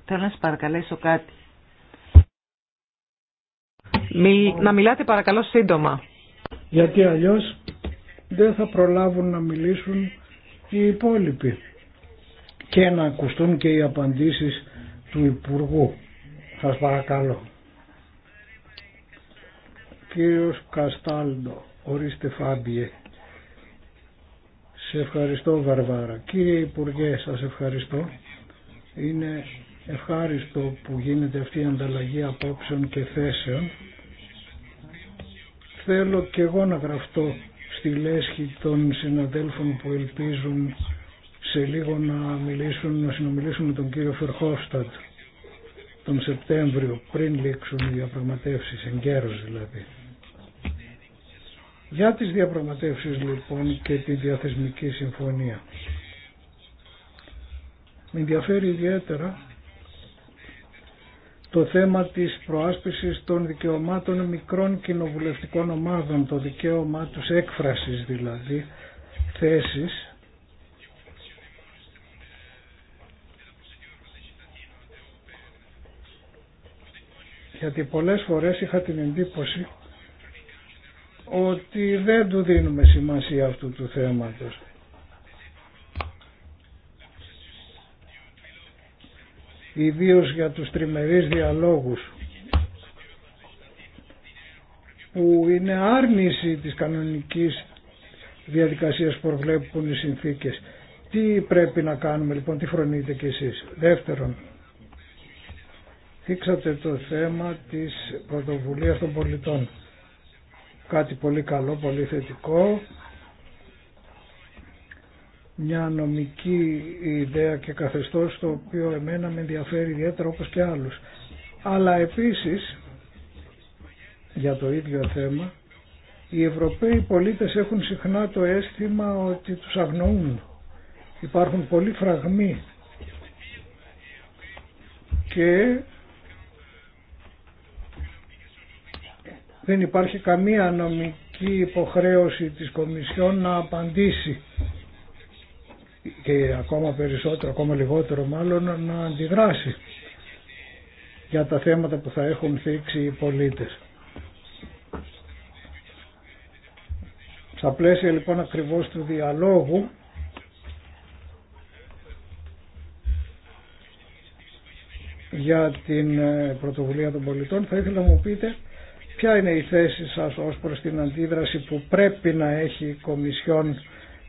Θέλω να σας παρακαλέσω κάτι. Να μιλάτε παρακαλώ σύντομα. Γιατί αλλιώς δεν θα προλάβουν να μιλήσουν οι υπόλοιποι και να ακουστούν και οι απαντήσεις του Υπουργού. Σας παρακαλώ. Κύριος Καστάλντο, ορίστε Φάμπιε. Σε ευχαριστώ Βαρβάρα. Κύριε Υπουργέ, σας ευχαριστώ. Είναι ευχάριστο που γίνεται αυτή η ανταλλαγή απόψεων και θέσεων. Θέλω και εγώ να γραφτώ στη λέσχη των συναδέλφων που ελπίζουν σε λίγο να μιλήσουν, να συνομιλήσουν με τον κύριο Φερχόφστατ τον Σεπτέμβριο, πριν λήξουν οι διαπραγματεύσεις, εν καιρό δηλαδή. Για τις διαπραγματεύσεις λοιπόν και τη διαθεσμική συμφωνία. Με ενδιαφέρει ιδιαίτερα το θέμα της προάσπισης των δικαιωμάτων μικρών κοινοβουλευτικών ομάδων, το δικαίωμά τους έκφρασης δηλαδή, θέσης γιατί πολλές φορές είχα την εντύπωση ότι δεν του δίνουμε σημασία αυτού του θέματος. Ιδίως για τους τριμερείς διαλόγους που είναι άρνηση της κανονικής διαδικασίας που προβλέπουν οι συνθήκες. Τι πρέπει να κάνουμε λοιπόν, τι φρονείτε κι εσείς. Δεύτερον, ήξατε το θέμα της πρωτοβουλία των πολιτών. Κάτι πολύ καλό, πολύ θετικό. Μια νομική ιδέα και καθεστώς το οποίο εμένα με ενδιαφέρει ιδιαίτερα όπως και άλλους. Αλλά επίσης για το ίδιο θέμα οι Ευρωπαίοι πολίτες έχουν συχνά το αίσθημα ότι τους αγνοούν. Υπάρχουν πολλοί φραγμοί και δεν υπάρχει καμία νομική υποχρέωση της Κομισιόν να απαντήσει και ακόμα περισσότερο, ακόμα λιγότερο μάλλον να αντιδράσει για τα θέματα που θα έχουν θίξει οι πολίτες. Στα πλαίσια λοιπόν ακριβώς του διαλόγου για την πρωτοβουλία των πολιτών θα ήθελα να μου πείτε Ποια είναι η θέση σας ως προς την αντίδραση που πρέπει να έχει η Κομισιόν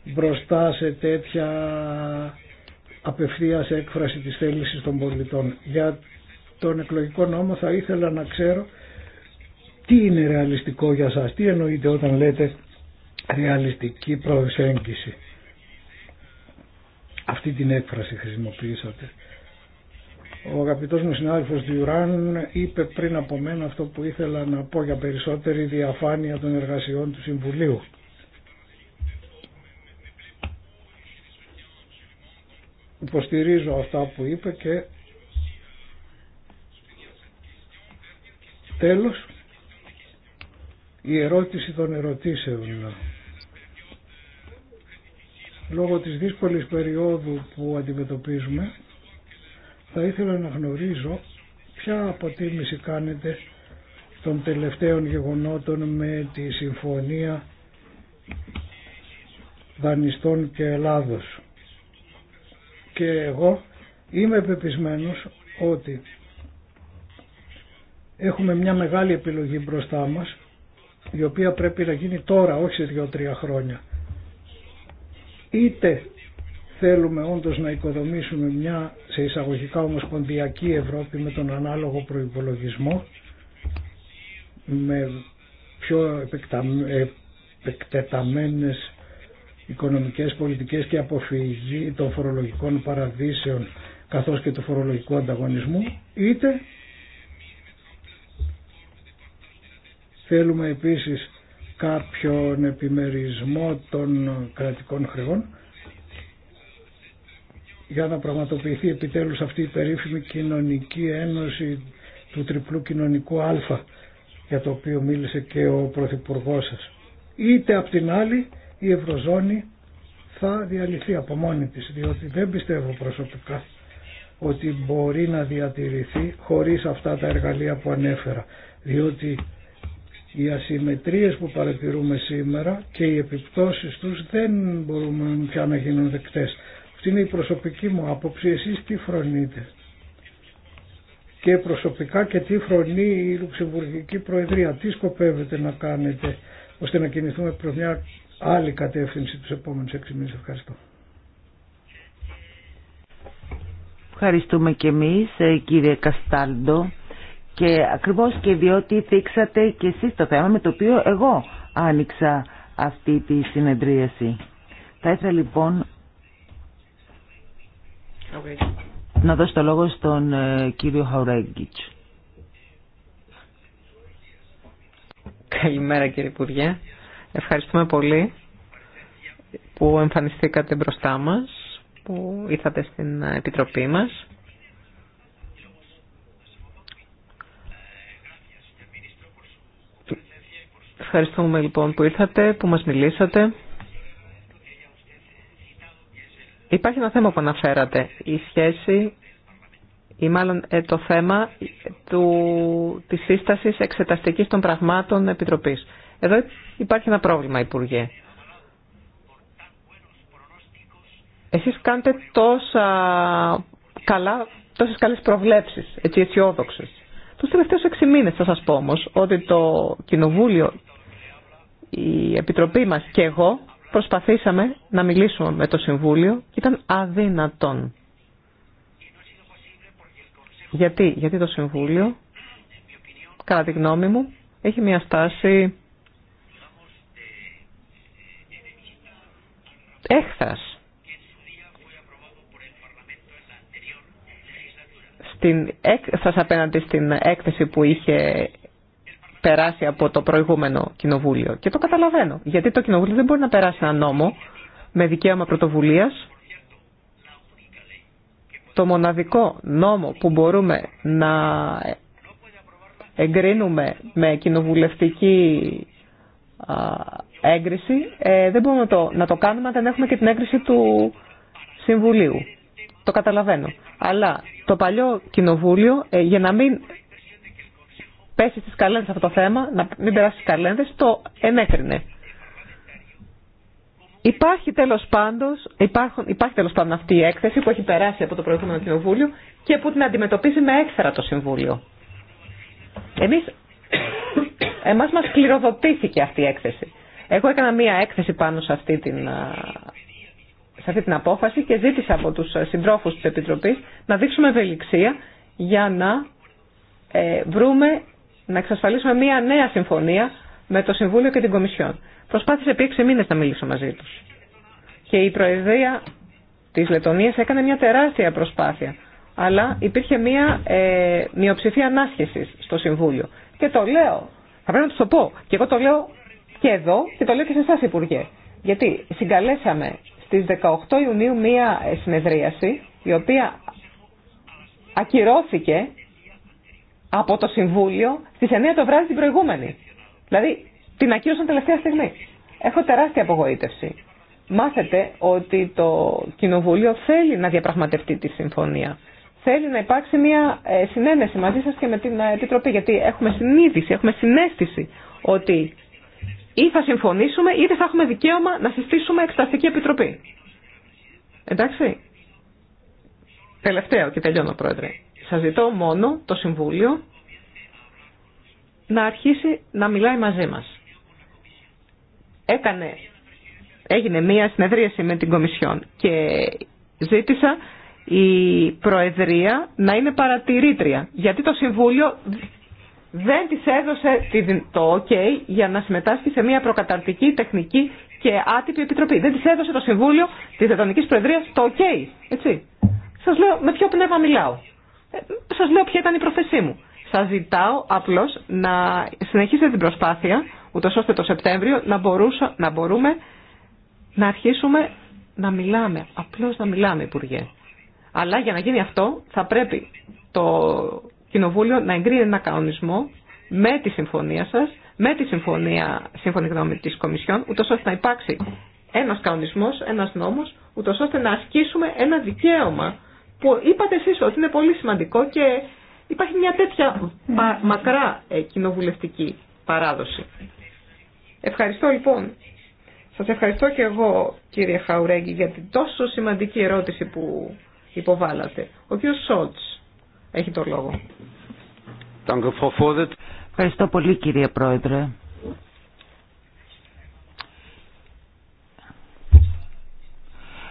μπροστά σε τέτοια απευθείας έκφραση της θέλησης των πολιτών. Για τον εκλογικό νόμο θα ήθελα να ξέρω τι είναι ρεαλιστικό για σας, τι εννοείτε όταν λέτε ρεαλιστική προσέγγιση. Αυτή την έκφραση χρησιμοποιήσατε. Ο αγαπητό μου συνάδελφο Διουράν είπε πριν από μένα αυτό που ήθελα να πω για περισσότερη διαφάνεια των εργασιών του Συμβουλίου. Υποστηρίζω αυτά που είπε και τέλος η ερώτηση των ερωτήσεων. Λόγω της δύσκολης περίοδου που αντιμετωπίζουμε θα ήθελα να γνωρίζω ποια αποτίμηση κάνετε των τελευταίων γεγονότων με τη Συμφωνία Δανειστών και Ελλάδος. Και εγώ είμαι πεπισμένος ότι έχουμε μια μεγάλη επιλογή μπροστά μας η οποία πρέπει να γίνει τώρα, όχι σε δύο-τρία χρόνια. Είτε θέλουμε όντως να οικοδομήσουμε μια σε εισαγωγικά ομοσπονδιακή Ευρώπη με τον ανάλογο προϋπολογισμό με πιο επεκτεταμένες οικονομικές πολιτικές και αποφυγή των φορολογικών παραδείσεων καθώς και του φορολογικού ανταγωνισμού είτε θέλουμε επίσης κάποιον επιμερισμό των κρατικών χρεών για να πραγματοποιηθεί επιτέλους αυτή η περίφημη κοινωνική ένωση του τριπλού κοινωνικού α για το οποίο μίλησε και ο Πρωθυπουργό σας. Είτε απ' την άλλη η Ευρωζώνη θα διαλυθεί από μόνη της διότι δεν πιστεύω προσωπικά ότι μπορεί να διατηρηθεί χωρίς αυτά τα εργαλεία που ανέφερα διότι οι ασυμμετρίες που παρατηρούμε σήμερα και οι επιπτώσεις τους δεν μπορούν πια να γίνουν δεκτές αυτή είναι η προσωπική μου άποψη. Εσεί τι φρονείτε. Και προσωπικά και τι φρονεί η Λουξεμβουργική Προεδρία. Τι σκοπεύετε να κάνετε ώστε να κινηθούμε προς μια άλλη κατεύθυνση τους επόμενους έξι μήνες. Ευχαριστώ. Ευχαριστούμε και εμείς ε, κύριε Καστάλντο και ακριβώς και διότι θίξατε και εσείς το θέμα με το οποίο εγώ άνοιξα αυτή τη συνεδρίαση. Θα ήθελα λοιπόν να δώσω το λόγο στον ε, κύριο Χαουρέγγιτς. Καλημέρα κύριε Υπουργέ. Ευχαριστούμε πολύ που εμφανιστήκατε μπροστά μας, που ήρθατε στην ε, Επιτροπή μας. Ευχαριστούμε λοιπόν που ήρθατε, που μας μιλήσατε. Υπάρχει ένα θέμα που αναφέρατε, η σχέση ή μάλλον ε, το θέμα του, της σύστασης εξεταστικής των πραγμάτων επιτροπής. Εδώ υπάρχει ένα πρόβλημα, Υπουργέ. Εσείς κάνετε τόσα καλά, τόσες καλές προβλέψεις, έτσι αισιόδοξε. Τους τελευταίους έξι μήνες θα σας πω όμως ότι το Κοινοβούλιο, η Επιτροπή μας και εγώ προσπαθήσαμε να μιλήσουμε με το Συμβούλιο, ήταν αδύνατον. Γιατί, γιατί το Συμβούλιο, κατά τη γνώμη μου, έχει μια στάση έχθας στην, απέναντι στην έκθεση που είχε περάσει από το προηγούμενο κοινοβούλιο. Και το καταλαβαίνω. Γιατί το κοινοβούλιο δεν μπορεί να περάσει ένα νόμο με δικαίωμα πρωτοβουλία. Το μοναδικό νόμο που μπορούμε να εγκρίνουμε με κοινοβουλευτική έγκριση, ε, δεν μπορούμε το, να το κάνουμε αν δεν έχουμε και την έγκριση του Συμβουλίου. Το καταλαβαίνω. Αλλά το παλιό κοινοβούλιο, ε, για να μην πέσει στις καλένδες αυτό το θέμα, να μην περάσει στις καλένδες, το ενέκρινε. Υπάρχει τέλος, πάντως, υπάρχει τέλος πάντων αυτή η έκθεση που έχει περάσει από το προηγούμενο κοινοβούλιο και που την αντιμετωπίζει με έξτρα το Συμβούλιο. Εμείς, εμάς μας κληροδοτήθηκε αυτή η έκθεση. Εγώ έκανα μία έκθεση πάνω σε αυτή την, σε αυτή την απόφαση και ζήτησα από τους συντρόφους της Επιτροπής να δείξουμε ευελιξία για να ε, βρούμε να εξασφαλίσουμε μια νέα συμφωνία με το Συμβούλιο και την Κομισιόν. Προσπάθησε επί έξι μήνες να μιλήσω μαζί τους. Και η Προεδρία της Λετωνία έκανε μια τεράστια προσπάθεια. Αλλά υπήρχε μια ε, μειοψηφία ανάσχεσης στο Συμβούλιο. Και το λέω, θα πρέπει να του το πω. Και εγώ το λέω και εδώ και το λέω και σε εσά, Υπουργέ. Γιατί συγκαλέσαμε στι 18 Ιουνίου μία συνεδρίαση η οποία ακυρώθηκε από το Συμβούλιο στι 9 το βράδυ την προηγούμενη. Δηλαδή την ακύρωσαν τελευταία στιγμή. Έχω τεράστια απογοήτευση. Μάθετε ότι το Κοινοβούλιο θέλει να διαπραγματευτεί τη συμφωνία. Θέλει να υπάρξει μια ε, συνένεση μαζί σας και με την ε, Επιτροπή, γιατί έχουμε συνείδηση, έχουμε συνέστηση ότι ή θα συμφωνήσουμε είτε θα έχουμε δικαίωμα να συστήσουμε Εκταστική επιτροπή. Εντάξει. Τελευταίο και τελειώνω, Πρόεδρε. Σας ζητώ μόνο το Συμβούλιο να αρχίσει να μιλάει μαζί μας. Έκανε, έγινε μία συνεδρίαση με την Κομισιόν και ζήτησα η Προεδρία να είναι παρατηρήτρια, γιατί το Συμβούλιο δεν της έδωσε το OK για να συμμετάσχει σε μια προκαταρτική, τεχνική και άτυπη επιτροπή. Δεν της έδωσε το Συμβούλιο της Δετανικής Προεδρίας το OK, έτσι. Σας λέω με ποιο πνεύμα μιλάω. Ε, σα λέω ποια ήταν η πρόθεσή μου. Σα ζητάω απλώ να συνεχίσετε την προσπάθεια, ούτω ώστε το Σεπτέμβριο να, μπορούσα, να μπορούμε να αρχίσουμε να μιλάμε, απλώ να μιλάμε Υπουργέ. Αλλά για να γίνει αυτό θα πρέπει το Κοινοβούλιο να εγκρίνει ένα κανονισμό με τη συμφωνία σα, με τη συμφωνία, σύμφωνη γνώμη τη Κομισιόν, ούτω ώστε να υπάρξει ένα κανονισμό, ένα νόμο, ούτω ώστε να ασκήσουμε ένα δικαίωμα που είπατε εσείς ότι είναι πολύ σημαντικό και υπάρχει μια τέτοια μακρά ε, κοινοβουλευτική παράδοση. Ευχαριστώ λοιπόν. Σας ευχαριστώ και εγώ κύριε Χαουρέγγι για την τόσο σημαντική ερώτηση που υποβάλατε. Ο κύριος Σότς έχει το λόγο. Ευχαριστώ πολύ κύριε Πρόεδρε.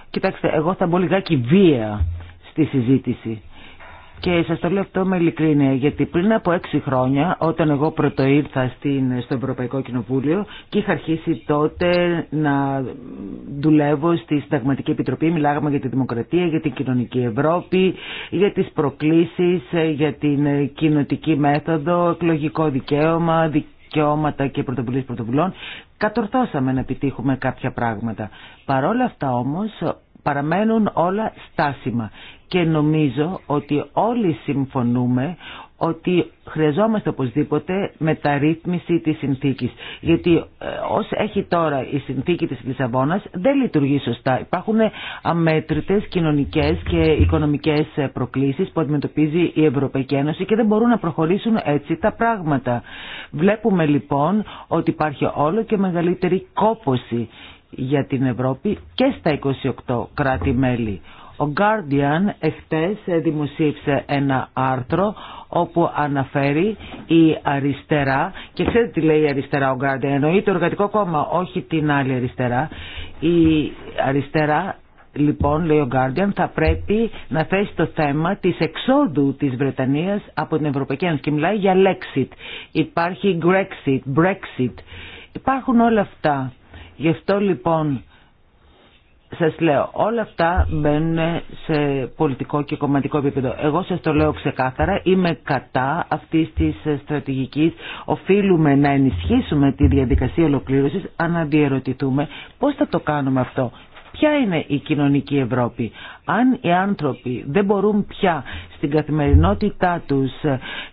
Κοιτάξτε, εγώ θα μπω λιγάκι βία στη συζήτηση. Και σας το λέω αυτό με ειλικρίνεια, γιατί πριν από έξι χρόνια, όταν εγώ πρωτοήρθα στην, στο Ευρωπαϊκό Κοινοβούλιο και είχα αρχίσει τότε να δουλεύω στη Συνταγματική Επιτροπή, μιλάγαμε για τη δημοκρατία, για την κοινωνική Ευρώπη, για τις προκλήσεις, για την κοινοτική μέθοδο, εκλογικό δικαίωμα, δικαιώματα και πρωτοβουλίες πρωτοβουλών. Κατορθώσαμε να επιτύχουμε κάποια πράγματα. Παρόλα αυτά όμως, παραμένουν όλα στάσιμα και νομίζω ότι όλοι συμφωνούμε ότι χρειαζόμαστε οπωσδήποτε μεταρρύθμιση της συνθήκης. Γιατί όσο ε, έχει τώρα η συνθήκη της Λισαβόνας δεν λειτουργεί σωστά. Υπάρχουν αμέτρητες κοινωνικές και οικονομικές ε, προκλήσεις που αντιμετωπίζει η Ευρωπαϊκή Ένωση και δεν μπορούν να προχωρήσουν έτσι τα πράγματα. Βλέπουμε λοιπόν ότι υπάρχει όλο και μεγαλύτερη κόποση για την Ευρώπη και στα 28 κράτη-μέλη. Ο Guardian εχθές δημοσίευσε ένα άρθρο όπου αναφέρει η αριστερά και ξέρετε τι λέει η αριστερά ο Guardian, εννοεί το εργατικό κόμμα, όχι την άλλη αριστερά. Η αριστερά λοιπόν, λέει ο Guardian, θα πρέπει να θέσει το θέμα της εξόδου της Βρετανίας από την Ευρωπαϊκή Ένωση και μιλάει για Lexit. Υπάρχει Grexit, Brexit. Υπάρχουν όλα αυτά. Γι' αυτό λοιπόν σας λέω, όλα αυτά μπαίνουν σε πολιτικό και κομματικό επίπεδο. Εγώ σας το λέω ξεκάθαρα, είμαι κατά αυτής της στρατηγικής. Οφείλουμε να ενισχύσουμε τη διαδικασία ολοκλήρωσης, αν αντιερωτηθούμε πώς θα το κάνουμε αυτό. Ποια είναι η κοινωνική Ευρώπη. Αν οι άνθρωποι δεν μπορούν πια στην καθημερινότητά τους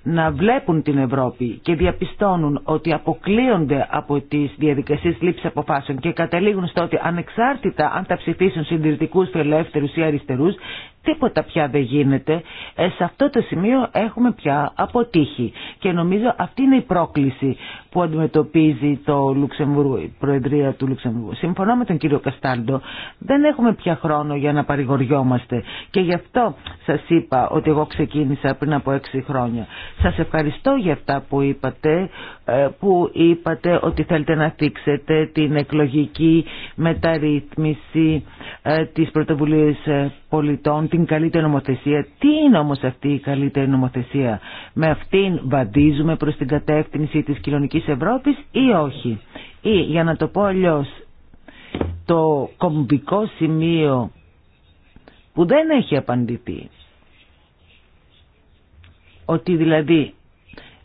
να βλέπουν την Ευρώπη και διαπιστώνουν ότι αποκλείονται από τις διαδικασίες λήψη αποφάσεων και καταλήγουν στο ότι ανεξάρτητα αν τα ψηφίσουν συντηρητικούς, ελεύθερου ή αριστερούς, τίποτα πια δεν γίνεται. Ε, σε αυτό το σημείο έχουμε πια αποτύχει και νομίζω αυτή είναι η πρόκληση που αντιμετωπίζει το Λουξεμβούργο, η Προεδρία του Λουξεμβούργου. Συμφωνώ με τον κύριο Καστάλντο, δεν έχουμε πια χρόνο για να παρηγοριόμαστε και γι' αυτό σας είπα ότι εγώ ξεκίνησα πριν από έξι χρόνια. Σας ευχαριστώ για αυτά που είπατε, ε, που είπατε ότι θέλετε να θίξετε την εκλογική μεταρρύθμιση ε, της πρωτοβουλίας ε, πολιτών, την καλύτερη νομοθεσία. Τι είναι όμως αυτή η καλύτερη νομοθεσία. Με αυτήν βαντίζουμε προς την κατεύθυνση της κοινωνικής Ευρώπης ή όχι. Ή για να το πω αλλιώς, το κομβικό σημείο που δεν έχει απαντηθεί. Ότι δηλαδή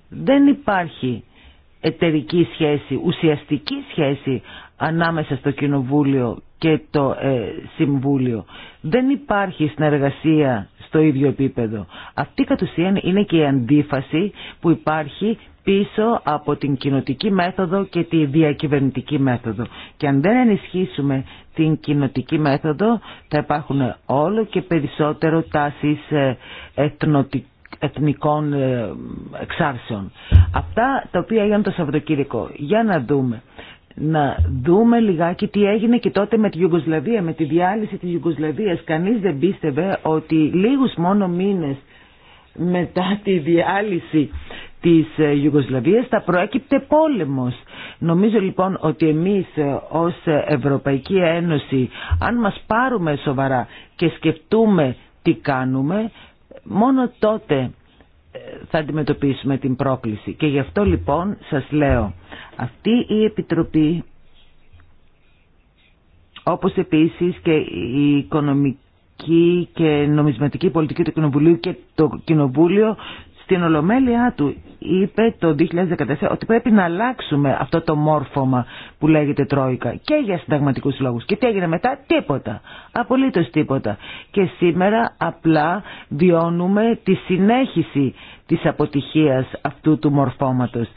δεν υπάρχει εταιρική σχέση, ουσιαστική σχέση ανάμεσα στο Κοινοβούλιο και το ε, Συμβούλιο. Δεν υπάρχει συνεργασία στο ίδιο επίπεδο. Αυτή κατ' ουσίαν είναι και η αντίφαση που υπάρχει πίσω από την κοινοτική μέθοδο και τη διακυβερνητική μέθοδο. Και αν δεν ενισχύσουμε την κοινοτική μέθοδο θα υπάρχουν όλο και περισσότερο τάσεις ε, εθνικών ε, εξάρσεων. Αυτά τα οποία έγιναν το Σαββατοκύριακο. Για να δούμε. Να δούμε λιγάκι τι έγινε και τότε με τη Ιουγκοσλαβία, με τη διάλυση της Ιουγκοσλαβίας. Κανείς δεν πίστευε ότι λίγους μόνο μήνες μετά τη διάλυση της ε, Ιουγκοσλαβίας θα προέκυπτε πόλεμος. Νομίζω λοιπόν ότι εμείς ε, ως Ευρωπαϊκή Ένωση αν μας πάρουμε σοβαρά και σκεφτούμε τι κάνουμε μόνο τότε ε, θα αντιμετωπίσουμε την πρόκληση. Και γι' αυτό λοιπόν σας λέω αυτή η Επιτροπή όπως επίσης και η οικονομική και νομισματική πολιτική του Κοινοβουλίου και το Κοινοβούλιο στην ολομέλειά του είπε το 2014 ότι πρέπει να αλλάξουμε αυτό το μόρφωμα που λέγεται Τρόικα και για συνταγματικούς λόγους. Και τι έγινε μετά, τίποτα, απολύτως τίποτα. Και σήμερα απλά διώνουμε τη συνέχιση της αποτυχίας αυτού του μορφώματος.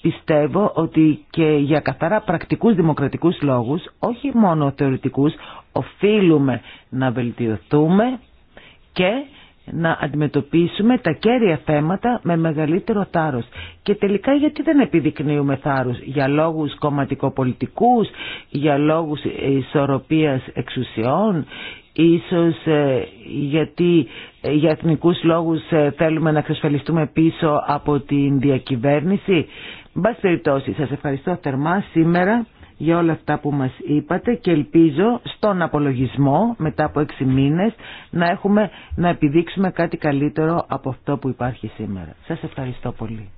Πιστεύω ότι και για καθαρά πρακτικούς δημοκρατικούς λόγους, όχι μόνο θεωρητικούς, οφείλουμε να βελτιωθούμε και να αντιμετωπίσουμε τα κέρια θέματα με μεγαλύτερο θάρρος. Και τελικά γιατί δεν επιδεικνύουμε θάρρος, για λόγους κομματικοπολιτικούς, για λόγους ισορροπίας εξουσιών, ίσως ε, γιατί ε, για εθνικούς λόγους ε, θέλουμε να εξασφαλιστούμε πίσω από την διακυβέρνηση. Μπας περιπτώσει, σας ευχαριστώ θερμά σήμερα για όλα αυτά που μας είπατε και ελπίζω στον απολογισμό μετά από έξι μήνες να, έχουμε, να επιδείξουμε κάτι καλύτερο από αυτό που υπάρχει σήμερα. Σας ευχαριστώ πολύ.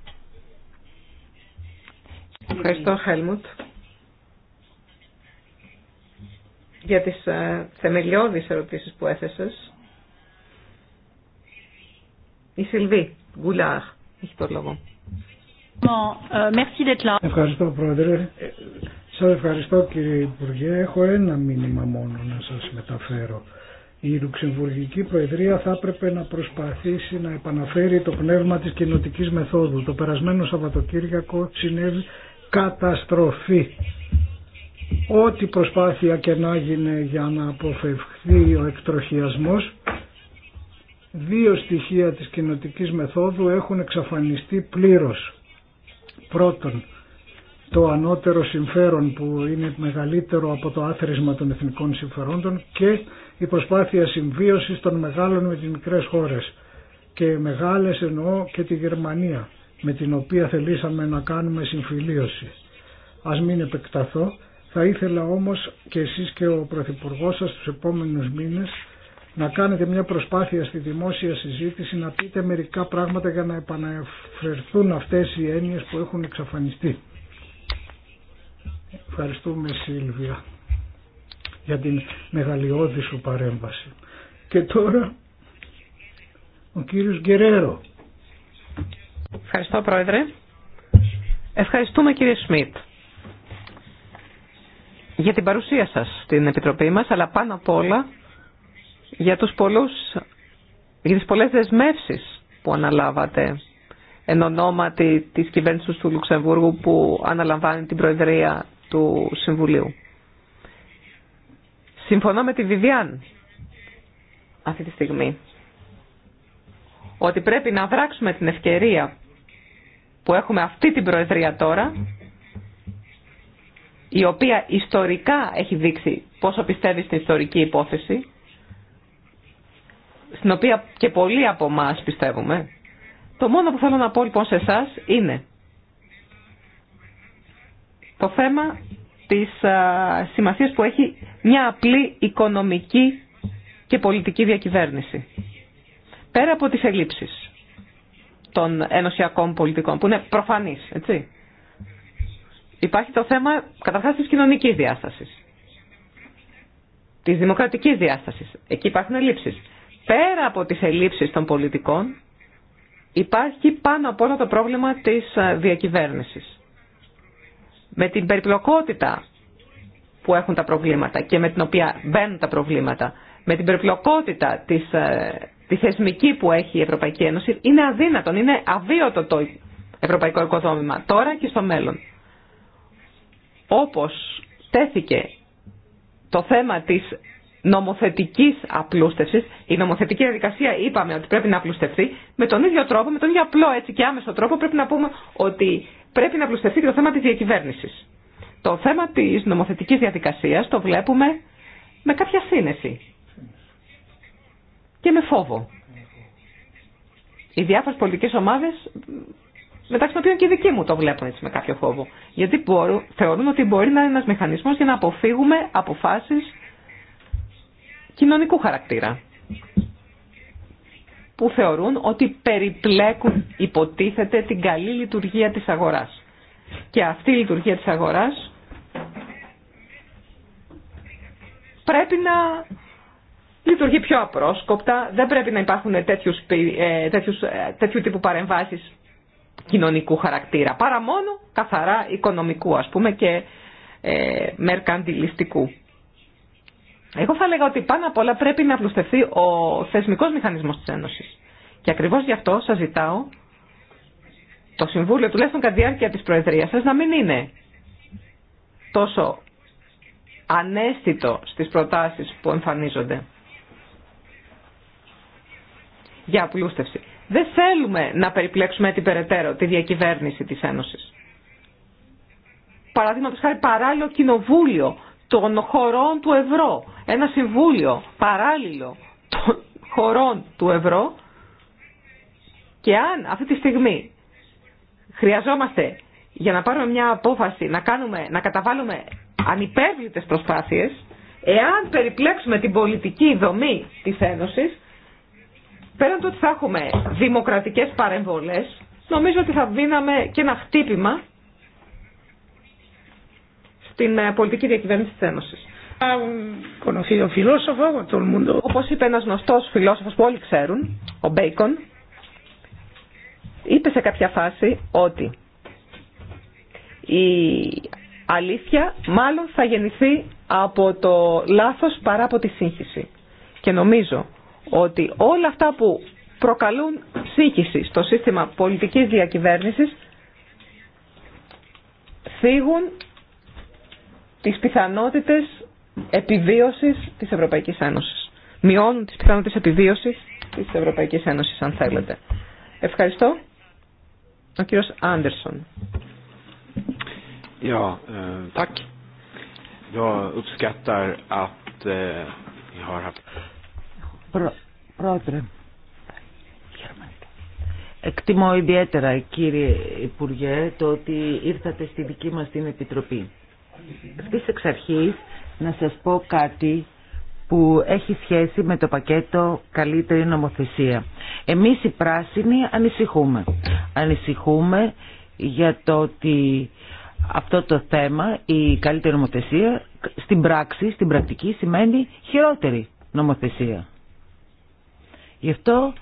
Ευχαριστώ, Χέλμουτ, για τις ε, θεμελιώδεις ερωτήσεις που έθεσες. Η Σιλβή Γκουλάρ έχει το λόγο. Euh, ευχαριστώ, Πρόεδρε. Σα ευχαριστώ κύριε Υπουργέ. Έχω ένα μήνυμα μόνο να σας μεταφέρω. Η Λουξεμβουργική Προεδρία θα έπρεπε να προσπαθήσει να επαναφέρει το πνεύμα της κοινοτική μεθόδου. Το περασμένο Σαββατοκύριακο συνέβη καταστροφή. Ό,τι προσπάθεια και να γίνει για να αποφευχθεί ο εκτροχιασμός, δύο στοιχεία της κοινοτική μεθόδου έχουν εξαφανιστεί πλήρως. Πρώτον, το ανώτερο συμφέρον που είναι μεγαλύτερο από το άθροισμα των εθνικών συμφερόντων και η προσπάθεια συμβίωσης των μεγάλων με τις μικρές χώρες και μεγάλες εννοώ και τη Γερμανία με την οποία θελήσαμε να κάνουμε συμφιλίωση. Ας μην επεκταθώ, θα ήθελα όμως και εσείς και ο Πρωθυπουργός σας τους επόμενους μήνες να κάνετε μια προσπάθεια στη δημόσια συζήτηση να πείτε μερικά πράγματα για να επαναφερθούν αυτές οι έννοιες που έχουν εξαφανιστεί. Ευχαριστούμε Σίλβια για την μεγαλειώδη σου παρέμβαση. Και τώρα ο κύριος Γκερέρο. Ευχαριστώ Πρόεδρε. Ευχαριστούμε κύριε Σμιτ για την παρουσία σας στην Επιτροπή μας, αλλά πάνω απ' όλα για, τους πολλούς, για τις πολλές που αναλάβατε εν ονόματι της κυβέρνησης του Λουξεμβούργου που αναλαμβάνει την Προεδρία του Συμβουλίου. Συμφωνώ με τη Βιβιάν αυτή τη στιγμή ότι πρέπει να δράξουμε την ευκαιρία που έχουμε αυτή την Προεδρία τώρα η οποία ιστορικά έχει δείξει πόσο πιστεύει στην ιστορική υπόθεση στην οποία και πολλοί από εμά πιστεύουμε. Το μόνο που θέλω να πω λοιπόν σε εσά είναι το θέμα της σημασίας που έχει μια απλή οικονομική και πολιτική διακυβέρνηση. Πέρα από τις ελλείψεις των ενωσιακών πολιτικών, που είναι προφανείς, έτσι. Υπάρχει το θέμα, καταρχάς, της κοινωνικής διάστασης. Της δημοκρατικής διάστασης. Εκεί υπάρχουν ελλείψεις. Πέρα από τις ελλείψεις των πολιτικών, υπάρχει πάνω από όλα το πρόβλημα της διακυβέρνησης με την περιπλοκότητα που έχουν τα προβλήματα και με την οποία μπαίνουν τα προβλήματα, με την περιπλοκότητα της, ε, τη θεσμική που έχει η Ευρωπαϊκή Ένωση, είναι αδύνατον, είναι αβίωτο το ευρωπαϊκό οικοδόμημα, τώρα και στο μέλλον. Όπως τέθηκε το θέμα της νομοθετικής απλούστευσης, η νομοθετική διαδικασία είπαμε ότι πρέπει να απλουστευτεί, με τον ίδιο τρόπο, με τον ίδιο απλό έτσι και άμεσο τρόπο πρέπει να πούμε ότι πρέπει να πλουστευτεί και το θέμα της διακυβέρνησης. Το θέμα της νομοθετικής διαδικασίας το βλέπουμε με κάποια σύνεση και με φόβο. Οι διάφορε πολιτικέ ομάδε μεταξύ των οποίων και οι δικοί μου το βλέπουν έτσι με κάποιο φόβο, γιατί μπορούν, θεωρούν ότι μπορεί να είναι ένας μηχανισμός για να αποφύγουμε αποφάσεις κοινωνικού χαρακτήρα που θεωρούν ότι περιπλέκουν υποτίθεται την καλή λειτουργία της αγοράς. Και αυτή η λειτουργία της αγοράς πρέπει να λειτουργεί πιο απρόσκοπτα, δεν πρέπει να υπάρχουν τέτοιους, ε, τέτοιους, ε, τέτοιου τύπου παρεμβάσεις κοινωνικού χαρακτήρα, παρά μόνο καθαρά οικονομικού ας πούμε και ε, μερκαντιλιστικού. Εγώ θα έλεγα ότι πάνω απ' όλα πρέπει να απλουστευτεί ο θεσμικός μηχανισμός της Ένωσης. Και ακριβώς γι' αυτό σας ζητάω το Συμβούλιο, τουλάχιστον κατά τη διάρκεια της Προεδρίας σας, να μην είναι τόσο ανέστητο στις προτάσεις που εμφανίζονται για απλούστευση. Δεν θέλουμε να περιπλέξουμε την περαιτέρω τη διακυβέρνηση της Ένωσης. Παραδείγματος χάρη παράλληλο κοινοβούλιο των χωρών του ευρώ. Ένα συμβούλιο παράλληλο των χωρών του ευρώ. Και αν αυτή τη στιγμή χρειαζόμαστε για να πάρουμε μια απόφαση να, κάνουμε, να καταβάλουμε ανυπέρβλητες προσπάθειες, εάν περιπλέξουμε την πολιτική δομή της Ένωσης, πέραν το ότι θα έχουμε δημοκρατικές παρεμβολές, νομίζω ότι θα δίναμε και ένα χτύπημα την ε, πολιτική διακυβέρνηση τη Ένωση. Όπω είπε ένα γνωστό φιλόσοφο που όλοι ξέρουν, ο Μπέικον, είπε σε κάποια φάση ότι η αλήθεια μάλλον θα γεννηθεί από το λάθος παρά από τη σύγχυση. Και νομίζω ότι όλα αυτά που προκαλούν σύγχυση στο σύστημα πολιτικής διακυβέρνησης θίγουν τις πιθανότητες επιβίωσης της Ευρωπαϊκής Ένωσης. Μειώνουν τις πιθανότητες επιβίωσης της Ευρωπαϊκής Ένωσης, αν θέλετε. Ευχαριστώ. Ο κύριος Άντερσον. Πρόεδρε, εκτιμώ ιδιαίτερα κύριε Υπουργέ το ότι ήρθατε στη δική μας την Επιτροπή. Αυτή εξ να σας πω κάτι που έχει σχέση με το πακέτο καλύτερη νομοθεσία. Εμείς οι πράσινοι ανησυχούμε. Ανησυχούμε για το ότι αυτό το θέμα, η καλύτερη νομοθεσία, στην πράξη, στην πρακτική σημαίνει χειρότερη νομοθεσία. Γι' αυτό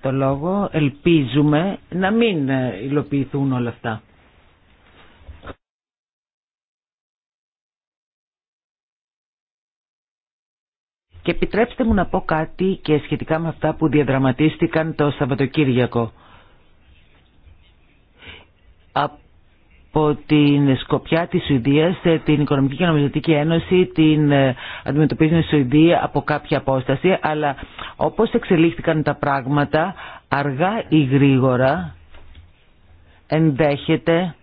το λόγο ελπίζουμε να μην υλοποιηθούν όλα αυτά. Και επιτρέψτε μου να πω κάτι και σχετικά με αυτά που διαδραματίστηκαν το Σαββατοκύριακο. Από την σκοπιά της Σουηδίας, ε, την Οικονομική και Νομιζωτική Ένωση την ε, αντιμετωπίζουν οι Σουηδοί από κάποια απόσταση, αλλά όπως εξελίχθηκαν τα πράγματα, αργά ή γρήγορα ενδέχεται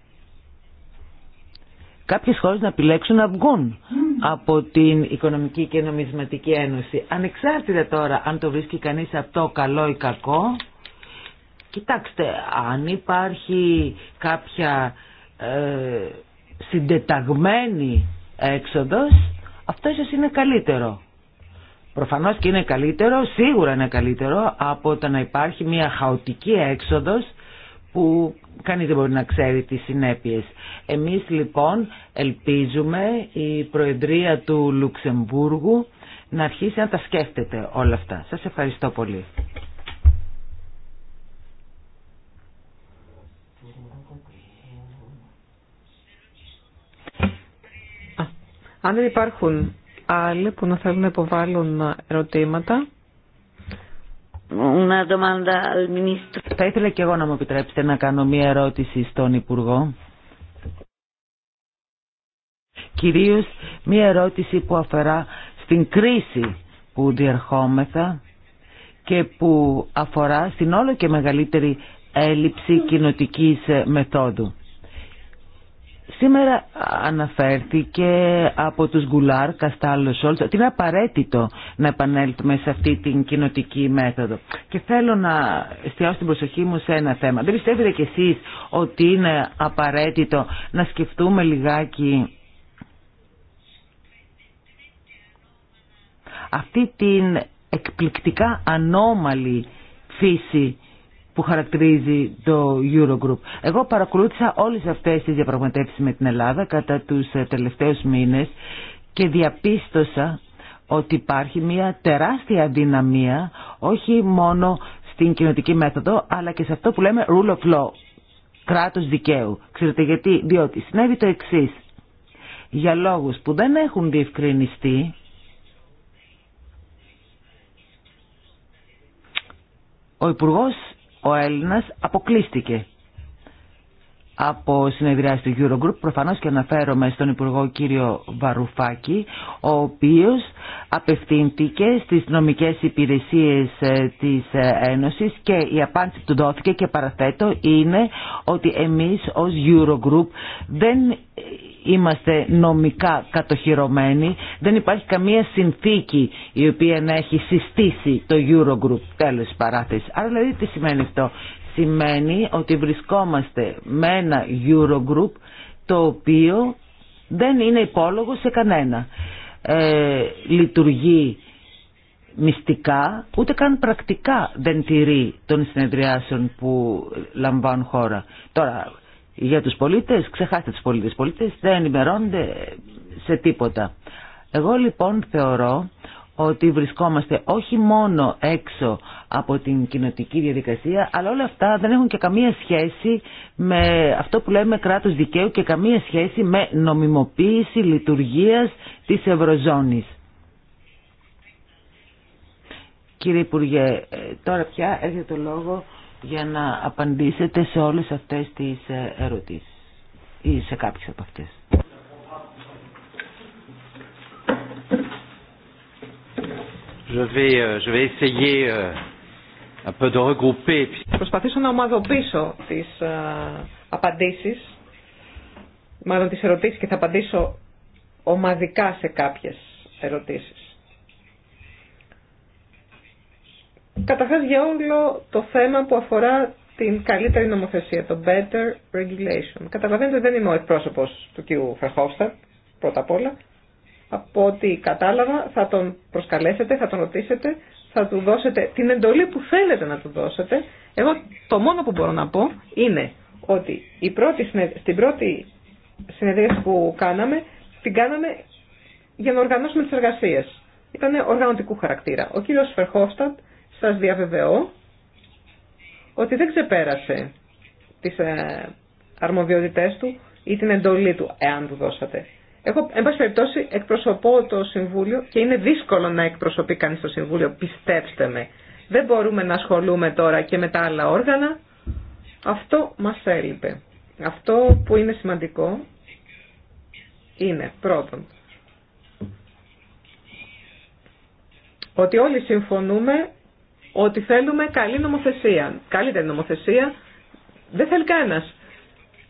κάποιες χώρες να επιλέξουν να βγουν από την Οικονομική και Νομισματική Ένωση. Ανεξάρτητα τώρα αν το βρίσκει κανείς αυτό καλό ή κακό, κοιτάξτε, αν υπάρχει κάποια ε, συντεταγμένη έξοδος, αυτό ίσως είναι καλύτερο. Προφανώς και είναι καλύτερο, σίγουρα είναι καλύτερο από το να υπάρχει μια χαοτική έξοδος που κανείς δεν μπορεί να ξέρει τις συνέπειες. Εμείς λοιπόν ελπίζουμε η Προεδρία του Λουξεμβούργου να αρχίσει να τα σκέφτεται όλα αυτά. Σας ευχαριστώ πολύ. Αν δεν υπάρχουν άλλοι που να θέλουν να υποβάλουν ερωτήματα... Θα ήθελα και εγώ να μου επιτρέψετε να κάνω μία ερώτηση στον Υπουργό. Κυρίως μία ερώτηση που αφορά στην κρίση που διερχόμεθα και που αφορά στην όλο και μεγαλύτερη έλλειψη κοινοτικής μεθόδου. Σήμερα αναφέρθηκε από τους Γκουλάρ, Καστάλλο, Σόλτς ότι είναι απαραίτητο να επανέλθουμε σε αυτή την κοινοτική μέθοδο. Και θέλω να εστιάσω την προσοχή μου σε ένα θέμα. Δεν πιστεύετε κι εσείς ότι είναι απαραίτητο να σκεφτούμε λιγάκι αυτή την εκπληκτικά ανώμαλη φύση που χαρακτηρίζει το Eurogroup. Εγώ παρακολούθησα όλες αυτές τις διαπραγματεύσεις με την Ελλάδα κατά τους ε, τελευταίους μήνες και διαπίστωσα ότι υπάρχει μια τεράστια δυναμία όχι μόνο στην κοινωτική μέθοδο αλλά και σε αυτό που λέμε rule of law, κράτος δικαίου. Ξέρετε γιατί, διότι συνέβη το εξής. Για λόγους που δεν έχουν διευκρινιστεί ο Υπουργός ο Έλληνας αποκλείστηκε από συνεδριά του Eurogroup, προφανώς και αναφέρομαι στον Υπουργό κύριο Βαρουφάκη, ο οποίος απευθύνθηκε στις νομικές υπηρεσίες ε, της ε, Ένωσης και η απάντηση του δόθηκε και παραθέτω είναι ότι εμείς ως Eurogroup δεν είμαστε νομικά κατοχυρωμένοι. Δεν υπάρχει καμία συνθήκη η οποία να έχει συστήσει το Eurogroup τέλος παράθεση. Άρα δηλαδή τι σημαίνει αυτό. Σημαίνει ότι βρισκόμαστε με ένα Eurogroup το οποίο δεν είναι υπόλογο σε κανένα. Ε, λειτουργεί μυστικά, ούτε καν πρακτικά δεν τηρεί των συνεδριάσεων που λαμβάνουν χώρα. Τώρα, για τους πολίτες, ξεχάστε τους πολίτες. πολίτες δεν ενημερώνονται σε τίποτα. Εγώ λοιπόν θεωρώ ότι βρισκόμαστε όχι μόνο έξω από την κοινοτική διαδικασία, αλλά όλα αυτά δεν έχουν και καμία σχέση με αυτό που λέμε κράτος δικαίου και καμία σχέση με νομιμοποίηση λειτουργίας της Ευρωζώνης. Κύριε Υπουργέ, ε, τώρα πια έρχεται το λόγο για να απαντήσετε σε όλες αυτές τις ε, ερωτήσεις ή σε κάποιες από αυτές. Je Προσπαθήσω να ομαδοποιήσω τις ε, απαντήσεις, μάλλον τις ερωτήσεις και θα απαντήσω ομαδικά σε κάποιες ερωτήσεις. Καταρχά για όλο το θέμα που αφορά την καλύτερη νομοθεσία, το better regulation. Καταλαβαίνετε δεν είμαι ο εκπρόσωπο του κ. Φερχόφστατ, πρώτα απ' όλα. Από ό,τι κατάλαβα θα τον προσκαλέσετε, θα τον ρωτήσετε, θα του δώσετε την εντολή που θέλετε να του δώσετε. Εγώ το μόνο που μπορώ να πω είναι ότι η πρώτη, στην πρώτη συνεδρία που κάναμε, την κάναμε για να οργανώσουμε τις εργασίες. Ήταν οργανωτικού χαρακτήρα. Ο κύριος Φερχόφστατ σας διαβεβαιώ ότι δεν ξεπέρασε τις ε, αρμοδιότητές του ή την εντολή του, εάν του δώσατε. Έχω, εν πάση περιπτώσει, εκπροσωπώ το Συμβούλιο και είναι δύσκολο να εκπροσωπεί κανεί το Συμβούλιο, πιστέψτε με. Δεν μπορούμε να ασχολούμε τώρα και με τα άλλα όργανα. Αυτό μας έλειπε. Αυτό που είναι σημαντικό είναι, πρώτον, ότι όλοι συμφωνούμε ότι θέλουμε καλή νομοθεσία. Καλύτερη νομοθεσία δεν θέλει κανένα.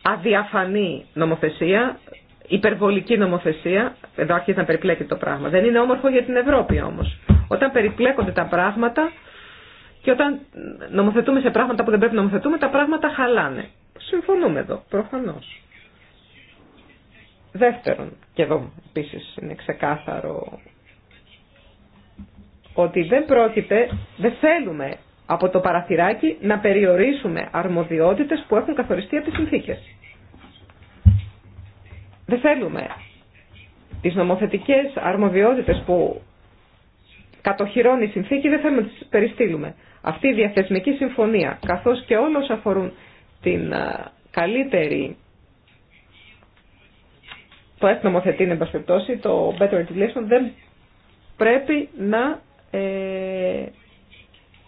Αδιαφανή νομοθεσία, υπερβολική νομοθεσία, εδώ αρχίζει να περιπλέκει το πράγμα. Δεν είναι όμορφο για την Ευρώπη όμως. Όταν περιπλέκονται τα πράγματα και όταν νομοθετούμε σε πράγματα που δεν πρέπει να νομοθετούμε, τα πράγματα χαλάνε. Συμφωνούμε εδώ, Προφανώ. Δεύτερον, και εδώ επίση είναι ξεκάθαρο ότι δεν πρόκειται, δεν θέλουμε από το παραθυράκι να περιορίσουμε αρμοδιότητες που έχουν καθοριστεί από τις συνθήκες. Δεν θέλουμε τις νομοθετικές αρμοδιότητες που κατοχυρώνει η συνθήκη, δεν θέλουμε να τις περιστήλουμε. Αυτή η διαθεσμική συμφωνία, καθώς και όλα αφορούν την καλύτερη το έθνομοθετή, εν το better regulation, δεν πρέπει να ε,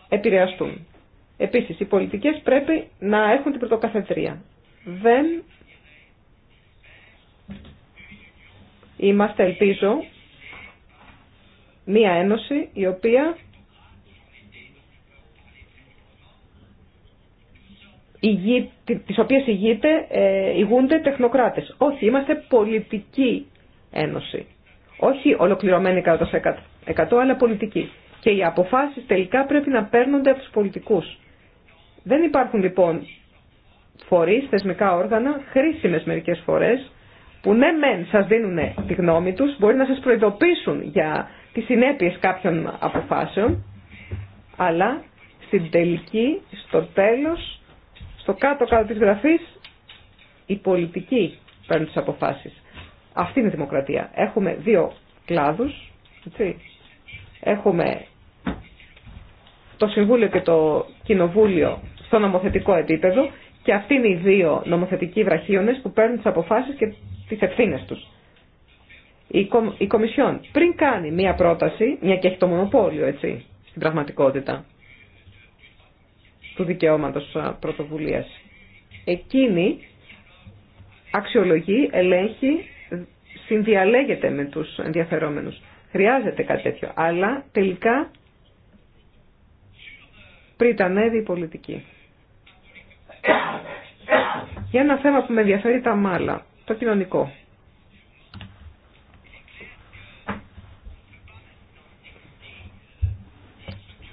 επηρεαστούν. Επίσης, οι πολιτικές πρέπει να έχουν την πρωτοκαθεδρία. Δεν είμαστε, ελπίζω, μία ένωση η οποία τις οποίες ηγείται, ε, ηγούνται τεχνοκράτες. Όχι, είμαστε πολιτική ένωση. Όχι ολοκληρωμένη κατά σέκατ εκατό άλλα πολιτικοί. Και οι αποφάσεις τελικά πρέπει να παίρνονται από του πολιτικούς. Δεν υπάρχουν λοιπόν φορεί, θεσμικά όργανα, χρήσιμες μερικές φορές, που ναι μεν σας δίνουν τη γνώμη τους, μπορεί να σας προειδοποιήσουν για τι συνέπειες κάποιων αποφάσεων, αλλά στην τελική, στο τέλο, στο κάτω-κάτω της γραφής, οι πολιτικοί παίρνουν τι αποφάσεις. Αυτή είναι η δημοκρατία. Έχουμε δύο κλάδους, Έχουμε το Συμβούλιο και το Κοινοβούλιο στο νομοθετικό επίπεδο και αυτοί είναι οι δύο νομοθετικοί βραχίονες που παίρνουν τις αποφάσεις και τις ευθύνε τους. Η, η Κομισιόν πριν κάνει μία πρόταση, μια και έχει το μονοπόλιο έτσι, στην πραγματικότητα του δικαιώματος πρωτοβουλίας. Εκείνη αξιολογεί, ελέγχει, συνδιαλέγεται με τους ενδιαφερόμενους. Χρειάζεται κάτι τέτοιο. Αλλά τελικά πριτανεύει η πολιτική. Για ένα θέμα που με ενδιαφέρει τα μάλα, το κοινωνικό.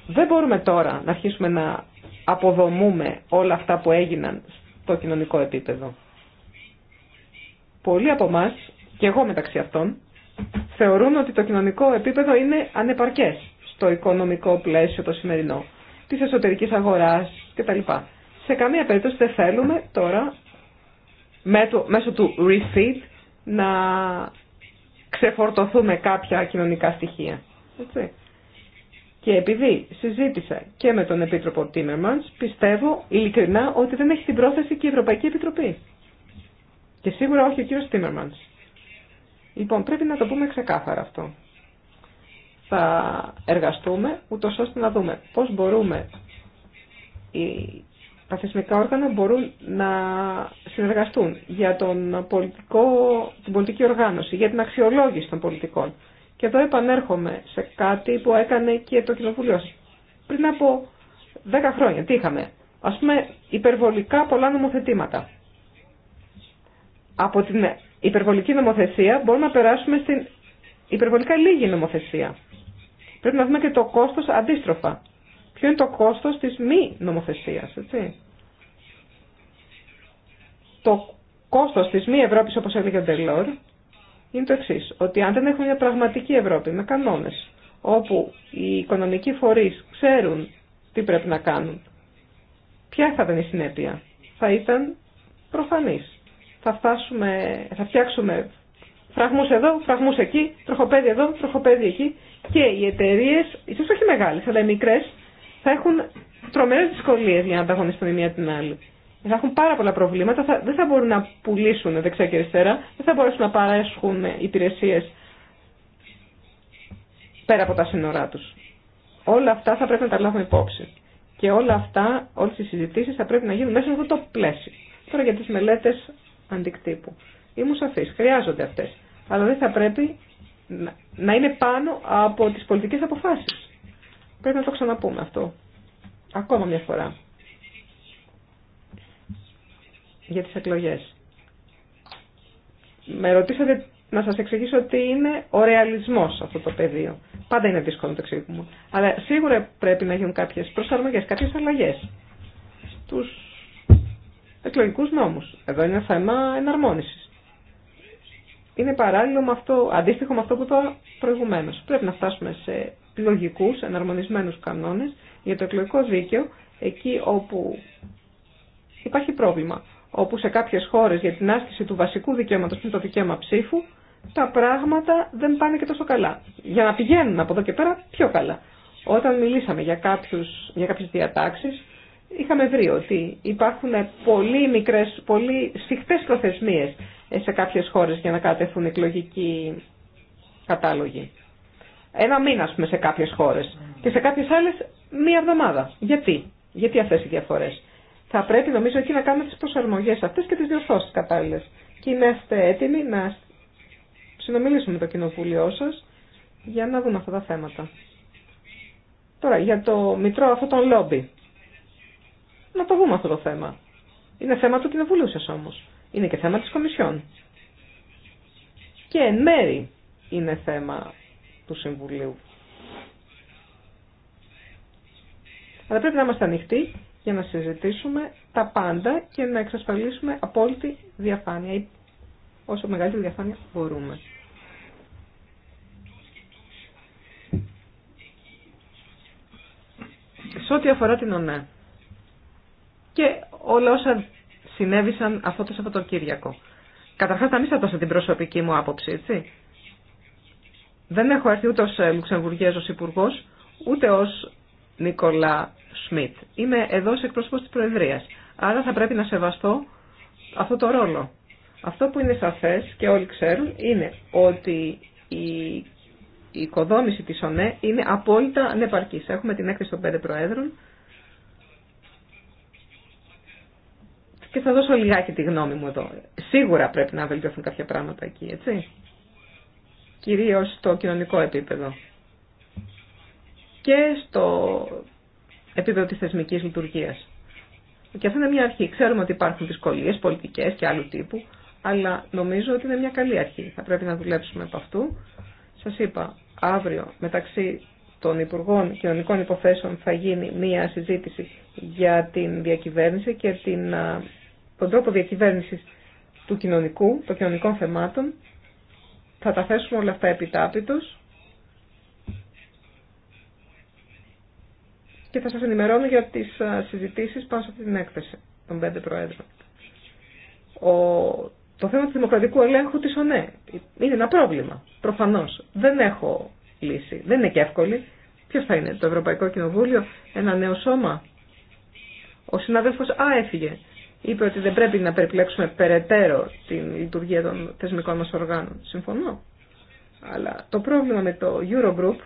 Δεν μπορούμε τώρα να αρχίσουμε να αποδομούμε όλα αυτά που έγιναν στο κοινωνικό επίπεδο. Πολλοί από εμά, και εγώ μεταξύ αυτών, θεωρούν ότι το κοινωνικό επίπεδο είναι ανεπαρκές στο οικονομικό πλαίσιο το σημερινό, της εσωτερικής αγοράς κτλ. Σε καμία περίπτωση δεν θέλουμε τώρα μέσω του refit να ξεφορτωθούμε κάποια κοινωνικά στοιχεία. Έτσι. Και επειδή συζήτησα και με τον Επίτροπο Τίμερμαντς, πιστεύω ειλικρινά ότι δεν έχει την πρόθεση και η Ευρωπαϊκή Επιτροπή. Και σίγουρα όχι ο κύριος Τίμερμαντς. Λοιπόν, πρέπει να το πούμε ξεκάθαρα αυτό. Θα εργαστούμε ούτω ώστε να δούμε πώς μπορούμε οι, τα θεσμικά όργανα μπορούν να συνεργαστούν για τον πολιτικό, την πολιτική οργάνωση, για την αξιολόγηση των πολιτικών. Και εδώ επανέρχομαι σε κάτι που έκανε και το κοινοβουλίο πριν από 10 χρόνια. Τι είχαμε, ας πούμε, υπερβολικά πολλά νομοθετήματα. Από την υπερβολική νομοθεσία μπορούμε να περάσουμε στην υπερβολικά λίγη νομοθεσία. Πρέπει να δούμε και το κόστος αντίστροφα. Ποιο είναι το κόστος της μη νομοθεσίας, έτσι. Το κόστος της μη Ευρώπης, όπως έλεγε ο Ντελόρ, είναι το εξή ότι αν δεν έχουμε μια πραγματική Ευρώπη με κανόνες, όπου οι οικονομικοί φορείς ξέρουν τι πρέπει να κάνουν, ποια θα ήταν η συνέπεια. Θα ήταν προφανής θα, φτάσουμε, θα φτιάξουμε φραγμούς εδώ, φραγμούς εκεί, τροχοπέδι εδώ, τροχοπέδι εκεί και οι εταιρείε, ίσως όχι μεγάλες, αλλά οι μικρές, θα έχουν τρομερές δυσκολίες για να ανταγωνιστούν η μία την άλλη. Θα έχουν πάρα πολλά προβλήματα, θα, δεν θα μπορούν να πουλήσουν δεξιά και αριστερά, δεν θα μπορέσουν να παρέσχουν υπηρεσίε πέρα από τα σύνορά τους. Όλα αυτά θα πρέπει να τα λάβουμε υπόψη. Και όλα αυτά, όλες οι συζητήσεις θα πρέπει να γίνουν μέσα σε αυτό το πλαίσιο. Τώρα για τις μελέτες αντικτύπου. Ήμουν σαφής, χρειάζονται αυτές. Αλλά δεν θα πρέπει να είναι πάνω από τις πολιτικές αποφάσεις. Πρέπει να το ξαναπούμε αυτό. Ακόμα μια φορά. Για τις εκλογέ. Με ρωτήσατε να σας εξηγήσω ότι είναι ο ρεαλισμός αυτό το πεδίο. Πάντα είναι δύσκολο να το εξηγούμε. Αλλά σίγουρα πρέπει να γίνουν κάποιες προσαρμογές, κάποιες αλλαγές. Τους Εκλογικού νόμου. Εδώ είναι ένα θέμα εναρμόνιση. Είναι παράλληλο με αυτό, αντίστοιχο με αυτό που είπα προηγουμένω. Πρέπει να φτάσουμε σε λογικού, εναρμονισμένου κανόνε για το εκλογικό δίκαιο εκεί όπου υπάρχει πρόβλημα. Όπου σε κάποιε χώρε για την άσκηση του βασικού δικαίωματος που είναι το δικαίωμα ψήφου τα πράγματα δεν πάνε και τόσο καλά. Για να πηγαίνουν από εδώ και πέρα πιο καλά. Όταν μιλήσαμε για, κάποιους, για είχαμε βρει ότι υπάρχουν πολύ μικρές, πολύ σφιχτές προθεσμίες σε κάποιες χώρες για να κατευθούν εκλογικοί κατάλογοι. Ένα μήνα, ας πούμε, σε κάποιες χώρες και σε κάποιες άλλες μία εβδομάδα. Γιατί, γιατί αυτές οι διαφορές. Θα πρέπει νομίζω εκεί να κάνουμε τις προσαρμογές αυτές και τις διορθώσεις κατάλληλες. Και είμαστε έτοιμοι να συνομιλήσουμε με το κοινοβούλιο σας για να δούμε αυτά τα θέματα. Τώρα, για το μητρό αυτό τον λόμπι να το δούμε αυτό το θέμα. Είναι θέμα του Κοινοβουλίου σας όμως. Είναι και θέμα της Κομισιόν. Και εν μέρη είναι θέμα του Συμβουλίου. Αλλά πρέπει να είμαστε ανοιχτοί για να συζητήσουμε τα πάντα και να εξασφαλίσουμε απόλυτη διαφάνεια ή όσο μεγαλύτερη διαφάνεια μπορούμε. Σε ό,τι αφορά την ΟΝΕ, και όλα όσα συνέβησαν αυτό το Σαββατοκύριακο. Καταρχά, να μην σα δώσω την προσωπική μου άποψη, έτσι. Δεν έχω έρθει ε, ούτε ω Λουξεμβουργέζο Υπουργό, ούτε ω Νικολά Σμιτ. Είμαι εδώ ω εκπρόσωπο τη Προεδρία. Άρα θα πρέπει να σεβαστώ αυτό το ρόλο. Αυτό που είναι σαφέ και όλοι ξέρουν είναι ότι η οικοδόμηση της ΟΝΕ είναι απόλυτα ανεπαρκής. Έχουμε την έκθεση των πέντε Προέδρων και θα δώσω λιγάκι τη γνώμη μου εδώ. Σίγουρα πρέπει να βελτιωθούν κάποια πράγματα εκεί, έτσι. Κυρίως στο κοινωνικό επίπεδο. Και στο επίπεδο της θεσμικής λειτουργίας. Και αυτή είναι μια αρχή. Ξέρουμε ότι υπάρχουν δυσκολίες πολιτικές και άλλου τύπου, αλλά νομίζω ότι είναι μια καλή αρχή. Θα πρέπει να δουλέψουμε από αυτού. Σας είπα, αύριο μεταξύ των Υπουργών Κοινωνικών Υποθέσεων θα γίνει μία συζήτηση για την διακυβέρνηση και την τον τρόπο διακυβέρνησης του κοινωνικού, των κοινωνικών θεμάτων. Θα τα θέσουμε όλα αυτά επιτάπητος και θα σας ενημερώνω για τις συζητήσεις πάνω σε αυτή την έκθεση των πέντε προέδρων. Ο... Το θέμα του δημοκρατικού ελέγχου της ΟΝΕ είναι ένα πρόβλημα, προφανώς. Δεν έχω λύση, δεν είναι και εύκολη. Ποιο θα είναι, το Ευρωπαϊκό Κοινοβούλιο, ένα νέο σώμα. Ο συνάδελφος Α έφυγε είπε ότι δεν πρέπει να περιπλέξουμε περαιτέρω την λειτουργία των θεσμικών μας οργάνων. Συμφωνώ. Αλλά το πρόβλημα με το Eurogroup,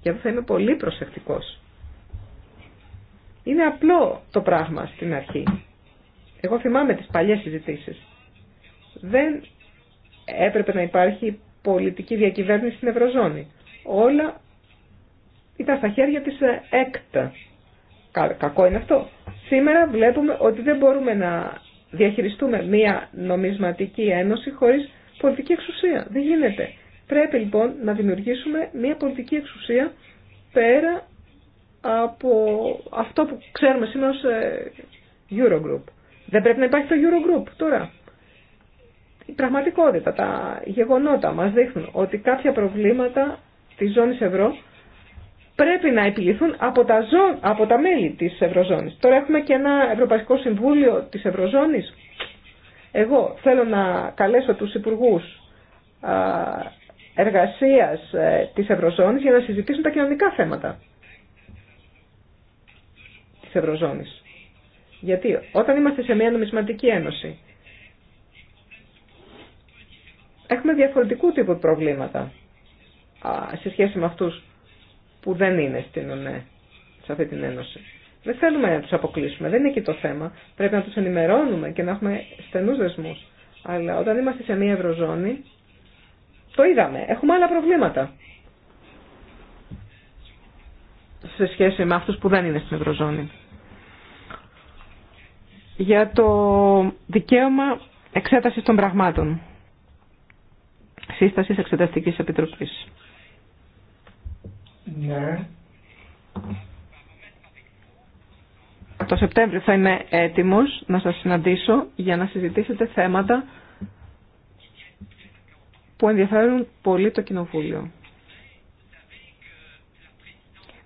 και εδώ θα είμαι πολύ προσεκτικός, είναι απλό το πράγμα στην αρχή. Εγώ θυμάμαι τις παλιές συζητήσει. Δεν έπρεπε να υπάρχει πολιτική διακυβέρνηση στην Ευρωζώνη. Όλα ήταν στα χέρια της ΕΚΤ. Κακό είναι αυτό. Σήμερα βλέπουμε ότι δεν μπορούμε να διαχειριστούμε μία νομισματική ένωση χωρίς πολιτική εξουσία. Δεν γίνεται. Πρέπει λοιπόν να δημιουργήσουμε μία πολιτική εξουσία πέρα από αυτό που ξέρουμε σήμερα ως ε, Eurogroup. Δεν πρέπει να υπάρχει το Eurogroup τώρα. Η πραγματικότητα, τα γεγονότα μας δείχνουν ότι κάποια προβλήματα της ζώνης ευρώ πρέπει να επιληθούν από τα, από τα μέλη της Ευρωζώνης. Τώρα έχουμε και ένα Ευρωπαϊκό Συμβούλιο της Ευρωζώνης. Εγώ θέλω να καλέσω τους υπουργούς εργασίας ε, της Ευρωζώνης για να συζητήσουν τα κοινωνικά θέματα της Ευρωζώνης. Γιατί όταν είμαστε σε μια νομισματική ένωση έχουμε διαφορετικού τύπου προβλήματα σε σχέση με αυτούς που δεν είναι στην ΟΝΕ, σε αυτή την Ένωση. Δεν θέλουμε να τους αποκλείσουμε, δεν είναι εκεί το θέμα. Πρέπει να τους ενημερώνουμε και να έχουμε στενούς δεσμούς. Αλλά όταν είμαστε σε μια ευρωζώνη, το είδαμε, έχουμε άλλα προβλήματα. Σε σχέση με αυτούς που δεν είναι στην ευρωζώνη. Για το δικαίωμα εξέτασης των πραγμάτων. σύσταση Εξεταστικής Επιτροπής. Ναι. Το Σεπτέμβριο θα είμαι έτοιμος να σας συναντήσω για να συζητήσετε θέματα που ενδιαφέρουν πολύ το Κοινοβούλιο.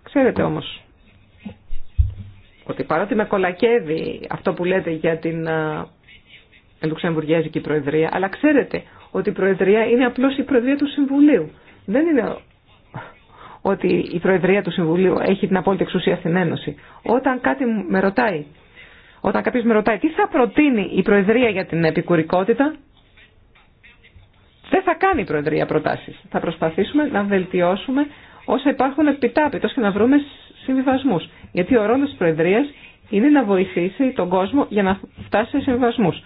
Ξέρετε όμως ότι παρότι με κολακεύει αυτό που λέτε για την Λουξεμβουργιάζικη Προεδρία, αλλά ξέρετε ότι η Προεδρία είναι απλώς η Προεδρία του Συμβουλίου. Δεν είναι ότι η Προεδρία του Συμβουλίου έχει την απόλυτη εξουσία στην Ένωση. Όταν κάτι με ρωτάει, όταν κάποιος με ρωτάει τι θα προτείνει η Προεδρία για την επικουρικότητα, δεν θα κάνει η Προεδρία προτάσεις. Θα προσπαθήσουμε να βελτιώσουμε όσα υπάρχουν επιτάπητος και να βρούμε συμβιβασμούς. Γιατί ο ρόλος της Προεδρίας είναι να βοηθήσει τον κόσμο για να φτάσει σε συμβιβασμούς.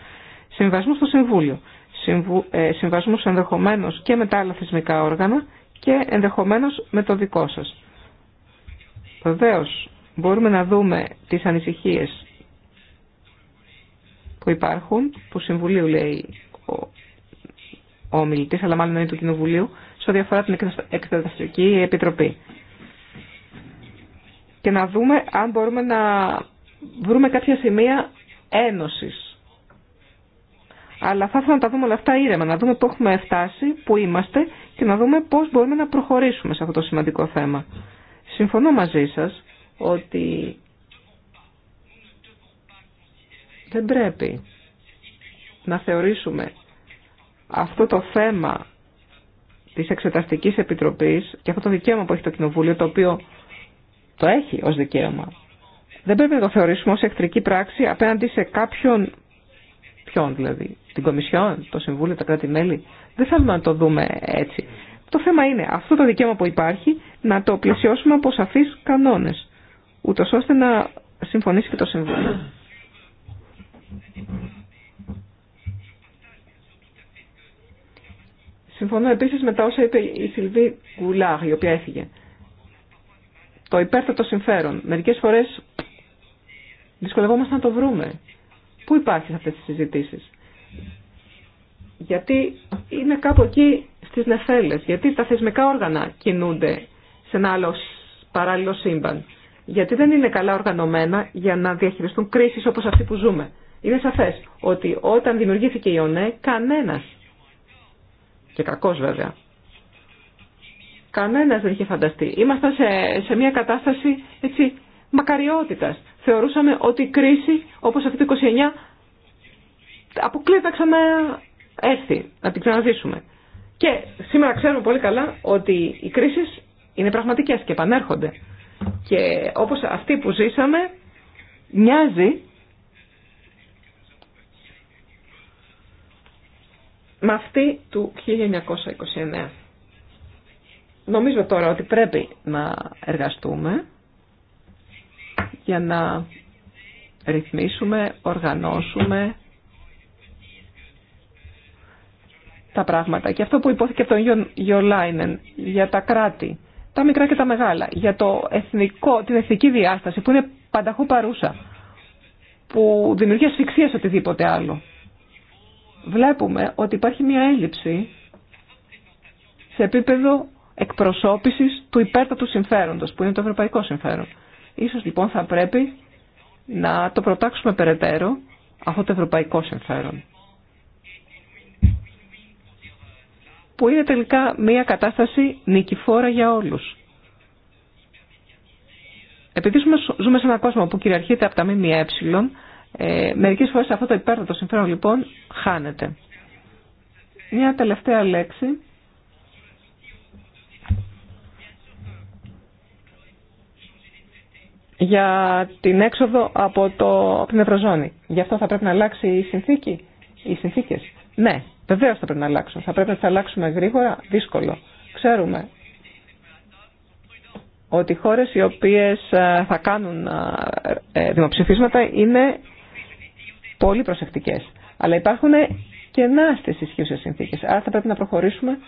Συμβιβασμούς στο Συμβούλιο, συμβου, ε, συμβασμούς ενδεχομένω και με τα άλλα θεσμικά όργανα και ενδεχομένως με το δικό σας. Βεβαίω μπορούμε να δούμε τις ανησυχίες που υπάρχουν, που Συμβουλίου λέει ο, ο αλλά μάλλον είναι του Κοινοβουλίου, σε ό,τι αφορά την Εκτεταστική Επιτροπή. Και να δούμε αν μπορούμε να βρούμε κάποια σημεία ένωσης. Αλλά θα ήθελα να τα δούμε όλα αυτά ήρεμα, να δούμε πού έχουμε φτάσει, πού είμαστε και να δούμε πώς μπορούμε να προχωρήσουμε σε αυτό το σημαντικό θέμα. Συμφωνώ μαζί σας ότι δεν πρέπει να θεωρήσουμε αυτό το θέμα της Εξεταστικής Επιτροπής και αυτό το δικαίωμα που έχει το Κοινοβούλιο, το οποίο το έχει ως δικαίωμα. Δεν πρέπει να το θεωρήσουμε ως εχθρική πράξη απέναντι σε κάποιον, ποιον δηλαδή, την Κομισιόν, το Συμβούλιο, τα κράτη-μέλη. Δεν θέλουμε να το δούμε έτσι. Το θέμα είναι αυτό το δικαίωμα που υπάρχει να το πλησιώσουμε από σαφείς κανόνες, ούτως ώστε να συμφωνήσει και το Συμβούλιο. Συμφωνώ επίσης με τα όσα είπε η Σιλβί Γκουλάχ, η οποία έφυγε. Το υπέρθετο συμφέρον. Μερικές φορές δυσκολευόμαστε να το βρούμε. Πού υπάρχει σε αυτές τις συζητήσεις γιατί είναι κάπου εκεί στις νεφέλες, γιατί τα θεσμικά όργανα κινούνται σε ένα άλλο παράλληλο σύμπαν, γιατί δεν είναι καλά οργανωμένα για να διαχειριστούν κρίσεις όπως αυτή που ζούμε. Είναι σαφές ότι όταν δημιουργήθηκε η ΩΝΕ, κανένας, και κακός βέβαια, κανένας δεν είχε φανταστεί. Ήμασταν σε, μια κατάσταση έτσι, μακαριότητας. Θεωρούσαμε ότι η κρίση όπως αυτή το 29 αποκλείεται να ξαναέρθει, να την ξαναζήσουμε. Και σήμερα ξέρουμε πολύ καλά ότι οι κρίσεις είναι πραγματικές και επανέρχονται. Και όπως αυτή που ζήσαμε μοιάζει με αυτή του 1929. Νομίζω τώρα ότι πρέπει να εργαστούμε για να ρυθμίσουμε, οργανώσουμε τα πράγματα. Και αυτό που υπόθηκε από τον Γιολάινεν για τα κράτη, τα μικρά και τα μεγάλα, για το εθνικό, την εθνική διάσταση που είναι πανταχού παρούσα, που δημιουργεί ασφυξία σε οτιδήποτε άλλο. Βλέπουμε ότι υπάρχει μια έλλειψη σε επίπεδο εκπροσώπησης του υπέρτατου συμφέροντος, που είναι το ευρωπαϊκό συμφέρον. Ίσως λοιπόν θα πρέπει να το προτάξουμε περαιτέρω αυτό το ευρωπαϊκό συμφέρον. που είναι τελικά μια κατάσταση νικηφόρα για όλους. Επειδή ζούμε σε έναν κόσμο που κυριαρχείται από τα ΜΜΕ, ε, μερικές φορές αυτό το υπέρτατο συμφέρον λοιπόν χάνεται. Μια τελευταία λέξη. για την έξοδο από, το, από την Ευρωζώνη. Γι' αυτό θα πρέπει να αλλάξει η συνθήκη, οι συνθήκες. Ναι, βεβαίω θα πρέπει να αλλάξουν. Θα πρέπει να τα αλλάξουμε γρήγορα, δύσκολο. Ξέρουμε ότι οι χώρες οι οποίες θα κάνουν ε, δημοψηφίσματα είναι πολύ προσεκτικές. Αλλά υπάρχουν κενά στις ισχύουσες συνθήκες. Άρα θα πρέπει να προχωρήσουμε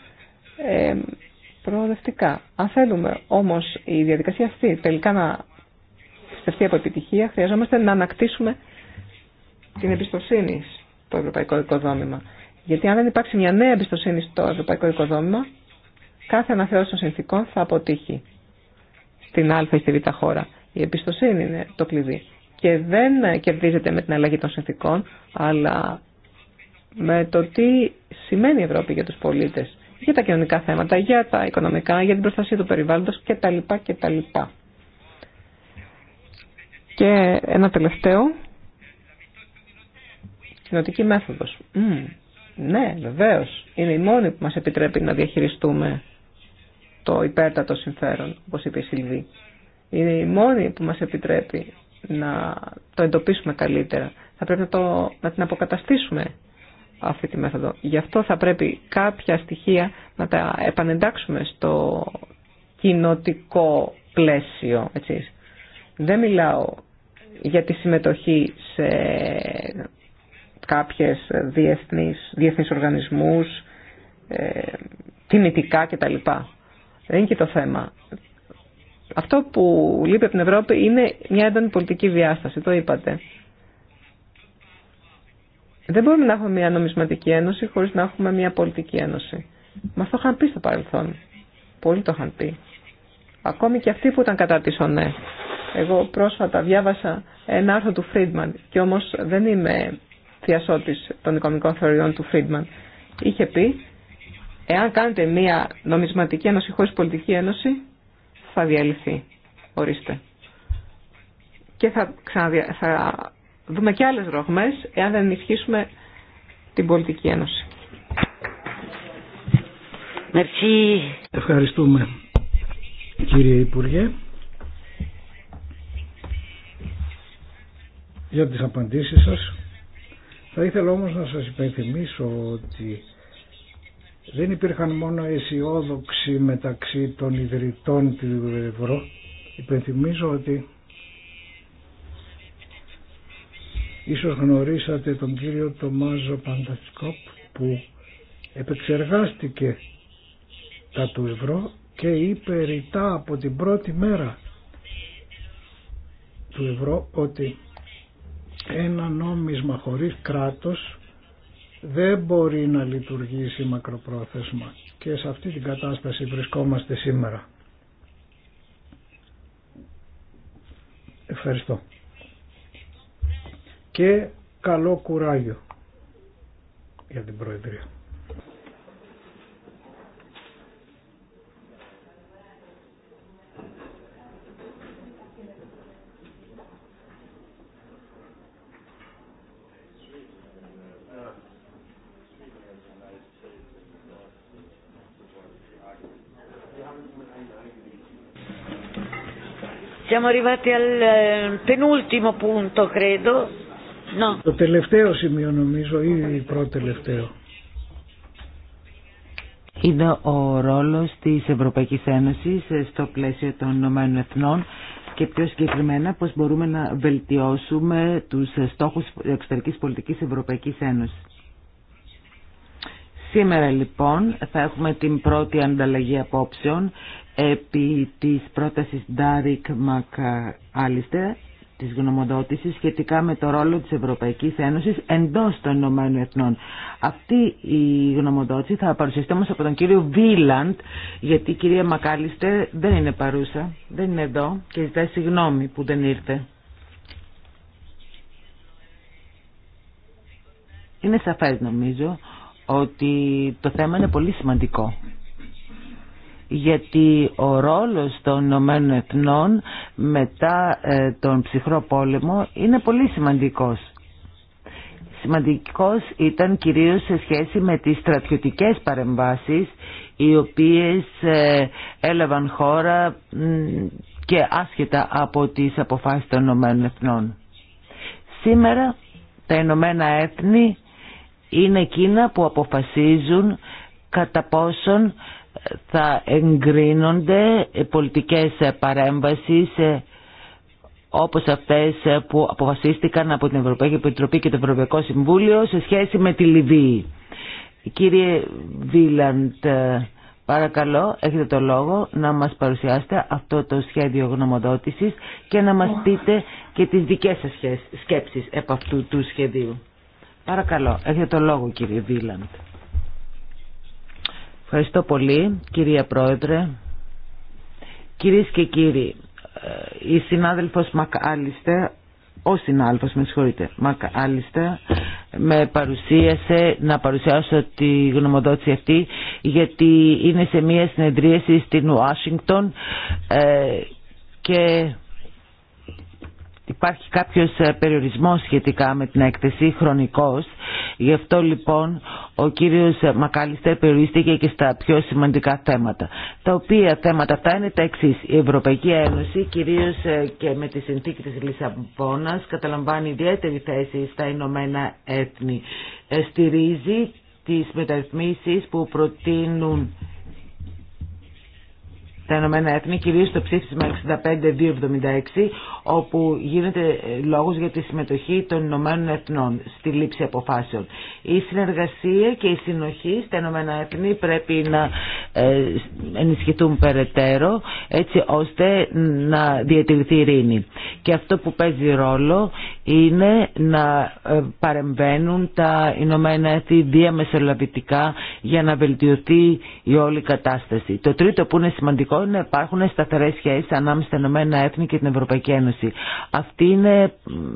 ε, προοδευτικά. Αν θέλουμε όμως η διαδικασία αυτή τελικά να στεφτεί από επιτυχία, χρειαζόμαστε να ανακτήσουμε την εμπιστοσύνη το ευρωπαϊκό οικοδόμημα. Γιατί αν δεν υπάρξει μια νέα εμπιστοσύνη στο ευρωπαϊκό οικοδόμημα, κάθε αναθεώρηση των συνθήκων θα αποτύχει στην Α ή στη Β χώρα. Η εμπιστοσύνη είναι το κλειδί. Και δεν κερδίζεται με την αλλαγή των συνθήκων, αλλά με το τι σημαίνει η Ευρώπη για τους πολίτες, για τα κοινωνικά θέματα, για τα οικονομικά, για την προστασία του περιβάλλοντος κτλ. κτλ. Και ένα τελευταίο κοινοτική μέθοδος. Mm, ναι, βεβαίως. Είναι η μόνη που μας επιτρέπει να διαχειριστούμε το υπέρτατο συμφέρον, όπως είπε η Σιλβή. Είναι η μόνη που μας επιτρέπει να το εντοπίσουμε καλύτερα. Θα πρέπει να, το, να την αποκαταστήσουμε αυτή τη μέθοδο. Γι' αυτό θα πρέπει κάποια στοιχεία να τα επανεντάξουμε στο κοινοτικό πλαίσιο. Έτσι. Δεν μιλάω για τη συμμετοχή σε κάποιες διεθνείς, διεθνείς οργανισμούς, ε, κτλ. Δεν είναι και το θέμα. Αυτό που λείπει από την Ευρώπη είναι μια έντονη πολιτική διάσταση, το είπατε. Δεν μπορούμε να έχουμε μια νομισματική ένωση χωρίς να έχουμε μια πολιτική ένωση. Μα το είχαν πει στο παρελθόν. Πολλοί το είχαν πει. Ακόμη και αυτοί που ήταν κατά τη ΩΝΕ. Εγώ πρόσφατα διάβασα ένα άρθρο του Φρίντμαν και όμως δεν είμαι θειασότης των οικονομικών θεωριών του Φρίντμαν. Είχε πει, εάν κάνετε μια νομισματική ένωση χωρίς πολιτική ένωση, θα διαλυθεί. Ορίστε. Και θα, θα δούμε και άλλες ρογμές, εάν δεν ενισχύσουμε την πολιτική ένωση. Ευχαριστούμε κύριε Υπουργέ για τις απαντήσεις σας. Θα ήθελα όμως να σας υπενθυμίσω ότι δεν υπήρχαν μόνο αισιόδοξοι μεταξύ των ιδρυτών του ευρώ. Υπενθυμίζω ότι ίσως γνωρίσατε τον κύριο Τομάζο Παντασκόπ που επεξεργάστηκε τα του ευρώ και είπε ρητά από την πρώτη μέρα του ευρώ ότι ένα νόμισμα χωρίς κράτος δεν μπορεί να λειτουργήσει μακροπρόθεσμα και σε αυτή την κατάσταση βρισκόμαστε σήμερα. Ευχαριστώ. Και καλό κουράγιο για την Προεδρία. Siamo arrivati al eh, penultimo punto, credo. No. Το τελευταίο σημείο νομίζω ή πρώτο τελευταίο. Είναι ο ρόλος της Ευρωπαϊκής Ένωσης ε, στο πλαίσιο των Ηνωμένων Εθνών και πιο συγκεκριμένα πώς μπορούμε να βελτιώσουμε τους ε, στόχους εξωτερικής πολιτικής Ευρωπαϊκής Ένωσης. Σήμερα λοιπόν θα έχουμε την πρώτη ανταλλαγή απόψεων επί της πρότασης Ντάρικ Μακάλιστερ της γνωμοδότησης σχετικά με το ρόλο της Ευρωπαϊκής Ένωσης εντός των Ηνωμένων Εθνών. Αυτή η γνωμοδότηση θα παρουσιαστεί όμως από τον κύριο Βίλαντ, γιατί η κυρία Μακάλιστερ δεν είναι παρούσα, δεν είναι εδώ και ζητάει συγγνώμη που δεν ήρθε. Είναι σαφές νομίζω ότι το θέμα είναι πολύ σημαντικό γιατί ο ρόλος των Ηνωμένων Εθνών μετά ε, τον ψυχρό πόλεμο είναι πολύ σημαντικός. Σημαντικός ήταν κυρίως σε σχέση με τις στρατιωτικές παρεμβάσεις οι οποίες ε, έλαβαν χώρα και άσχετα από τις αποφάσεις των Ηνωμένων Εθνών. Σήμερα τα Ηνωμένα Έθνη είναι εκείνα που αποφασίζουν κατά πόσον θα εγκρίνονται πολιτικές παρέμβασεις ε, όπως αυτές ε, που αποφασίστηκαν από την Ευρωπαϊκή Επιτροπή και το Ευρωπαϊκό Συμβούλιο σε σχέση με τη Λιβύη. Κύριε Βίλαντ, ε, παρακαλώ, έχετε το λόγο να μας παρουσιάσετε αυτό το σχέδιο γνωμοδότησης και να μας πείτε και τις δικές σας σκέψεις από αυτού του σχεδίου. Παρακαλώ, έχετε το λόγο κύριε Βίλαντ. Ευχαριστώ πολύ κυρία Πρόεδρε. Κυρίες και κύριοι, ε, η συνάδελφος μακαλίστε, ο συνάδελφος με συγχωρείτε, μακαλίστε, με παρουσίασε να παρουσιάσω τη γνωμοδότηση αυτή γιατί είναι σε μια συνεδρίαση στην Ουάσιγκτον ε, και υπάρχει κάποιος ε, περιορισμός σχετικά με την έκθεση χρονικός. Γι' αυτό λοιπόν ο κύριος ε, Μακάλιστερ περιορίστηκε και στα πιο σημαντικά θέματα. Τα οποία θέματα αυτά είναι τα εξή. Η Ευρωπαϊκή Ένωση κυρίως ε, και με τη συνθήκη της Λισαμπόνας καταλαμβάνει ιδιαίτερη θέση στα Ηνωμένα Έθνη. Στηρίζει τις μεταρρυθμίσεις που προτείνουν στα Ηνωμένα Έθνη, κυρίως στο ψήφισμα 65-276, όπου γίνεται λόγος για τη συμμετοχή των Ηνωμένων Εθνών στη λήψη αποφάσεων. Η συνεργασία και η συνοχή στα Ηνωμένα Έθνη πρέπει να ε, ενισχυθούν περαιτέρω, έτσι ώστε να διατηρηθεί ειρήνη. Και αυτό που παίζει ρόλο είναι να ε, παρεμβαίνουν τα Ηνωμένα Έθνη διαμεσολαβητικά για να βελτιωθεί η όλη κατάσταση. Το τρίτο που είναι σημαντικό να λοιπόν υπάρχουν σταθερές σχέσεις ανάμεσα στα Ηνωμένα Έθνη και την Ευρωπαϊκή Ένωση. Αυτή είναι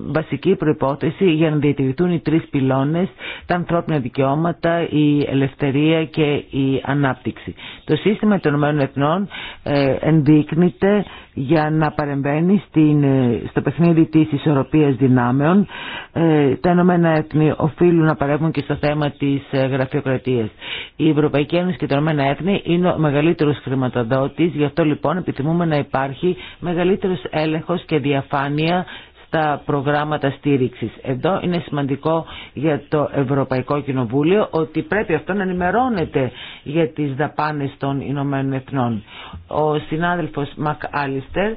βασική προϋπόθεση για να διατηρηθούν οι τρεις πυλώνες, τα ανθρώπινα δικαιώματα, η ελευθερία και η ανάπτυξη. Το σύστημα των Ηνωμένων Εθνών ε, ενδείκνυται για να παρεμβαίνει στην, ε, στο παιχνίδι της ισορροπίας δυνάμεων. Ε, τα Ηνωμένα Έθνη οφείλουν να παρεύουν και στο θέμα της γραφειοκρατίας. Η Ευρωπαϊκή Ένωση και τα Ηνωμένα Έθνη είναι ο μεγαλύτερος χρηματοδότης, γι' αυτό λοιπόν επιθυμούμε να υπάρχει μεγαλύτερος έλεγχος και διαφάνεια στα προγράμματα στήριξης. Εδώ είναι σημαντικό για το Ευρωπαϊκό Κοινοβούλιο ότι πρέπει αυτό να ενημερώνεται για τις δαπάνες των Ηνωμένων Εθνών. Ο συνάδελφος Μακ Άλιστερ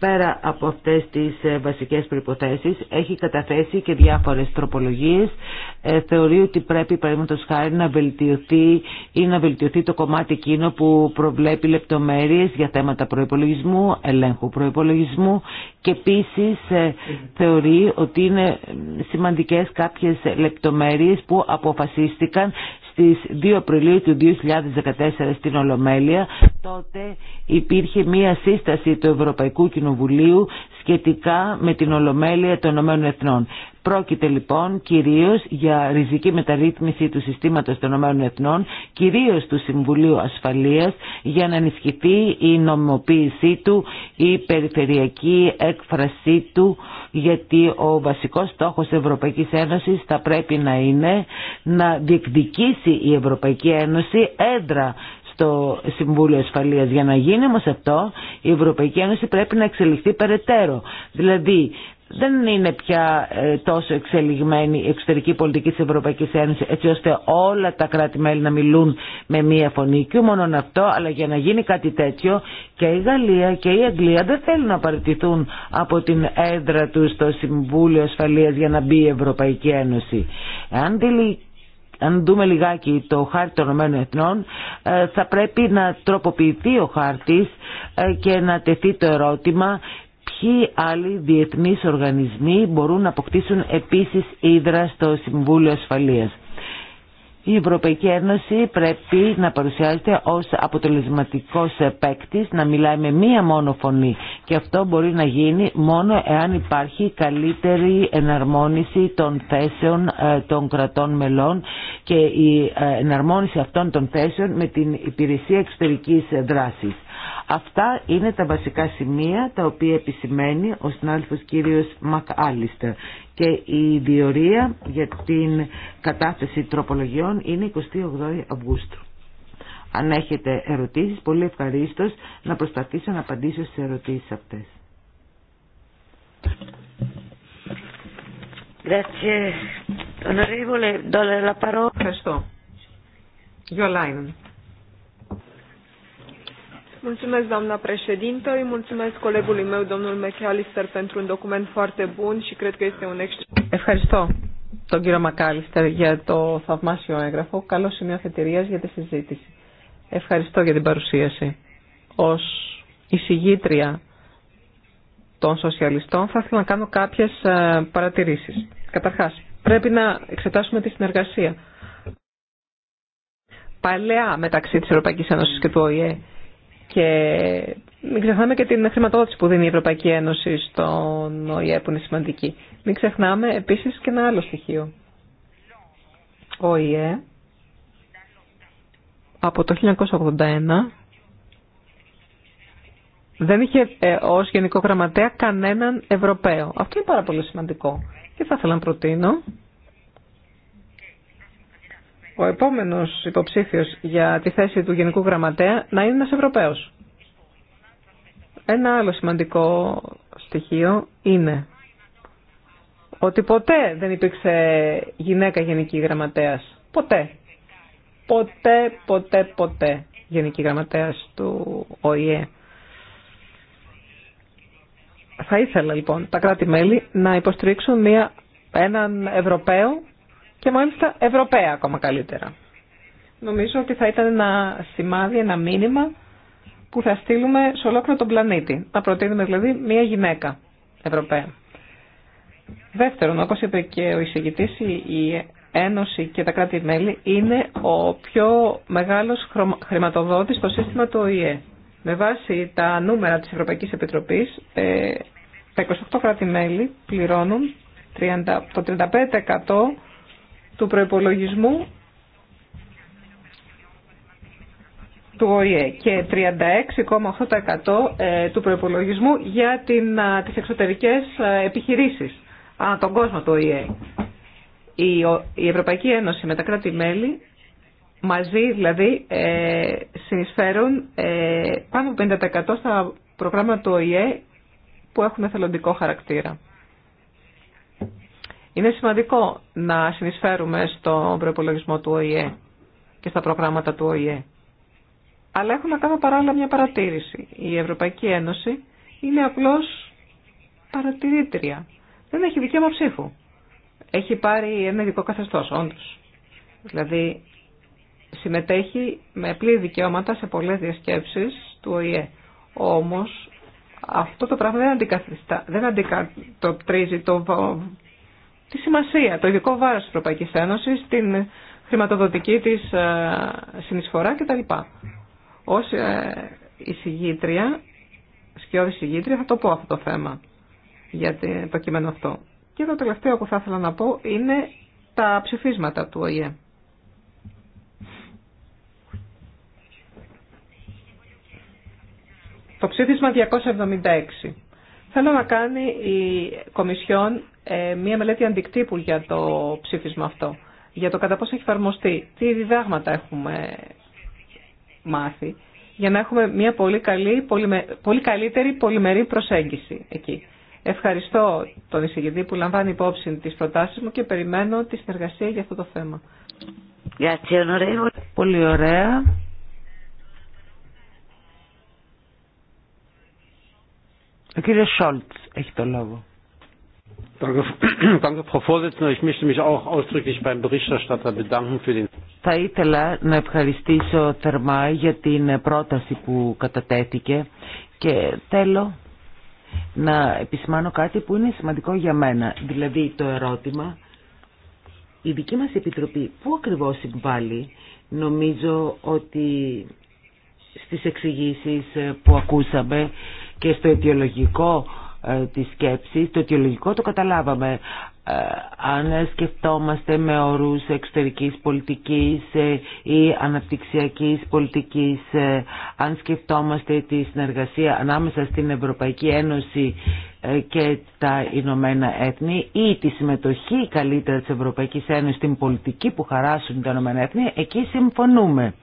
πέρα από αυτές τις ε, βασικές προϋποθέσεις έχει καταθέσει και διάφορες τροπολογίες ε, θεωρεί ότι πρέπει παραδείγματος χάρη να βελτιωθεί ή να βελτιωθεί το κομμάτι εκείνο που προβλέπει λεπτομέρειες για θέματα προϋπολογισμού, ελέγχου προϋπολογισμού και επίσης ε, θεωρεί ότι είναι σημαντικές κάποιες λεπτομέρειες που αποφασίστηκαν στις 2 Απριλίου του 2014 στην Ολομέλεια τότε υπήρχε μία σύσταση του Ευρωπαϊκού Κοινοβουλίου σχετικά με την Ολομέλεια των Ηνωμένων Εθνών. Πρόκειται λοιπόν κυρίως για ριζική μεταρρύθμιση του συστήματος των Ηνωμένων Εθνών, κυρίως του Συμβουλίου Ασφαλείας, για να ενισχυθεί η νομοποίησή του, η περιφερειακή έκφρασή του, γιατί ο βασικός στόχος της Ευρωπαϊκής Ένωσης θα πρέπει να είναι να διεκδικήσει η Ευρωπαϊκή Ένωση έντρα στο Συμβούλιο Ασφαλείας. Για να γίνει όμως αυτό η Ευρωπαϊκή Ένωση πρέπει να εξελιχθεί περαιτέρω. Δηλαδή δεν είναι πια ε, τόσο εξελιγμένη η εξωτερική πολιτική της Ευρωπαϊκής Ένωσης έτσι ώστε όλα τα κράτη-μέλη να μιλούν με μία φωνή και μόνο αυτό αλλά για να γίνει κάτι τέτοιο και η Γαλλία και η Αγγλία δεν θέλουν να παραιτηθούν από την έδρα του στο Συμβούλιο Ασφαλείας για να μπει η Ευρωπαϊκή Ένωση. Αν δούμε λιγάκι το χάρτη των Ηνωμένων Εθνών, ε, θα πρέπει να τροποποιηθεί ο χάρτης ε, και να τεθεί το ερώτημα Ποιοι άλλοι διεθνείς οργανισμοί μπορούν να αποκτήσουν επίσης ίδρα στο Συμβούλιο Ασφαλείας. Η Ευρωπαϊκή Ένωση πρέπει να παρουσιάζεται ως αποτελεσματικός παίκτη, να μιλάει με μία μόνο φωνή και αυτό μπορεί να γίνει μόνο εάν υπάρχει καλύτερη εναρμόνιση των θέσεων ε, των κρατών μελών και η ε, εναρμόνιση αυτών των θέσεων με την υπηρεσία εξωτερικής δράσης. Αυτά είναι τα βασικά σημεία τα οποία επισημαίνει ο συνάδελφος κύριος Μακάλιστερ και η διορία για την κατάθεση τροπολογιών είναι 28 Αυγούστου. Αν έχετε ερωτήσεις, πολύ ευχαριστώ να προσπαθήσω να απαντήσω στις ερωτήσεις αυτές. Ευχαριστώ. Γιολάιν. Mulțumesc, doamna președintă. Îi mulțumesc colegului meu, domnul McAllister, pentru un document foarte bun și cred că este un Ευχαριστώ τον κύριο Μακάλιστερ για το θαυμάσιο έγγραφο. Καλό σημείο θετηρία για τη συζήτηση. Ευχαριστώ για την παρουσίαση. ω εισηγήτρια των σοσιαλιστών θα ήθελα να κάνω κάποιε παρατηρήσει. Καταρχά πρέπει να εξετάσουμε τη συνεργασία. Παλαιά μεταξύ τη Ευρωπαϊκή Ένωση και του ΟΗΕ και μην ξεχνάμε και την χρηματοδότηση που δίνει η Ευρωπαϊκή Ένωση στον ΟΗΕ που είναι σημαντική. Μην ξεχνάμε επίσης και ένα άλλο στοιχείο. Ο ΟΗΕ από το 1981 δεν είχε ε, ως Γενικό Γραμματέα κανέναν Ευρωπαίο. Αυτό είναι πάρα πολύ σημαντικό. Και θα ήθελα να προτείνω ο επόμενο υποψήφιο για τη θέση του Γενικού Γραμματέα να είναι ένας Ευρωπαίος. Ένα άλλο σημαντικό στοιχείο είναι ότι ποτέ δεν υπήρξε γυναίκα Γενική γραμματέα. Ποτέ. Ποτέ, ποτέ, ποτέ Γενική Γραμματέας του ΟΗΕ. Θα ήθελα λοιπόν τα κράτη-μέλη να υποστηρίξουν μια, έναν Ευρωπαίο και μάλιστα Ευρωπαία ακόμα καλύτερα. Νομίζω ότι θα ήταν ένα σημάδι, ένα μήνυμα που θα στείλουμε σε ολόκληρο τον πλανήτη. Να προτείνουμε δηλαδή μια γυναίκα Ευρωπαία. Δεύτερον, όπως είπε και ο εισηγητής, η Ένωση και τα κράτη-μέλη είναι ο πιο μεγάλος χρηματοδότης στο σύστημα του ΟΗΕ. Με βάση τα νούμερα της Ευρωπαϊκής Επιτροπής, ε, τα 28 κράτη-μέλη πληρώνουν το 35% του προϋπολογισμού του ΟΗΕ και 36,8% ε, του προϋπολογισμού για την, τις εξωτερικές επιχειρήσεις ανά τον κόσμο του ΟΗΕ. Η, Ευρωπαϊκή Ένωση με τα κράτη-μέλη μαζί δηλαδή ε, συνεισφέρουν ε, πάνω από 50% στα προγράμματα του ΟΗΕ που έχουν εθελοντικό χαρακτήρα. Είναι σημαντικό να συνεισφέρουμε στον προπολογισμό του ΟΗΕ και στα προγράμματα του ΟΗΕ. Αλλά έχω να κάνω παράλληλα μια παρατήρηση. Η Ευρωπαϊκή Ένωση είναι απλώς παρατηρήτρια. Δεν έχει δικαίωμα ψήφου. Έχει πάρει ένα ειδικό καθεστώς, όντως. Δηλαδή, συμμετέχει με πλήρη δικαιώματα σε πολλές διασκέψεις του ΟΗΕ. Όμως, αυτό το πράγμα δεν, δεν αντικατοπτρίζει το τη σημασία, το ειδικό βάρος της Ευρωπαϊκής Ένωσης, την χρηματοδοτική της ε, συνεισφορά κτλ. Ως ε, εισηγήτρια, σκιώδη εισηγήτρια, θα το πω αυτό το θέμα για το κείμενο αυτό. Και το τελευταίο που θα ήθελα να πω είναι τα ψηφίσματα του ΟΗΕ. Το ψήφισμα 276 Θέλω να κάνει η Κομισιόν ε, μία μελέτη αντικτύπου για το ψήφισμα αυτό, για το κατά πόσο έχει εφαρμοστεί, τι διδάγματα έχουμε μάθει, για να έχουμε μία πολύ, καλή, πολύ καλύτερη πολυμερή προσέγγιση εκεί. Ευχαριστώ τον εισηγητή που λαμβάνει υπόψη τις προτάσεις μου και περιμένω τη συνεργασία για αυτό το θέμα. Πολύ ωραία. Ο κύριο Σόλτ, έχει το λόγο. Θα ήθελα να ευχαριστήσω θερμά για την πρόταση που κατατέθηκε και θέλω να επισημάνω κάτι που είναι σημαντικό για μένα. Δηλαδή το ερώτημα, η δική μας Επιτροπή πού ακριβώς συμβάλλει νομίζω ότι στις εξηγήσει που ακούσαμε και στο αιτιολογικό ε, τη σκέψη, το αιτιολογικό το καταλάβαμε. Ε, αν σκεφτόμαστε με όρους εξωτερικής πολιτικής ε, ή αναπτυξιακής πολιτικής, αν σκεφτόμαστε τη συνεργασία ανάμεσα στην Ευρωπαϊκή Ένωση και τα Ηνωμένα Έθνη ή τη συμμετοχή καλύτερα της Ευρωπαϊκής Ένωσης στην πολιτική που χαράσουν τα Ηνωμένα Έθνη, εκεί συμφωνούμε.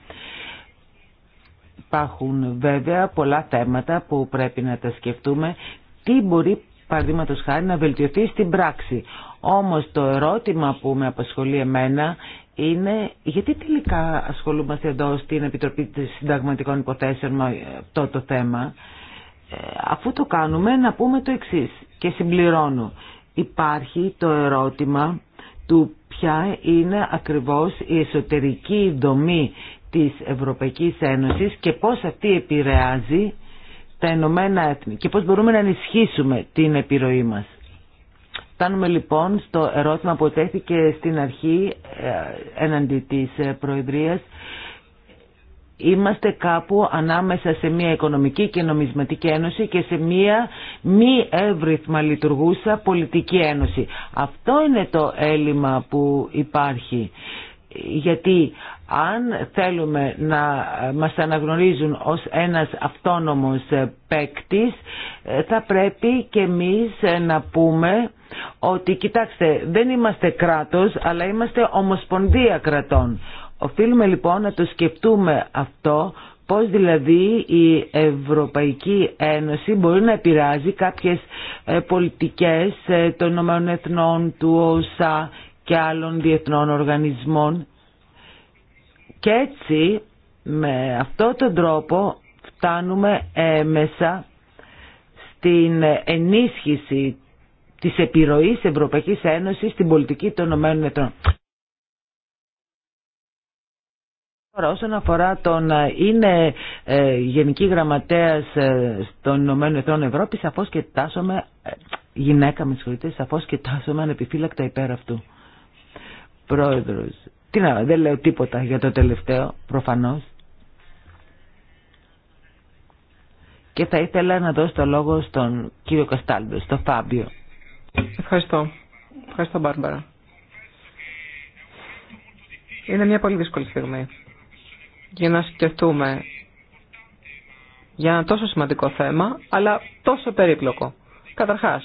Υπάρχουν βέβαια πολλά θέματα που πρέπει να τα σκεφτούμε. Τι μπορεί παραδείγματος χάρη να βελτιωθεί στην πράξη. Όμως το ερώτημα που με απασχολεί εμένα είναι γιατί τελικά ασχολούμαστε εδώ στην Επιτροπή της Συνταγματικών Υποθέσεων με αυτό το θέμα. Ε, αφού το κάνουμε να πούμε το εξής και συμπληρώνω. Υπάρχει το ερώτημα του ποια είναι ακριβώς η εσωτερική δομή της Ευρωπαϊκής Ένωσης και πώς αυτή επηρεάζει τα ενωμένα Έθνη και πώς μπορούμε να ενισχύσουμε την επιρροή μας. Φτάνουμε λοιπόν στο ερώτημα που τέθηκε στην αρχή εναντί της ε, Προεδρίας. Είμαστε κάπου ανάμεσα σε μια οικονομική και νομισματική ένωση και σε μια μη εύρυθμα λειτουργούσα πολιτική ένωση. Αυτό είναι το έλλειμμα που υπάρχει γιατί αν θέλουμε να μας αναγνωρίζουν ως ένας αυτόνομος παίκτη, θα πρέπει και εμείς να πούμε ότι κοιτάξτε δεν είμαστε κράτος αλλά είμαστε ομοσπονδία κρατών. Οφείλουμε λοιπόν να το σκεφτούμε αυτό πώς δηλαδή η Ευρωπαϊκή Ένωση μπορεί να επηρεάζει κάποιες ε, πολιτικές ε, των ΗΕ, του ΟΣΑ και άλλων διεθνών οργανισμών και έτσι με αυτόν τον τρόπο φτάνουμε μέσα στην ενίσχυση της επιρροής Ευρωπαϊκής Ένωσης στην πολιτική των Ηνωμένων Εθνών. Τώρα, όσον αφορά τον είναι ε, Γενική Γραμματέας ε, των Ηνωμένων Εθνών Ευρώπη, σαφώς και τάσομαι ε, γυναίκα με συγχωρείτε, σαφώς και τάσομαι ανεπιφύλακτα υπέρ αυτού. Πρόεδρος. Τι να, δεν λέω τίποτα για το τελευταίο, προφανώς. Και θα ήθελα να δώσω το λόγο στον κύριο Καστάλντο, στον Φάμπιο. Ευχαριστώ. Ευχαριστώ, Μπάρμπαρα. Είναι μια πολύ δύσκολη στιγμή για να σκεφτούμε για ένα τόσο σημαντικό θέμα, αλλά τόσο περίπλοκο. Καταρχάς,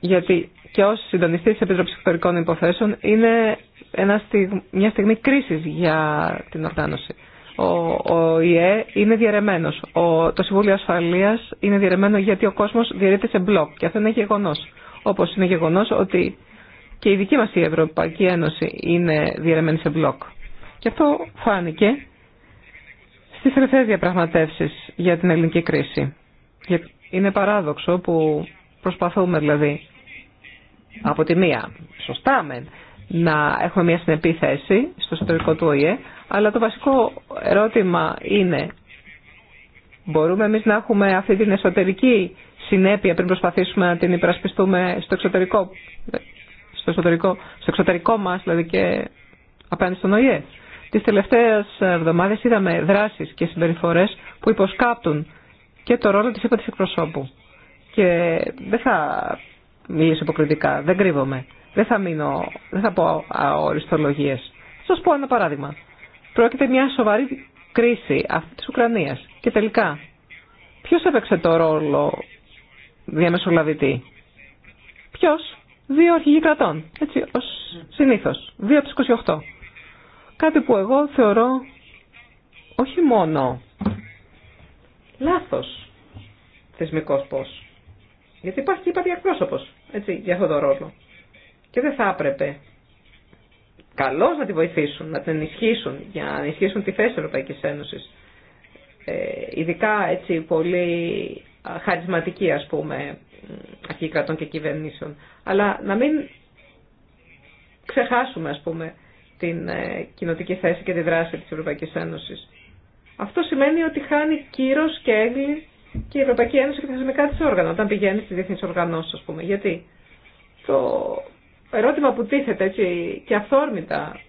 γιατί και ως συντονιστή της Επιτροπής Εκτορικών Υποθέσεων είναι ένα μια στιγμή κρίση για την οργάνωση. Ο, ο ΙΕ είναι διαρεμένος. το Συμβούλιο Ασφαλείας είναι διαιρεμένο γιατί ο κόσμος διαιρείται σε μπλοκ και αυτό είναι γεγονό. Όπως είναι γεγονό ότι και η δική μας η Ευρωπαϊκή Ένωση είναι διαιρεμένη σε μπλοκ. Και αυτό φάνηκε στις ελευθερές διαπραγματεύσεις για την ελληνική κρίση. Είναι παράδοξο που προσπαθούμε δηλαδή από τη μία, σωστά μεν, να έχουμε μια συνεπή θέση στο εσωτερικό του ΟΗΕ, αλλά το βασικό ερώτημα είναι μπορούμε εμείς να έχουμε αυτή την εσωτερική συνέπεια πριν προσπαθήσουμε να την υπερασπιστούμε στο εξωτερικό, στο εξωτερικό, στο εξωτερικό μας δηλαδή και απέναντι στον ΟΗΕ. Τις τελευταίες εβδομάδες είδαμε δράσεις και συμπεριφορές που υποσκάπτουν και το ρόλο της ύπατης εκπροσώπου. Και δεν θα μιλήσω υποκριτικά, δεν κρύβομαι. Δεν θα, μείνω, δεν θα πω αοριστολογίες. Σα πω ένα παράδειγμα. Πρόκειται μια σοβαρή κρίση αυτή της Ουκρανίας. Και τελικά, Ποιο έπαιξε το ρόλο διαμεσολαβητή. Ποιο, Δύο αρχηγοί κρατών. Έτσι, ως συνήθως. Δύο από 28. Κάτι που εγώ θεωρώ όχι μόνο λάθος θεσμικός πώς. Γιατί υπάρχει και υπάρχει εκπρόσωπος έτσι, για ρόλο Και δεν θα έπρεπε καλώς να τη βοηθήσουν, να την ενισχύσουν, για να ενισχύσουν τη θέση τη Ευρωπαϊκή Ένωση. Ε, ειδικά έτσι πολύ χαρισματική ας πούμε αρχή κρατών και κυβερνήσεων. Αλλά να μην ξεχάσουμε ας πούμε την ε, κοινοτική θέση και τη δράση της Ευρωπαϊκής Ένωσης. Αυτό σημαίνει ότι χάνει κύρος και έγκλη και η Ευρωπαϊκή Ένωση και τα θεσμικά τη όργανα, όταν πηγαίνει στι διεθνεί οργανώσει, α πούμε. Γιατί το ερώτημα που τίθεται έτσι και αυθόρμητα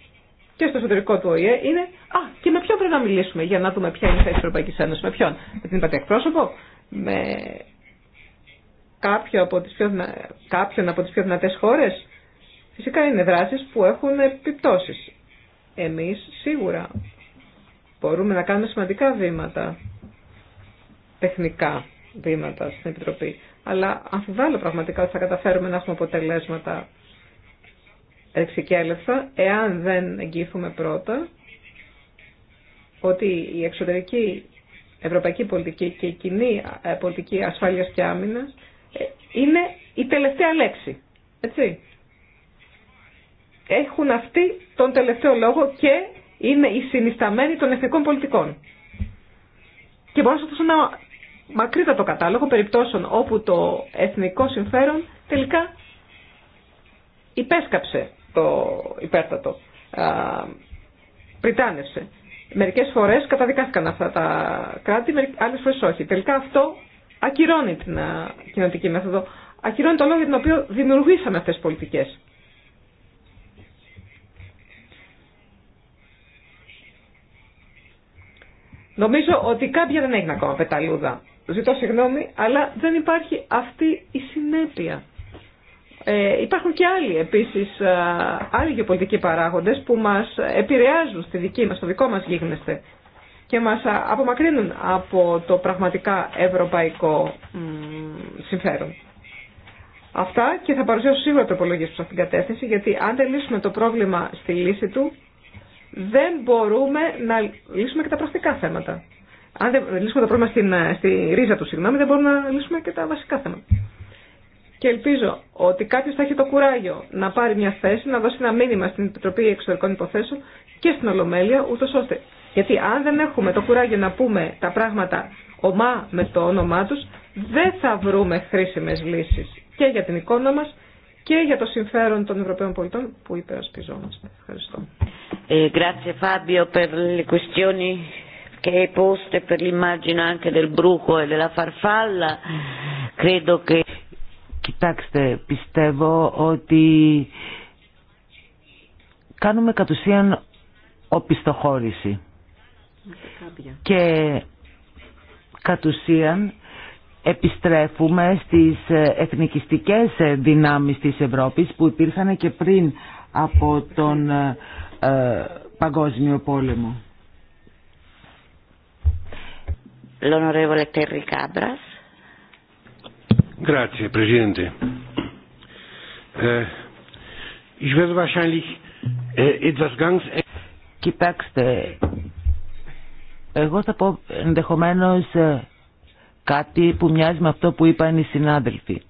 και στο εσωτερικό του ΟΗΕ είναι Α, και με ποιον πρέπει να μιλήσουμε για να δούμε ποια είναι η θέση τη Ευρωπαϊκή Ένωση. Με ποιον, με την υπατή εκπρόσωπο, με κάποιο από τις πιο δυνα... κάποιον από τι πιο δυνατέ χώρε. Φυσικά είναι δράσει που έχουν επιπτώσει. Εμεί σίγουρα μπορούμε να κάνουμε σημαντικά βήματα τεχνικά βήματα στην Επιτροπή. Αλλά αμφιβάλλω πραγματικά ότι θα καταφέρουμε να έχουμε αποτελέσματα εξικέλευσα, εάν δεν εγγύθουμε πρώτα ότι η εξωτερική ευρωπαϊκή πολιτική και η κοινή ε, πολιτική ασφάλειας και άμυνας ε, είναι η τελευταία λέξη. Έτσι. Έχουν αυτοί τον τελευταίο λόγο και είναι οι συνισταμένοι των εθνικών πολιτικών. Και μπορώ να σας δώσω ένα μακρύτατο κατάλογο περιπτώσεων όπου το εθνικό συμφέρον τελικά υπέσκαψε το υπέρτατο, πριτάνευσε. Μερικές φορές καταδικάστηκαν αυτά τα κράτη, άλλες φορές όχι. Τελικά αυτό ακυρώνει την κοινωτική μέθοδο, ακυρώνει το λόγο για τον οποίο δημιουργήσαμε αυτές τις πολιτικές. Νομίζω ότι κάποια δεν έγινε ακόμα πεταλούδα. Ζητώ συγγνώμη, αλλά δεν υπάρχει αυτή η συνέπεια. Ε, υπάρχουν και άλλοι επίσης, ε, άλλοι γεωπολιτικοί παράγοντες που μας επηρεάζουν στη δική μας, στο δικό μας γίγνεσθε και μας απομακρύνουν από το πραγματικά ευρωπαϊκό συμφέρον. Αυτά και θα παρουσιάσω σίγουρα τροπολογίες σε αυτήν την κατεύθυνση, γιατί αν δεν λύσουμε το πρόβλημα στη λύση του, δεν μπορούμε να λύσουμε και τα πρακτικά θέματα. Αν δεν λύσουμε το πρόβλημα στην, ε, στη ρίζα του, συγγνώμη, δεν μπορούμε να λύσουμε και τα βασικά θέματα. Και ελπίζω ότι κάποιο θα έχει το κουράγιο να πάρει μια θέση, να δώσει ένα μήνυμα στην Επιτροπή Εξωτερικών Υποθέσεων και στην Ολομέλεια, ούτω ώστε. Γιατί αν δεν έχουμε το κουράγιο να πούμε τα πράγματα ομά με το όνομά του, δεν θα βρούμε χρήσιμε λύσει και για την εικόνα μας, και για το συμφέρον των Ευρωπαίων πολιτών που υπερασπιζόμαστε. Ευχαριστώ. Ε, grazie Fabio per le questioni che hai posto e per l'immagine anche del bruco e della farfalla. Credo che... Κοιτάξτε, πιστεύω ότι κάνουμε κατ' ουσίαν οπισθοχώρηση. Και κατ' ουσίαν επιστρέφουμε στις ε, εθνικιστικές ε, δυνάμεις της Ευρώπης που υπήρχαν και πριν από τον ε, ε, Παγκόσμιο Πόλεμο. L'onorevole Terry Cabras. Grazie, Presidente. Ε, ich werde wahrscheinlich ε, etwas ganz... Κοιτάξτε, εγώ θα πω ενδεχομένως... Ε, κάτι που μοιάζει με αυτό που είπαν οι συνάδελφοι.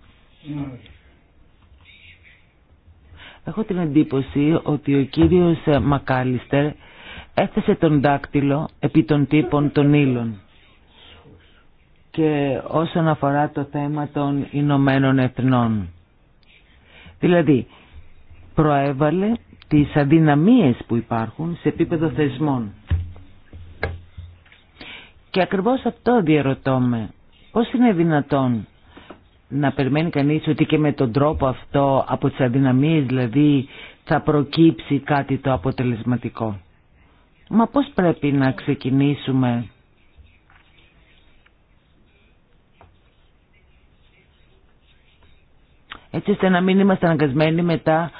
Έχω την εντύπωση ότι ο κύριος Μακάλιστερ έθεσε τον δάκτυλο επί των τύπων των ύλων. Και όσον αφορά το θέμα των Ηνωμένων Εθνών. Δηλαδή, προέβαλε τις αδυναμίες που υπάρχουν σε επίπεδο θεσμών. Και ακριβώς αυτό διαρωτώ με. Πώς είναι δυνατόν να περιμένει κανείς ότι και με τον τρόπο αυτό από τις αδυναμίες δηλαδή θα προκύψει κάτι το αποτελεσματικό. Μα πώς πρέπει να ξεκινήσουμε έτσι ώστε να μην είμαστε αναγκασμένοι μετά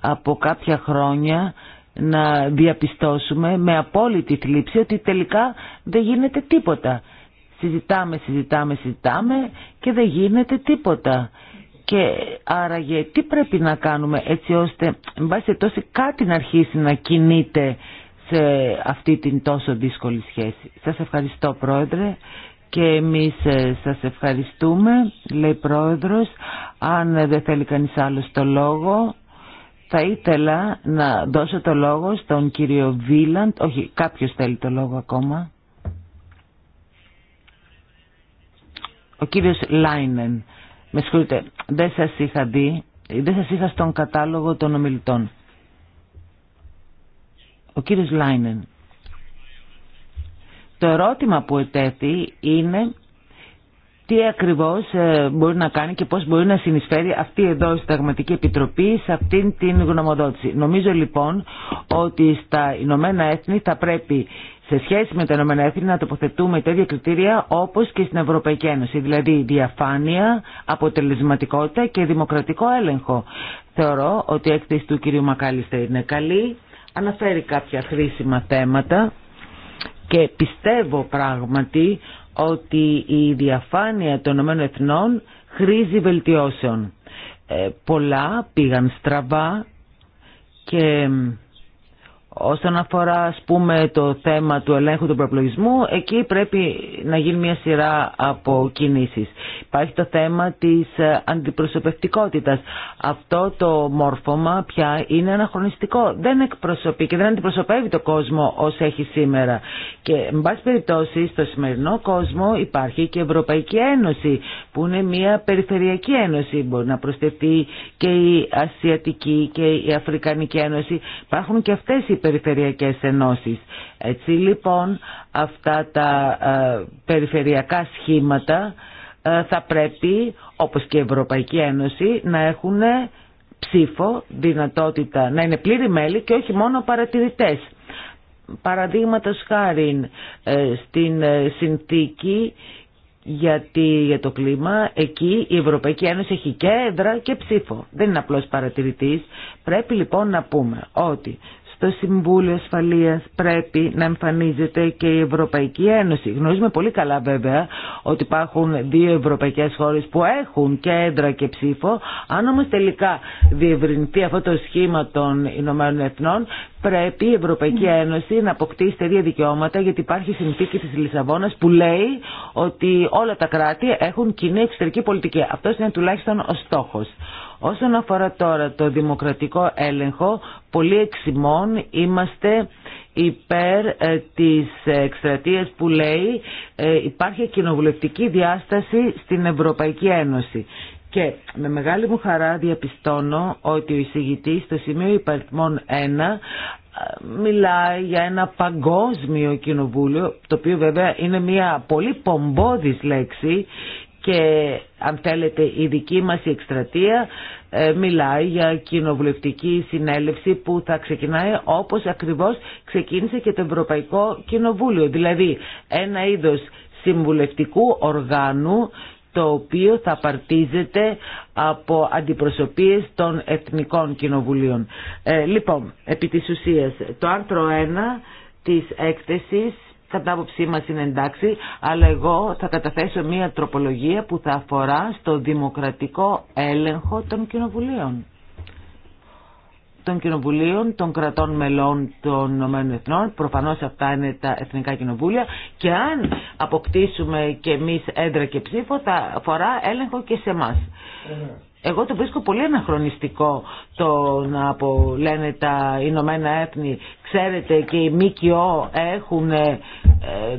από κάποια χρόνια να διαπιστώσουμε με απόλυτη θλίψη ότι τελικά δεν γίνεται τίποτα συζητάμε, συζητάμε, συζητάμε και δεν γίνεται τίποτα. Και άραγε τι πρέπει να κάνουμε έτσι ώστε εν πάση τόσο κάτι να αρχίσει να κινείται σε αυτή την τόσο δύσκολη σχέση. Σας ευχαριστώ Πρόεδρε και εμείς ε, σας ευχαριστούμε, λέει Πρόεδρος. Αν δεν θέλει κανείς άλλος το λόγο, θα ήθελα να δώσω το λόγο στον κύριο Βίλαντ. Όχι, κάποιος θέλει το λόγο ακόμα. Ο κύριος Λάινεν, με συγχωρείτε, δεν σας είχα δει, δεν σας είχα στον κατάλογο των ομιλητών. Ο κύριος Λάινεν. Το ερώτημα που ετέθη είναι τι ακριβώς ε, μπορεί να κάνει και πώς μπορεί να συνεισφέρει αυτή εδώ η Συνταγματική Επιτροπή σε αυτήν την γνωμοδότηση. Νομίζω λοιπόν ότι στα Ηνωμένα Έθνη θα πρέπει σε σχέση με τα έθνη να τοποθετούμε τέτοια κριτήρια όπως και στην Ευρωπαϊκή Ένωση, δηλαδή διαφάνεια, αποτελεσματικότητα και δημοκρατικό έλεγχο. Θεωρώ ότι η έκθεση του κ. Μακάλιστα είναι καλή, αναφέρει κάποια χρήσιμα θέματα και πιστεύω πράγματι ότι η διαφάνεια των ΗΕ χρήζει βελτιώσεων. Ε, πολλά πήγαν στραβά και Όσον αφορά ας πούμε το θέμα του ελέγχου του προπλογισμού, εκεί πρέπει να γίνει μια σειρά από κινήσεις. Υπάρχει το θέμα της ε, αντιπροσωπευτικότητας. Αυτό το μόρφωμα πια είναι αναχρονιστικό. Δεν εκπροσωπεί και δεν αντιπροσωπεύει το κόσμο όσο έχει σήμερα. Και εν πάση περιπτώσει στο σημερινό κόσμο υπάρχει και η Ευρωπαϊκή Ένωση που είναι μια περιφερειακή ένωση. Μπορεί να προσθεθεί και η Ασιατική και η Αφρικανική Ένωση. Υπάρχουν και αυτές οι περιφερειακές ενώσεις. Έτσι λοιπόν αυτά τα ε, περιφερειακά σχήματα ε, θα πρέπει όπως και η Ευρωπαϊκή Ένωση να έχουν ψήφο, δυνατότητα να είναι πλήρη μέλη και όχι μόνο παρατηρητές. Παραδείγματο χάρη ε, στην συνθήκη για το κλίμα, εκεί η Ευρωπαϊκή Ένωση έχει και έδρα και ψήφο. Δεν είναι απλώς παρατηρητής. Πρέπει λοιπόν να πούμε ότι στο Συμβούλιο Ασφαλείας πρέπει να εμφανίζεται και η Ευρωπαϊκή Ένωση. Γνωρίζουμε πολύ καλά βέβαια ότι υπάρχουν δύο ευρωπαϊκές χώρες που έχουν κέντρα και ψήφο. Αν όμως τελικά διευρυνθεί αυτό το σχήμα των Ηνωμένων Εθνών πρέπει η Ευρωπαϊκή ναι. Ένωση να αποκτήσει τέτοια δικαιώματα γιατί υπάρχει συνθήκη της Λισαβόνας που λέει ότι όλα τα κράτη έχουν κοινή εξωτερική πολιτική. Αυτός είναι τουλάχιστον ο στόχος. Όσον αφορά τώρα το δημοκρατικό έλεγχο, πολύ εξημών είμαστε υπέρ ε, της εκστρατείας που λέει ε, υπάρχει κοινοβουλευτική διάσταση στην Ευρωπαϊκή Ένωση. Και με μεγάλη μου χαρά διαπιστώνω ότι ο εισηγητής στο σημείο υπαριθμών 1 μιλάει για ένα παγκόσμιο κοινοβούλιο, το οποίο βέβαια είναι μια πολύ πομπόδης λέξη και αν θέλετε η δική μας η εκστρατεία ε, μιλάει για κοινοβουλευτική συνέλευση που θα ξεκινάει όπως ακριβώς ξεκίνησε και το Ευρωπαϊκό Κοινοβούλιο. Δηλαδή ένα είδος συμβουλευτικού οργάνου το οποίο θα απαρτίζεται από αντιπροσωπείες των Εθνικών Κοινοβουλίων. Ε, λοιπόν, επί της ουσίας, το άρθρο 1 της έκθεσης κατά άποψή μα είναι εντάξει, αλλά εγώ θα καταθέσω μία τροπολογία που θα αφορά στο δημοκρατικό έλεγχο των κοινοβουλίων των κοινοβουλίων των κρατών μελών των εθνών, Προφανώς αυτά είναι τα εθνικά κοινοβούλια και αν αποκτήσουμε και εμείς έντρα και ψήφο θα αφορά έλεγχο και σε εμά. Εγώ το βρίσκω πολύ αναχρονιστικό το να λένε τα Ηνωμένα Έθνη. Ξέρετε και οι ΜΚΟ έχουν ε,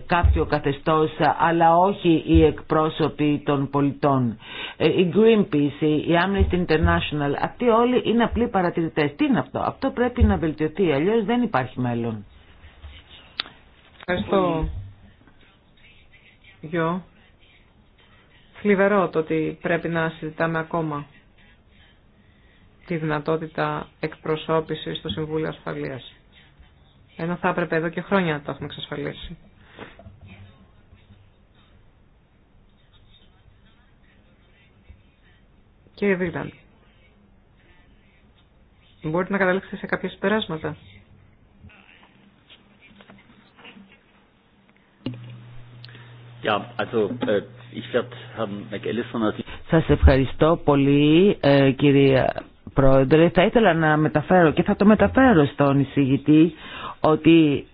κάποιο καθεστώς αλλά όχι οι εκπρόσωποι των πολιτών. Ε, η Greenpeace, η Amnesty International, αυτοί όλοι είναι απλοί παρατηρητές. Τι είναι αυτό. Αυτό πρέπει να βελτιωθεί, αλλιώς δεν υπάρχει μέλλον. Ευχαριστώ. Γιώ. Φλιβερό το ότι πρέπει να συζητάμε ακόμα τη δυνατότητα εκπροσώπησης στο Συμβούλιο ασφαλεία. Ενώ θα έπρεπε εδώ και χρόνια να το έχουμε εξασφαλίσει. Κύριε Βίλαντ, μπορείτε να καταλήξετε σε κάποια συμπεράσματα. Äh, Σας ευχαριστώ πολύ, ε, κυρία Πρόεδρε, θα ήθελα να μεταφέρω και θα το μεταφέρω στον εισηγητή ότι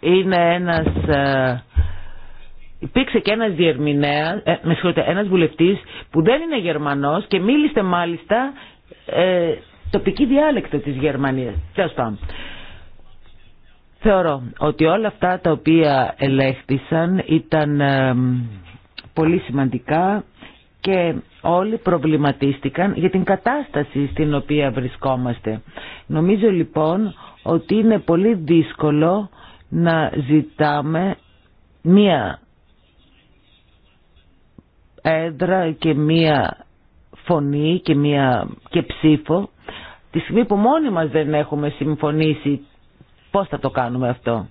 είναι ένας... Ε, υπήρξε και ένας διερμηνέας, ε, με ένας βουλευτής που δεν είναι Γερμανός και μίλησε μάλιστα ε, τοπική διάλεκτο της Γερμανίας. Τέλος πάντων. Θεωρώ ότι όλα αυτά τα οποία ελέγχθησαν ήταν... Ε, πολύ σημαντικά και όλοι προβληματίστηκαν για την κατάσταση στην οποία βρισκόμαστε. Νομίζω λοιπόν ότι είναι πολύ δύσκολο να ζητάμε μία έδρα και μία φωνή και, μία, και ψήφο τη στιγμή που μόνοι μας δεν έχουμε συμφωνήσει πώς θα το κάνουμε αυτό.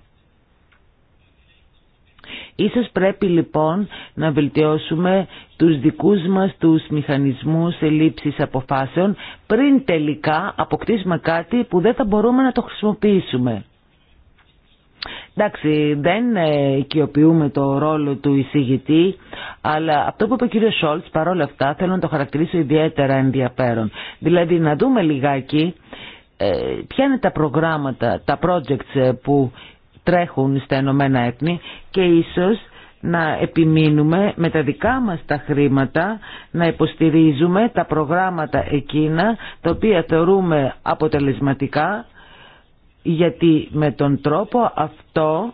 Ίσως πρέπει λοιπόν να βελτιώσουμε τους δικούς μας τους μηχανισμούς λήψης αποφάσεων πριν τελικά αποκτήσουμε κάτι που δεν θα μπορούμε να το χρησιμοποιήσουμε. Εντάξει, δεν ε, οικειοποιούμε το ρόλο του εισηγητή, αλλά αυτό που είπε ο κ. Σόλτς, παρόλα αυτά, θέλω να το χαρακτηρίσω ιδιαίτερα ενδιαφέρον. Δηλαδή, να δούμε λιγάκι ε, ποια είναι τα προγράμματα, τα projects ε, που τρέχουν στα Ενωμένα και ίσως να επιμείνουμε με τα δικά μας τα χρήματα να υποστηρίζουμε τα προγράμματα εκείνα τα οποία θεωρούμε αποτελεσματικά γιατί με τον τρόπο αυτό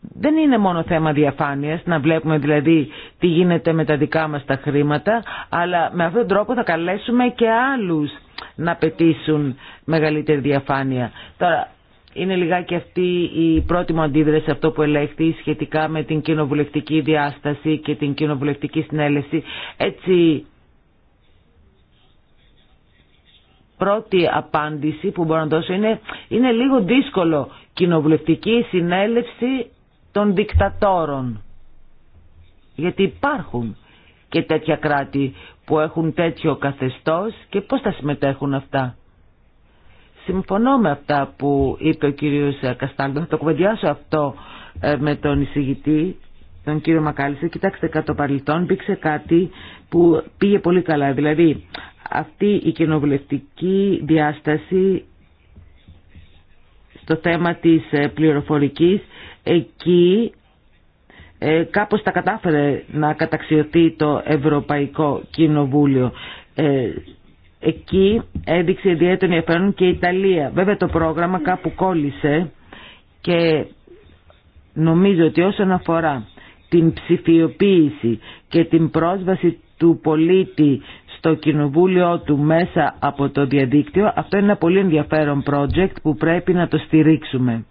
δεν είναι μόνο θέμα διαφάνειας να βλέπουμε δηλαδή τι γίνεται με τα δικά μας τα χρήματα αλλά με αυτόν τον τρόπο θα καλέσουμε και άλλους να πετήσουν μεγαλύτερη διαφάνεια. Τώρα είναι λιγάκι αυτή η πρώτη μου αντίδραση αυτό που ελέγχθη σχετικά με την κοινοβουλευτική διάσταση και την κοινοβουλευτική συνέλευση. Έτσι, πρώτη απάντηση που μπορώ να δώσω είναι, είναι λίγο δύσκολο κοινοβουλευτική συνέλευση των δικτατόρων. Γιατί υπάρχουν και τέτοια κράτη που έχουν τέτοιο καθεστώς και πώς θα συμμετέχουν αυτά. Συμφωνώ με αυτά που είπε ο κύριος Καστάλτο. Θα το κουβεντιάσω αυτό ε, με τον εισηγητή, τον κύριο Μακάλισε. Κοιτάξτε, το παρελθόν μπήξε κάτι που πήγε πολύ καλά. Δηλαδή, αυτή η κοινοβουλευτική διάσταση στο θέμα της ε, πληροφορικής, εκεί ε, κάπως τα κατάφερε να καταξιωθεί το Ευρωπαϊκό Κοινοβούλιο. Ε, Εκεί έδειξε ιδιαίτερο ενδιαφέρον και η Ιταλία. Βέβαια το πρόγραμμα κάπου κόλλησε και νομίζω ότι όσον αφορά την ψηφιοποίηση και την πρόσβαση του πολίτη στο κοινοβούλιο του μέσα από το διαδίκτυο, αυτό είναι ένα πολύ ενδιαφέρον project που πρέπει να το στηρίξουμε.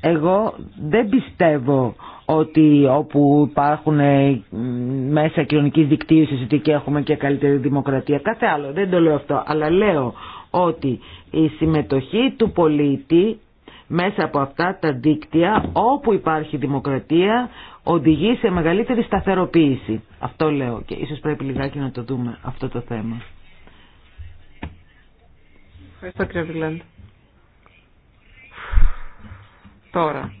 Εγώ δεν πιστεύω ότι όπου υπάρχουν ε, μέσα κοινωνική δικτύωση ότι και έχουμε και καλύτερη δημοκρατία. Κάθε άλλο, δεν το λέω αυτό. Αλλά λέω ότι η συμμετοχή του πολίτη μέσα από αυτά τα δίκτυα όπου υπάρχει δημοκρατία οδηγεί σε μεγαλύτερη σταθεροποίηση. Αυτό λέω και ίσως πρέπει λιγάκι να το δούμε αυτό το θέμα. Τώρα,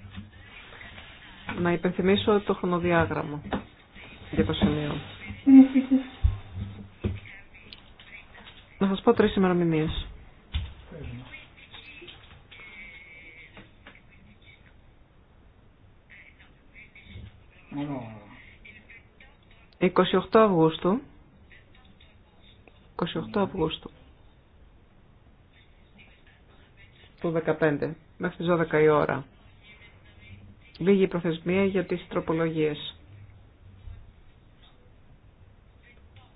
να υπενθυμίσω το χρονοδιάγραμμα για το σημείο. Να σας πω τρεις ημερομηνίες. 28 Αυγούστου 28 Αυγούστου του 15 μέχρι τις 12 η ώρα λίγη προθεσμία για τις τροπολογίες.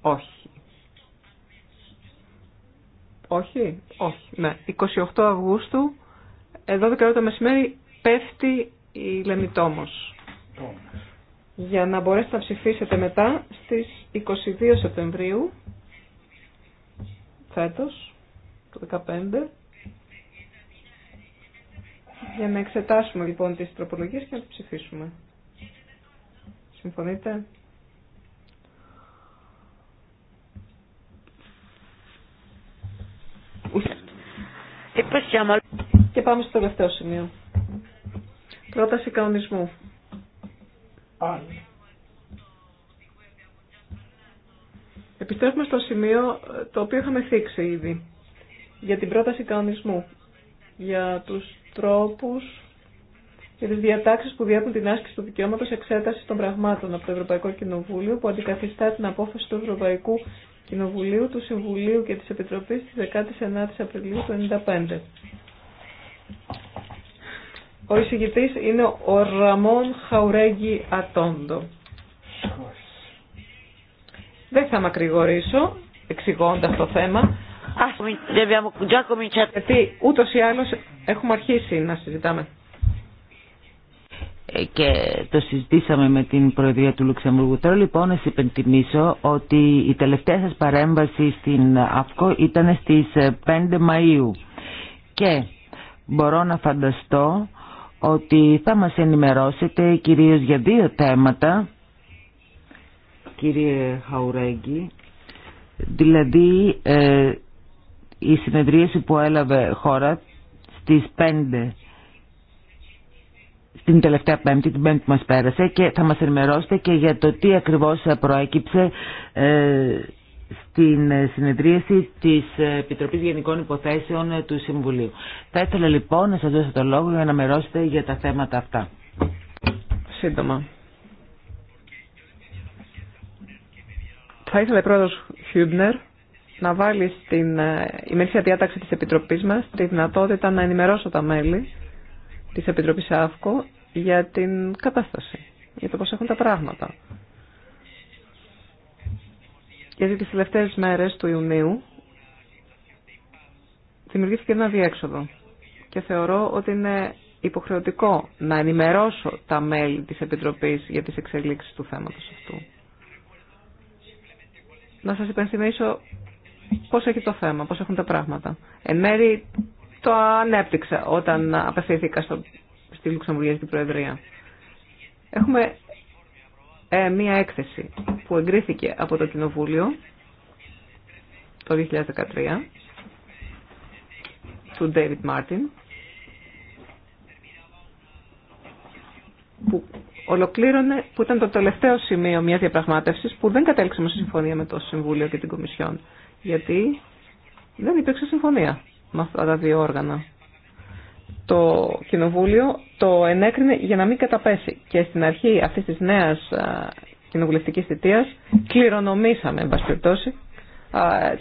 Όχι. Όχι, όχι. Ναι. 28 Αυγούστου, 12 ε, το μεσημέρι, πέφτει η Λεμιτόμος. Για να μπορέσετε να ψηφίσετε μετά στις 22 Σεπτεμβρίου, φέτος, το 2015, για να εξετάσουμε λοιπόν τις τροπολογίες και να τις ψηφίσουμε. Συμφωνείτε. Και πάμε στο τελευταίο σημείο. Πρόταση κανονισμού. Επιστρέφουμε στο σημείο ε, το οποίο είχαμε θίξει ήδη για την πρόταση κανονισμού για τους τρόπους και τις διατάξεις που διέπουν την άσκηση του δικαιώματος εξέτασης των πραγμάτων από το Ευρωπαϊκό Κοινοβούλιο που αντικαθιστά την απόφαση του Ευρωπαϊκού Κοινοβουλίου, του Συμβουλίου και της Επιτροπής της 19 η Απριλίου του 1995. Ο εισηγητής είναι ο Ραμόν Χαουρέγγι Ατόντο. Δεν θα μακρηγορήσω εξηγώντα το θέμα. Γιατί ούτως ή άλλως έχουμε αρχίσει να συζητάμε. Ε, και το συζητήσαμε με την Προεδρία του Λουξεμβούργου. Τώρα λοιπόν να σας υπενθυμίσω ότι η τελευταία σας παρέμβαση στην ΑΦΚΟ ήταν στις 5 ε, Μαΐου. Και μπορώ να φανταστώ ότι θα μας ενημερώσετε κυρίως για δύο θέματα, κύριε Χαουρέγγι, δηλαδή ε, η συνεδρίαση που έλαβε χώρα στις 5 στην τελευταία πέμπτη, την πέμπτη που μας πέρασε και θα μας ενημερώσετε και για το τι ακριβώς προέκυψε ε, στην συνεδρίαση της Επιτροπής Γενικών Υποθέσεων του Συμβουλίου. Θα ήθελα λοιπόν να σας δώσω το λόγο για να μερώσετε για τα θέματα αυτά. Σύντομα. Θα ήθελα πρώτος, πρόεδρος Χιούμπνερ να βάλει στην ε, ημερήσια διάταξη της Επιτροπής μας τη δυνατότητα να ενημερώσω τα μέλη της Επιτροπής ΑΦΚΟ για την κατάσταση, για το πώς έχουν τα πράγματα. Γιατί τις τελευταίες μέρες του Ιουνίου δημιουργήθηκε ένα διέξοδο και θεωρώ ότι είναι υποχρεωτικό να ενημερώσω τα μέλη της Επιτροπής για τις εξελίξεις του θέματος αυτού. Να σας υπενθυμίσω πώς έχει το θέμα, πώς έχουν τα πράγματα. Εν μέρη το ανέπτυξα όταν απευθύνθηκα στο, στη στην Προεδρία. Έχουμε ε, μία έκθεση που εγκρίθηκε από το Κοινοβούλιο το 2013 του David Martin που ολοκλήρωνε, που ήταν το τελευταίο σημείο μιας διαπραγμάτευσης που δεν κατέληξε με συμφωνία με το Συμβούλιο και την Κομισιόν γιατί δεν υπήρξε συμφωνία με αυτά τα δύο όργανα. Το Κοινοβούλιο το ενέκρινε για να μην καταπέσει και στην αρχή αυτή της νέας κοινοβουλευτική θητεία κληρονομήσαμε, εν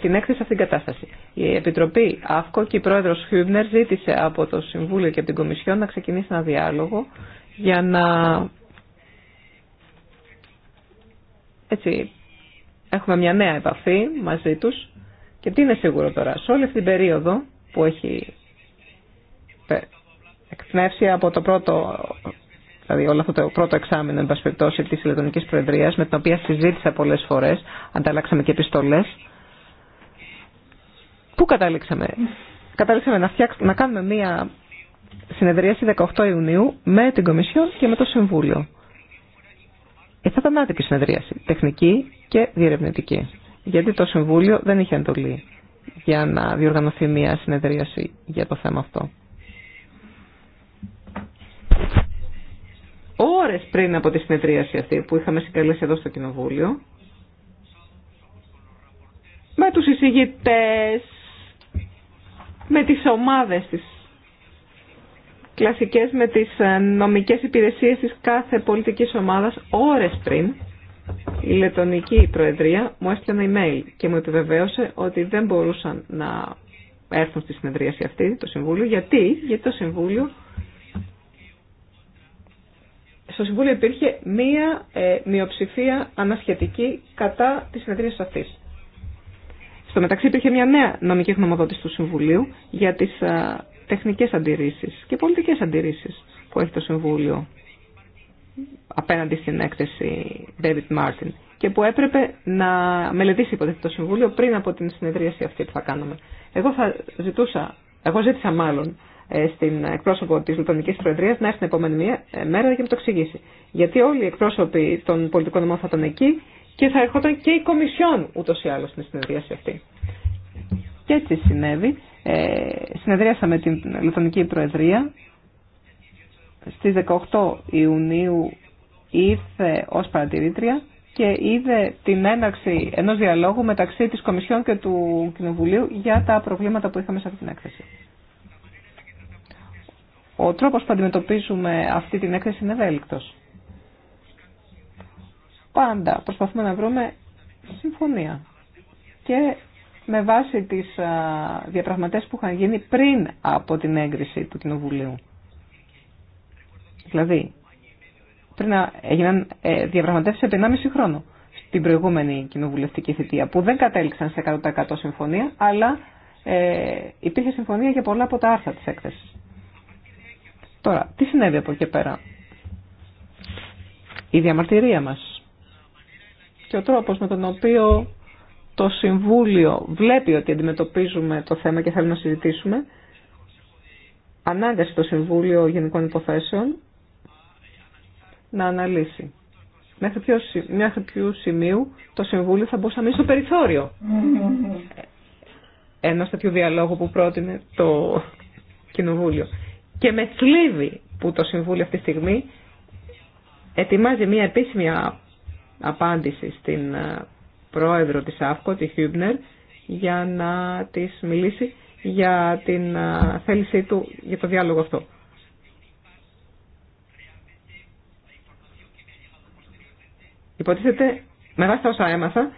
την έκθεση αυτήν την κατάσταση. Η Επιτροπή ΑΦΚΟ και η πρόεδρος Χιούμπνερ ζήτησε από το Συμβούλιο και από την Κομισιόν να ξεκινήσει ένα διάλογο για να έτσι, έχουμε μια νέα επαφή μαζί τους και τι είναι σίγουρο τώρα, σε όλη αυτή την περίοδο που έχει εκπνεύσει από το πρώτο, δηλαδή όλο αυτό το πρώτο εξάμεινο, εν πάση τη Ηλεκτρονική Προεδρία, με την οποία συζήτησα πολλέ φορέ, ανταλλάξαμε και επιστολέ. Πού καταλήξαμε, Καταλήξαμε να, κάνουμε μία συνεδρίαση 18 Ιουνίου με την Κομισιόν και με το Συμβούλιο. Ε, θα ήταν άτυπη συνεδρίαση, τεχνική και διερευνητική γιατί το Συμβούλιο δεν είχε εντολή για να διοργανωθεί μια συνεδρίαση για το θέμα αυτό. Ώρες πριν από τη συνεδρίαση αυτή που είχαμε συγκαλέσει εδώ στο Κοινοβούλιο, με τους εισηγητές, με τις ομάδες της κλασικές, με τις ε, νομικές υπηρεσίες της κάθε πολιτικής ομάδας, ώρες πριν, η Λετωνική Προεδρία μου έστειλε ένα email και μου επιβεβαίωσε ότι δεν μπορούσαν να έρθουν στη συνεδρίαση αυτή, το Συμβούλιο. Γιατί, γιατί το Συμβούλιο... Στο Συμβούλιο υπήρχε μία ε, μειοψηφία ανασχετική κατά τη συνεδρίαση αυτή. Στο μεταξύ υπήρχε μια νέα νομική γνωμοδότηση του Συμβουλίου για τις ε, τεχνικές αντιρρήσεις και πολιτικές αντιρρήσεις που έχει το Συμβούλιο απέναντι στην έκθεση David Martin και που έπρεπε να μελετήσει υποτίθεται το Συμβούλιο πριν από την συνεδρίαση αυτή που θα κάνουμε. Εγώ θα ζητούσα, εγώ ζήτησα μάλλον ε, στην εκπρόσωπο τη Λεπτονική Προεδρία να έρθει την επόμενη ε, μέρα για να το εξηγήσει. Γιατί όλοι οι εκπρόσωποι των πολιτικών νομών θα ήταν εκεί και θα ερχόταν και η Κομισιόν ούτω ή άλλω στην συνεδρίαση αυτή. Και έτσι συνέβη. Ε, συνεδρίασα με την Λουτωνική Προεδρία στις 18 Ιουνίου ήρθε ως παρατηρήτρια και είδε την έναρξη ενός διαλόγου μεταξύ της Κομισιόν και του Κοινοβουλίου για τα προβλήματα που είχαμε σε αυτή την έκθεση. Ο τρόπος που αντιμετωπίζουμε αυτή την έκθεση είναι ευέλικτος. Πάντα προσπαθούμε να βρούμε συμφωνία και με βάση τις διαπραγματεύσεις που είχαν γίνει πριν από την έγκριση του Κοινοβουλίου. Δηλαδή, πριν να έγιναν ε, διαπραγματεύσει επί 1,5 χρόνο στην προηγούμενη κοινοβουλευτική θητεία, που δεν κατέληξαν σε 100% συμφωνία, αλλά ε, υπήρχε συμφωνία για πολλά από τα άρθρα τη έκθεση. Τώρα, τι συνέβη από εκεί πέρα. Η διαμαρτυρία μας και ο τρόπος με τον οποίο το Συμβούλιο βλέπει ότι αντιμετωπίζουμε το θέμα και θέλουμε να συζητήσουμε, ανάγκασε το Συμβούλιο Γενικών Υποθέσεων να αναλύσει. Μέχρι ποιο, ποιου σημείου το Συμβούλιο θα μπορούσε να μείνει στο περιθώριο. Ένα τέτοιο διαλόγο που πρότεινε το Κοινοβούλιο. Και με θλίβει που το Συμβούλιο αυτή τη στιγμή ετοιμάζει μια επίσημη απάντηση στην ε, πρόεδρο της ΑΦΚΟ, τη Χιούμπνερ, για να της μιλήσει για την ε, θέλησή του για το διάλογο αυτό. Υποτίθεται, με βάση τα όσα έμαθα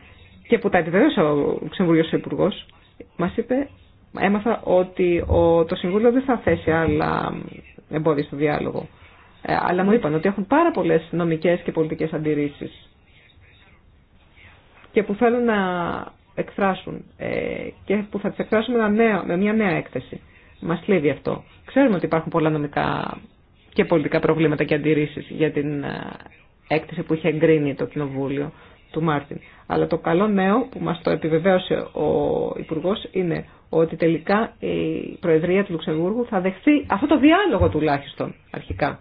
και που τα επιβεβαίωσε ο ο Υπουργό, μα είπε, έμαθα ότι ο, το Συμβούλιο δεν θα θέσει άλλα εμπόδια στο διάλογο. Ε, αλλά μου είπαν ότι έχουν πάρα πολλέ νομικέ και πολιτικέ αντιρρήσει. και που θέλουν να εκφράσουν ε, και που θα τι εκφράσουν με, μια νέα έκθεση. Μα λείβει αυτό. Ξέρουμε ότι υπάρχουν πολλά νομικά και πολιτικά προβλήματα και αντιρρήσεις για την ε, έκθεση που είχε εγκρίνει το Κοινοβούλιο του Μάρτιν. Αλλά το καλό νέο που μας το επιβεβαίωσε ο υπουργό είναι ότι τελικά η Προεδρία του Λουξεμβούργου θα δεχθεί αυτό το διάλογο τουλάχιστον αρχικά.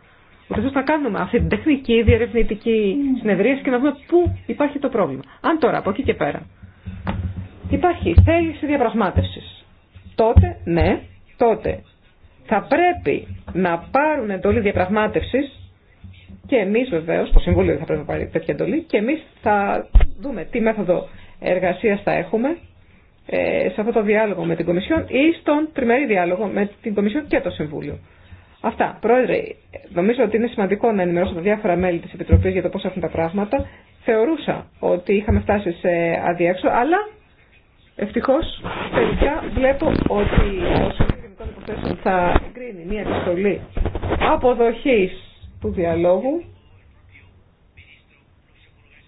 ότι θα κάνουμε αυτή την τεχνική διερευνητική mm. συνεδρία και να δούμε πού υπάρχει το πρόβλημα. Αν τώρα από εκεί και πέρα υπάρχει θέληση διαπραγματεύση. τότε ναι, τότε θα πρέπει να πάρουν εντολή διαπραγμάτευση. Και εμεί, βεβαίω, το Συμβούλιο θα πρέπει να πάρει τέτοια εντολή, και εμεί θα δούμε τι μέθοδο εργασία θα έχουμε ε, σε αυτό το διάλογο με την Κομισιόν ή στον τριμερή διάλογο με την Κομισιόν και το Συμβούλιο. Αυτά. Πρόεδρε, νομίζω ότι είναι σημαντικό να ενημερώσω τα διάφορα μέλη τη Επιτροπή για το πώ έχουν τα πράγματα. Θεωρούσα ότι είχαμε φτάσει σε αδιέξοδο, αλλά ευτυχώ τελικά βλέπω ότι ο Συμβούλιο Γενικών Υποθέσεων θα εγκρίνει μια επιστολή αποδοχή του διαλόγου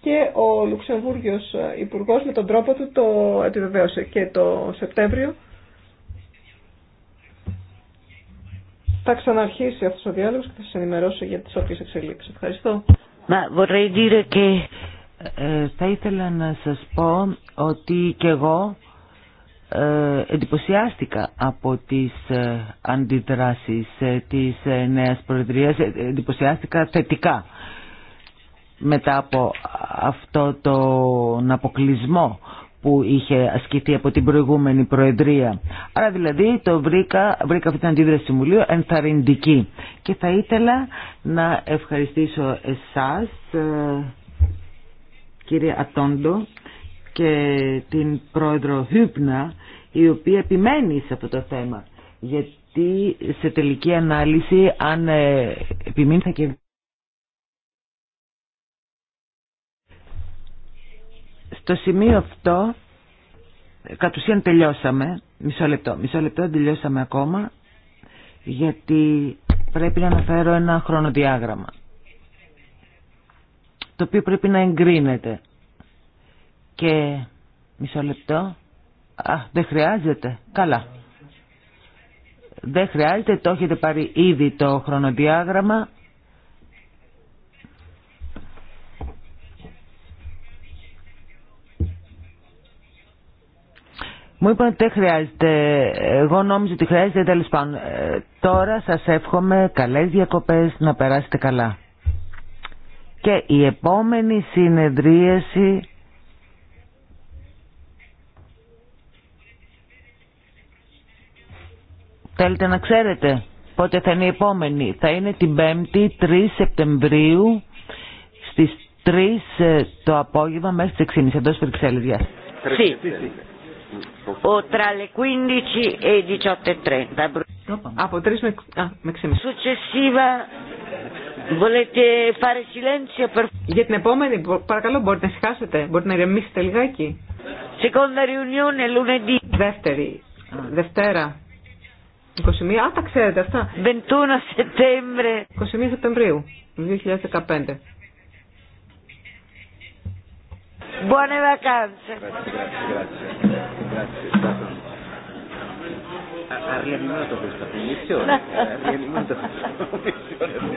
και ο Λουξεμβούργιος υπουργό με τον τρόπο του το επιβεβαίωσε και το Σεπτέμβριο θα ξαναρχίσει αυτός ο διάλογος και θα σας ενημερώσω για τις όποιες εξελίξεις. Ευχαριστώ. Μα, και... Ε, θα ήθελα να σας πω ότι και εγώ ε, εντυπωσιάστηκα από τις ε, αντιδράσεις ε, της νέας Προεδρίας, εντυπωσιάστηκα θετικά μετά από αυτό τον αποκλεισμό που είχε ασκηθεί από την προηγούμενη Προεδρία. Άρα δηλαδή το βρήκα, βρήκα αυτή την αντίδραση του Συμβουλίου ενθαρρυντική. Και θα ήθελα να ευχαριστήσω εσάς, κύριε Ατόντο, και την πρόεδρο η οποία επιμένει σε αυτό το θέμα γιατί σε τελική ανάλυση αν ε, επιμείνει θα και... Στο σημείο αυτό κατ' ουσίαν τελειώσαμε μισό λεπτό, μισό λεπτό τελειώσαμε ακόμα γιατί πρέπει να αναφέρω ένα χρονοδιάγραμμα το οποίο πρέπει να εγκρίνεται και μισό λεπτό. Α, δεν χρειάζεται. Καλά. Δεν χρειάζεται, το έχετε πάρει ήδη το χρονοδιάγραμμα. Μου είπαν ότι δεν χρειάζεται. Εγώ νόμιζα ότι χρειάζεται, τέλο πάντων. Ε, τώρα σας εύχομαι καλές διακοπές, να περάσετε καλά. Και η επόμενη συνεδρίαση Θέλετε να ξέρετε πότε θα είναι η επόμενη. Θα είναι την 5η 3 Σεπτεμβρίου στις 3 ε, το απόγευμα μέχρι τις 6.30 εντός Φερξέλλης. Γεια Ο τραλε 15 18.30. E e Από 3 με, 6.30. Successiva volete fare silenzio Για την επόμενη, παρακαλώ, μπορείτε να σχάσετε, μπορείτε να ρεμίσετε λιγάκι. Seconda riunione lunedì. Δεύτερη, Δευτέρα. 21, α, τα ξέρετε αυτά. 21 Σεπτέμβρη. 21 Σεπτεμβρίου 2015. Buone vacanze. Grazie, grazie, grazie. grazie. Ha rianimato questa commissione, ha rianimato questa commissione.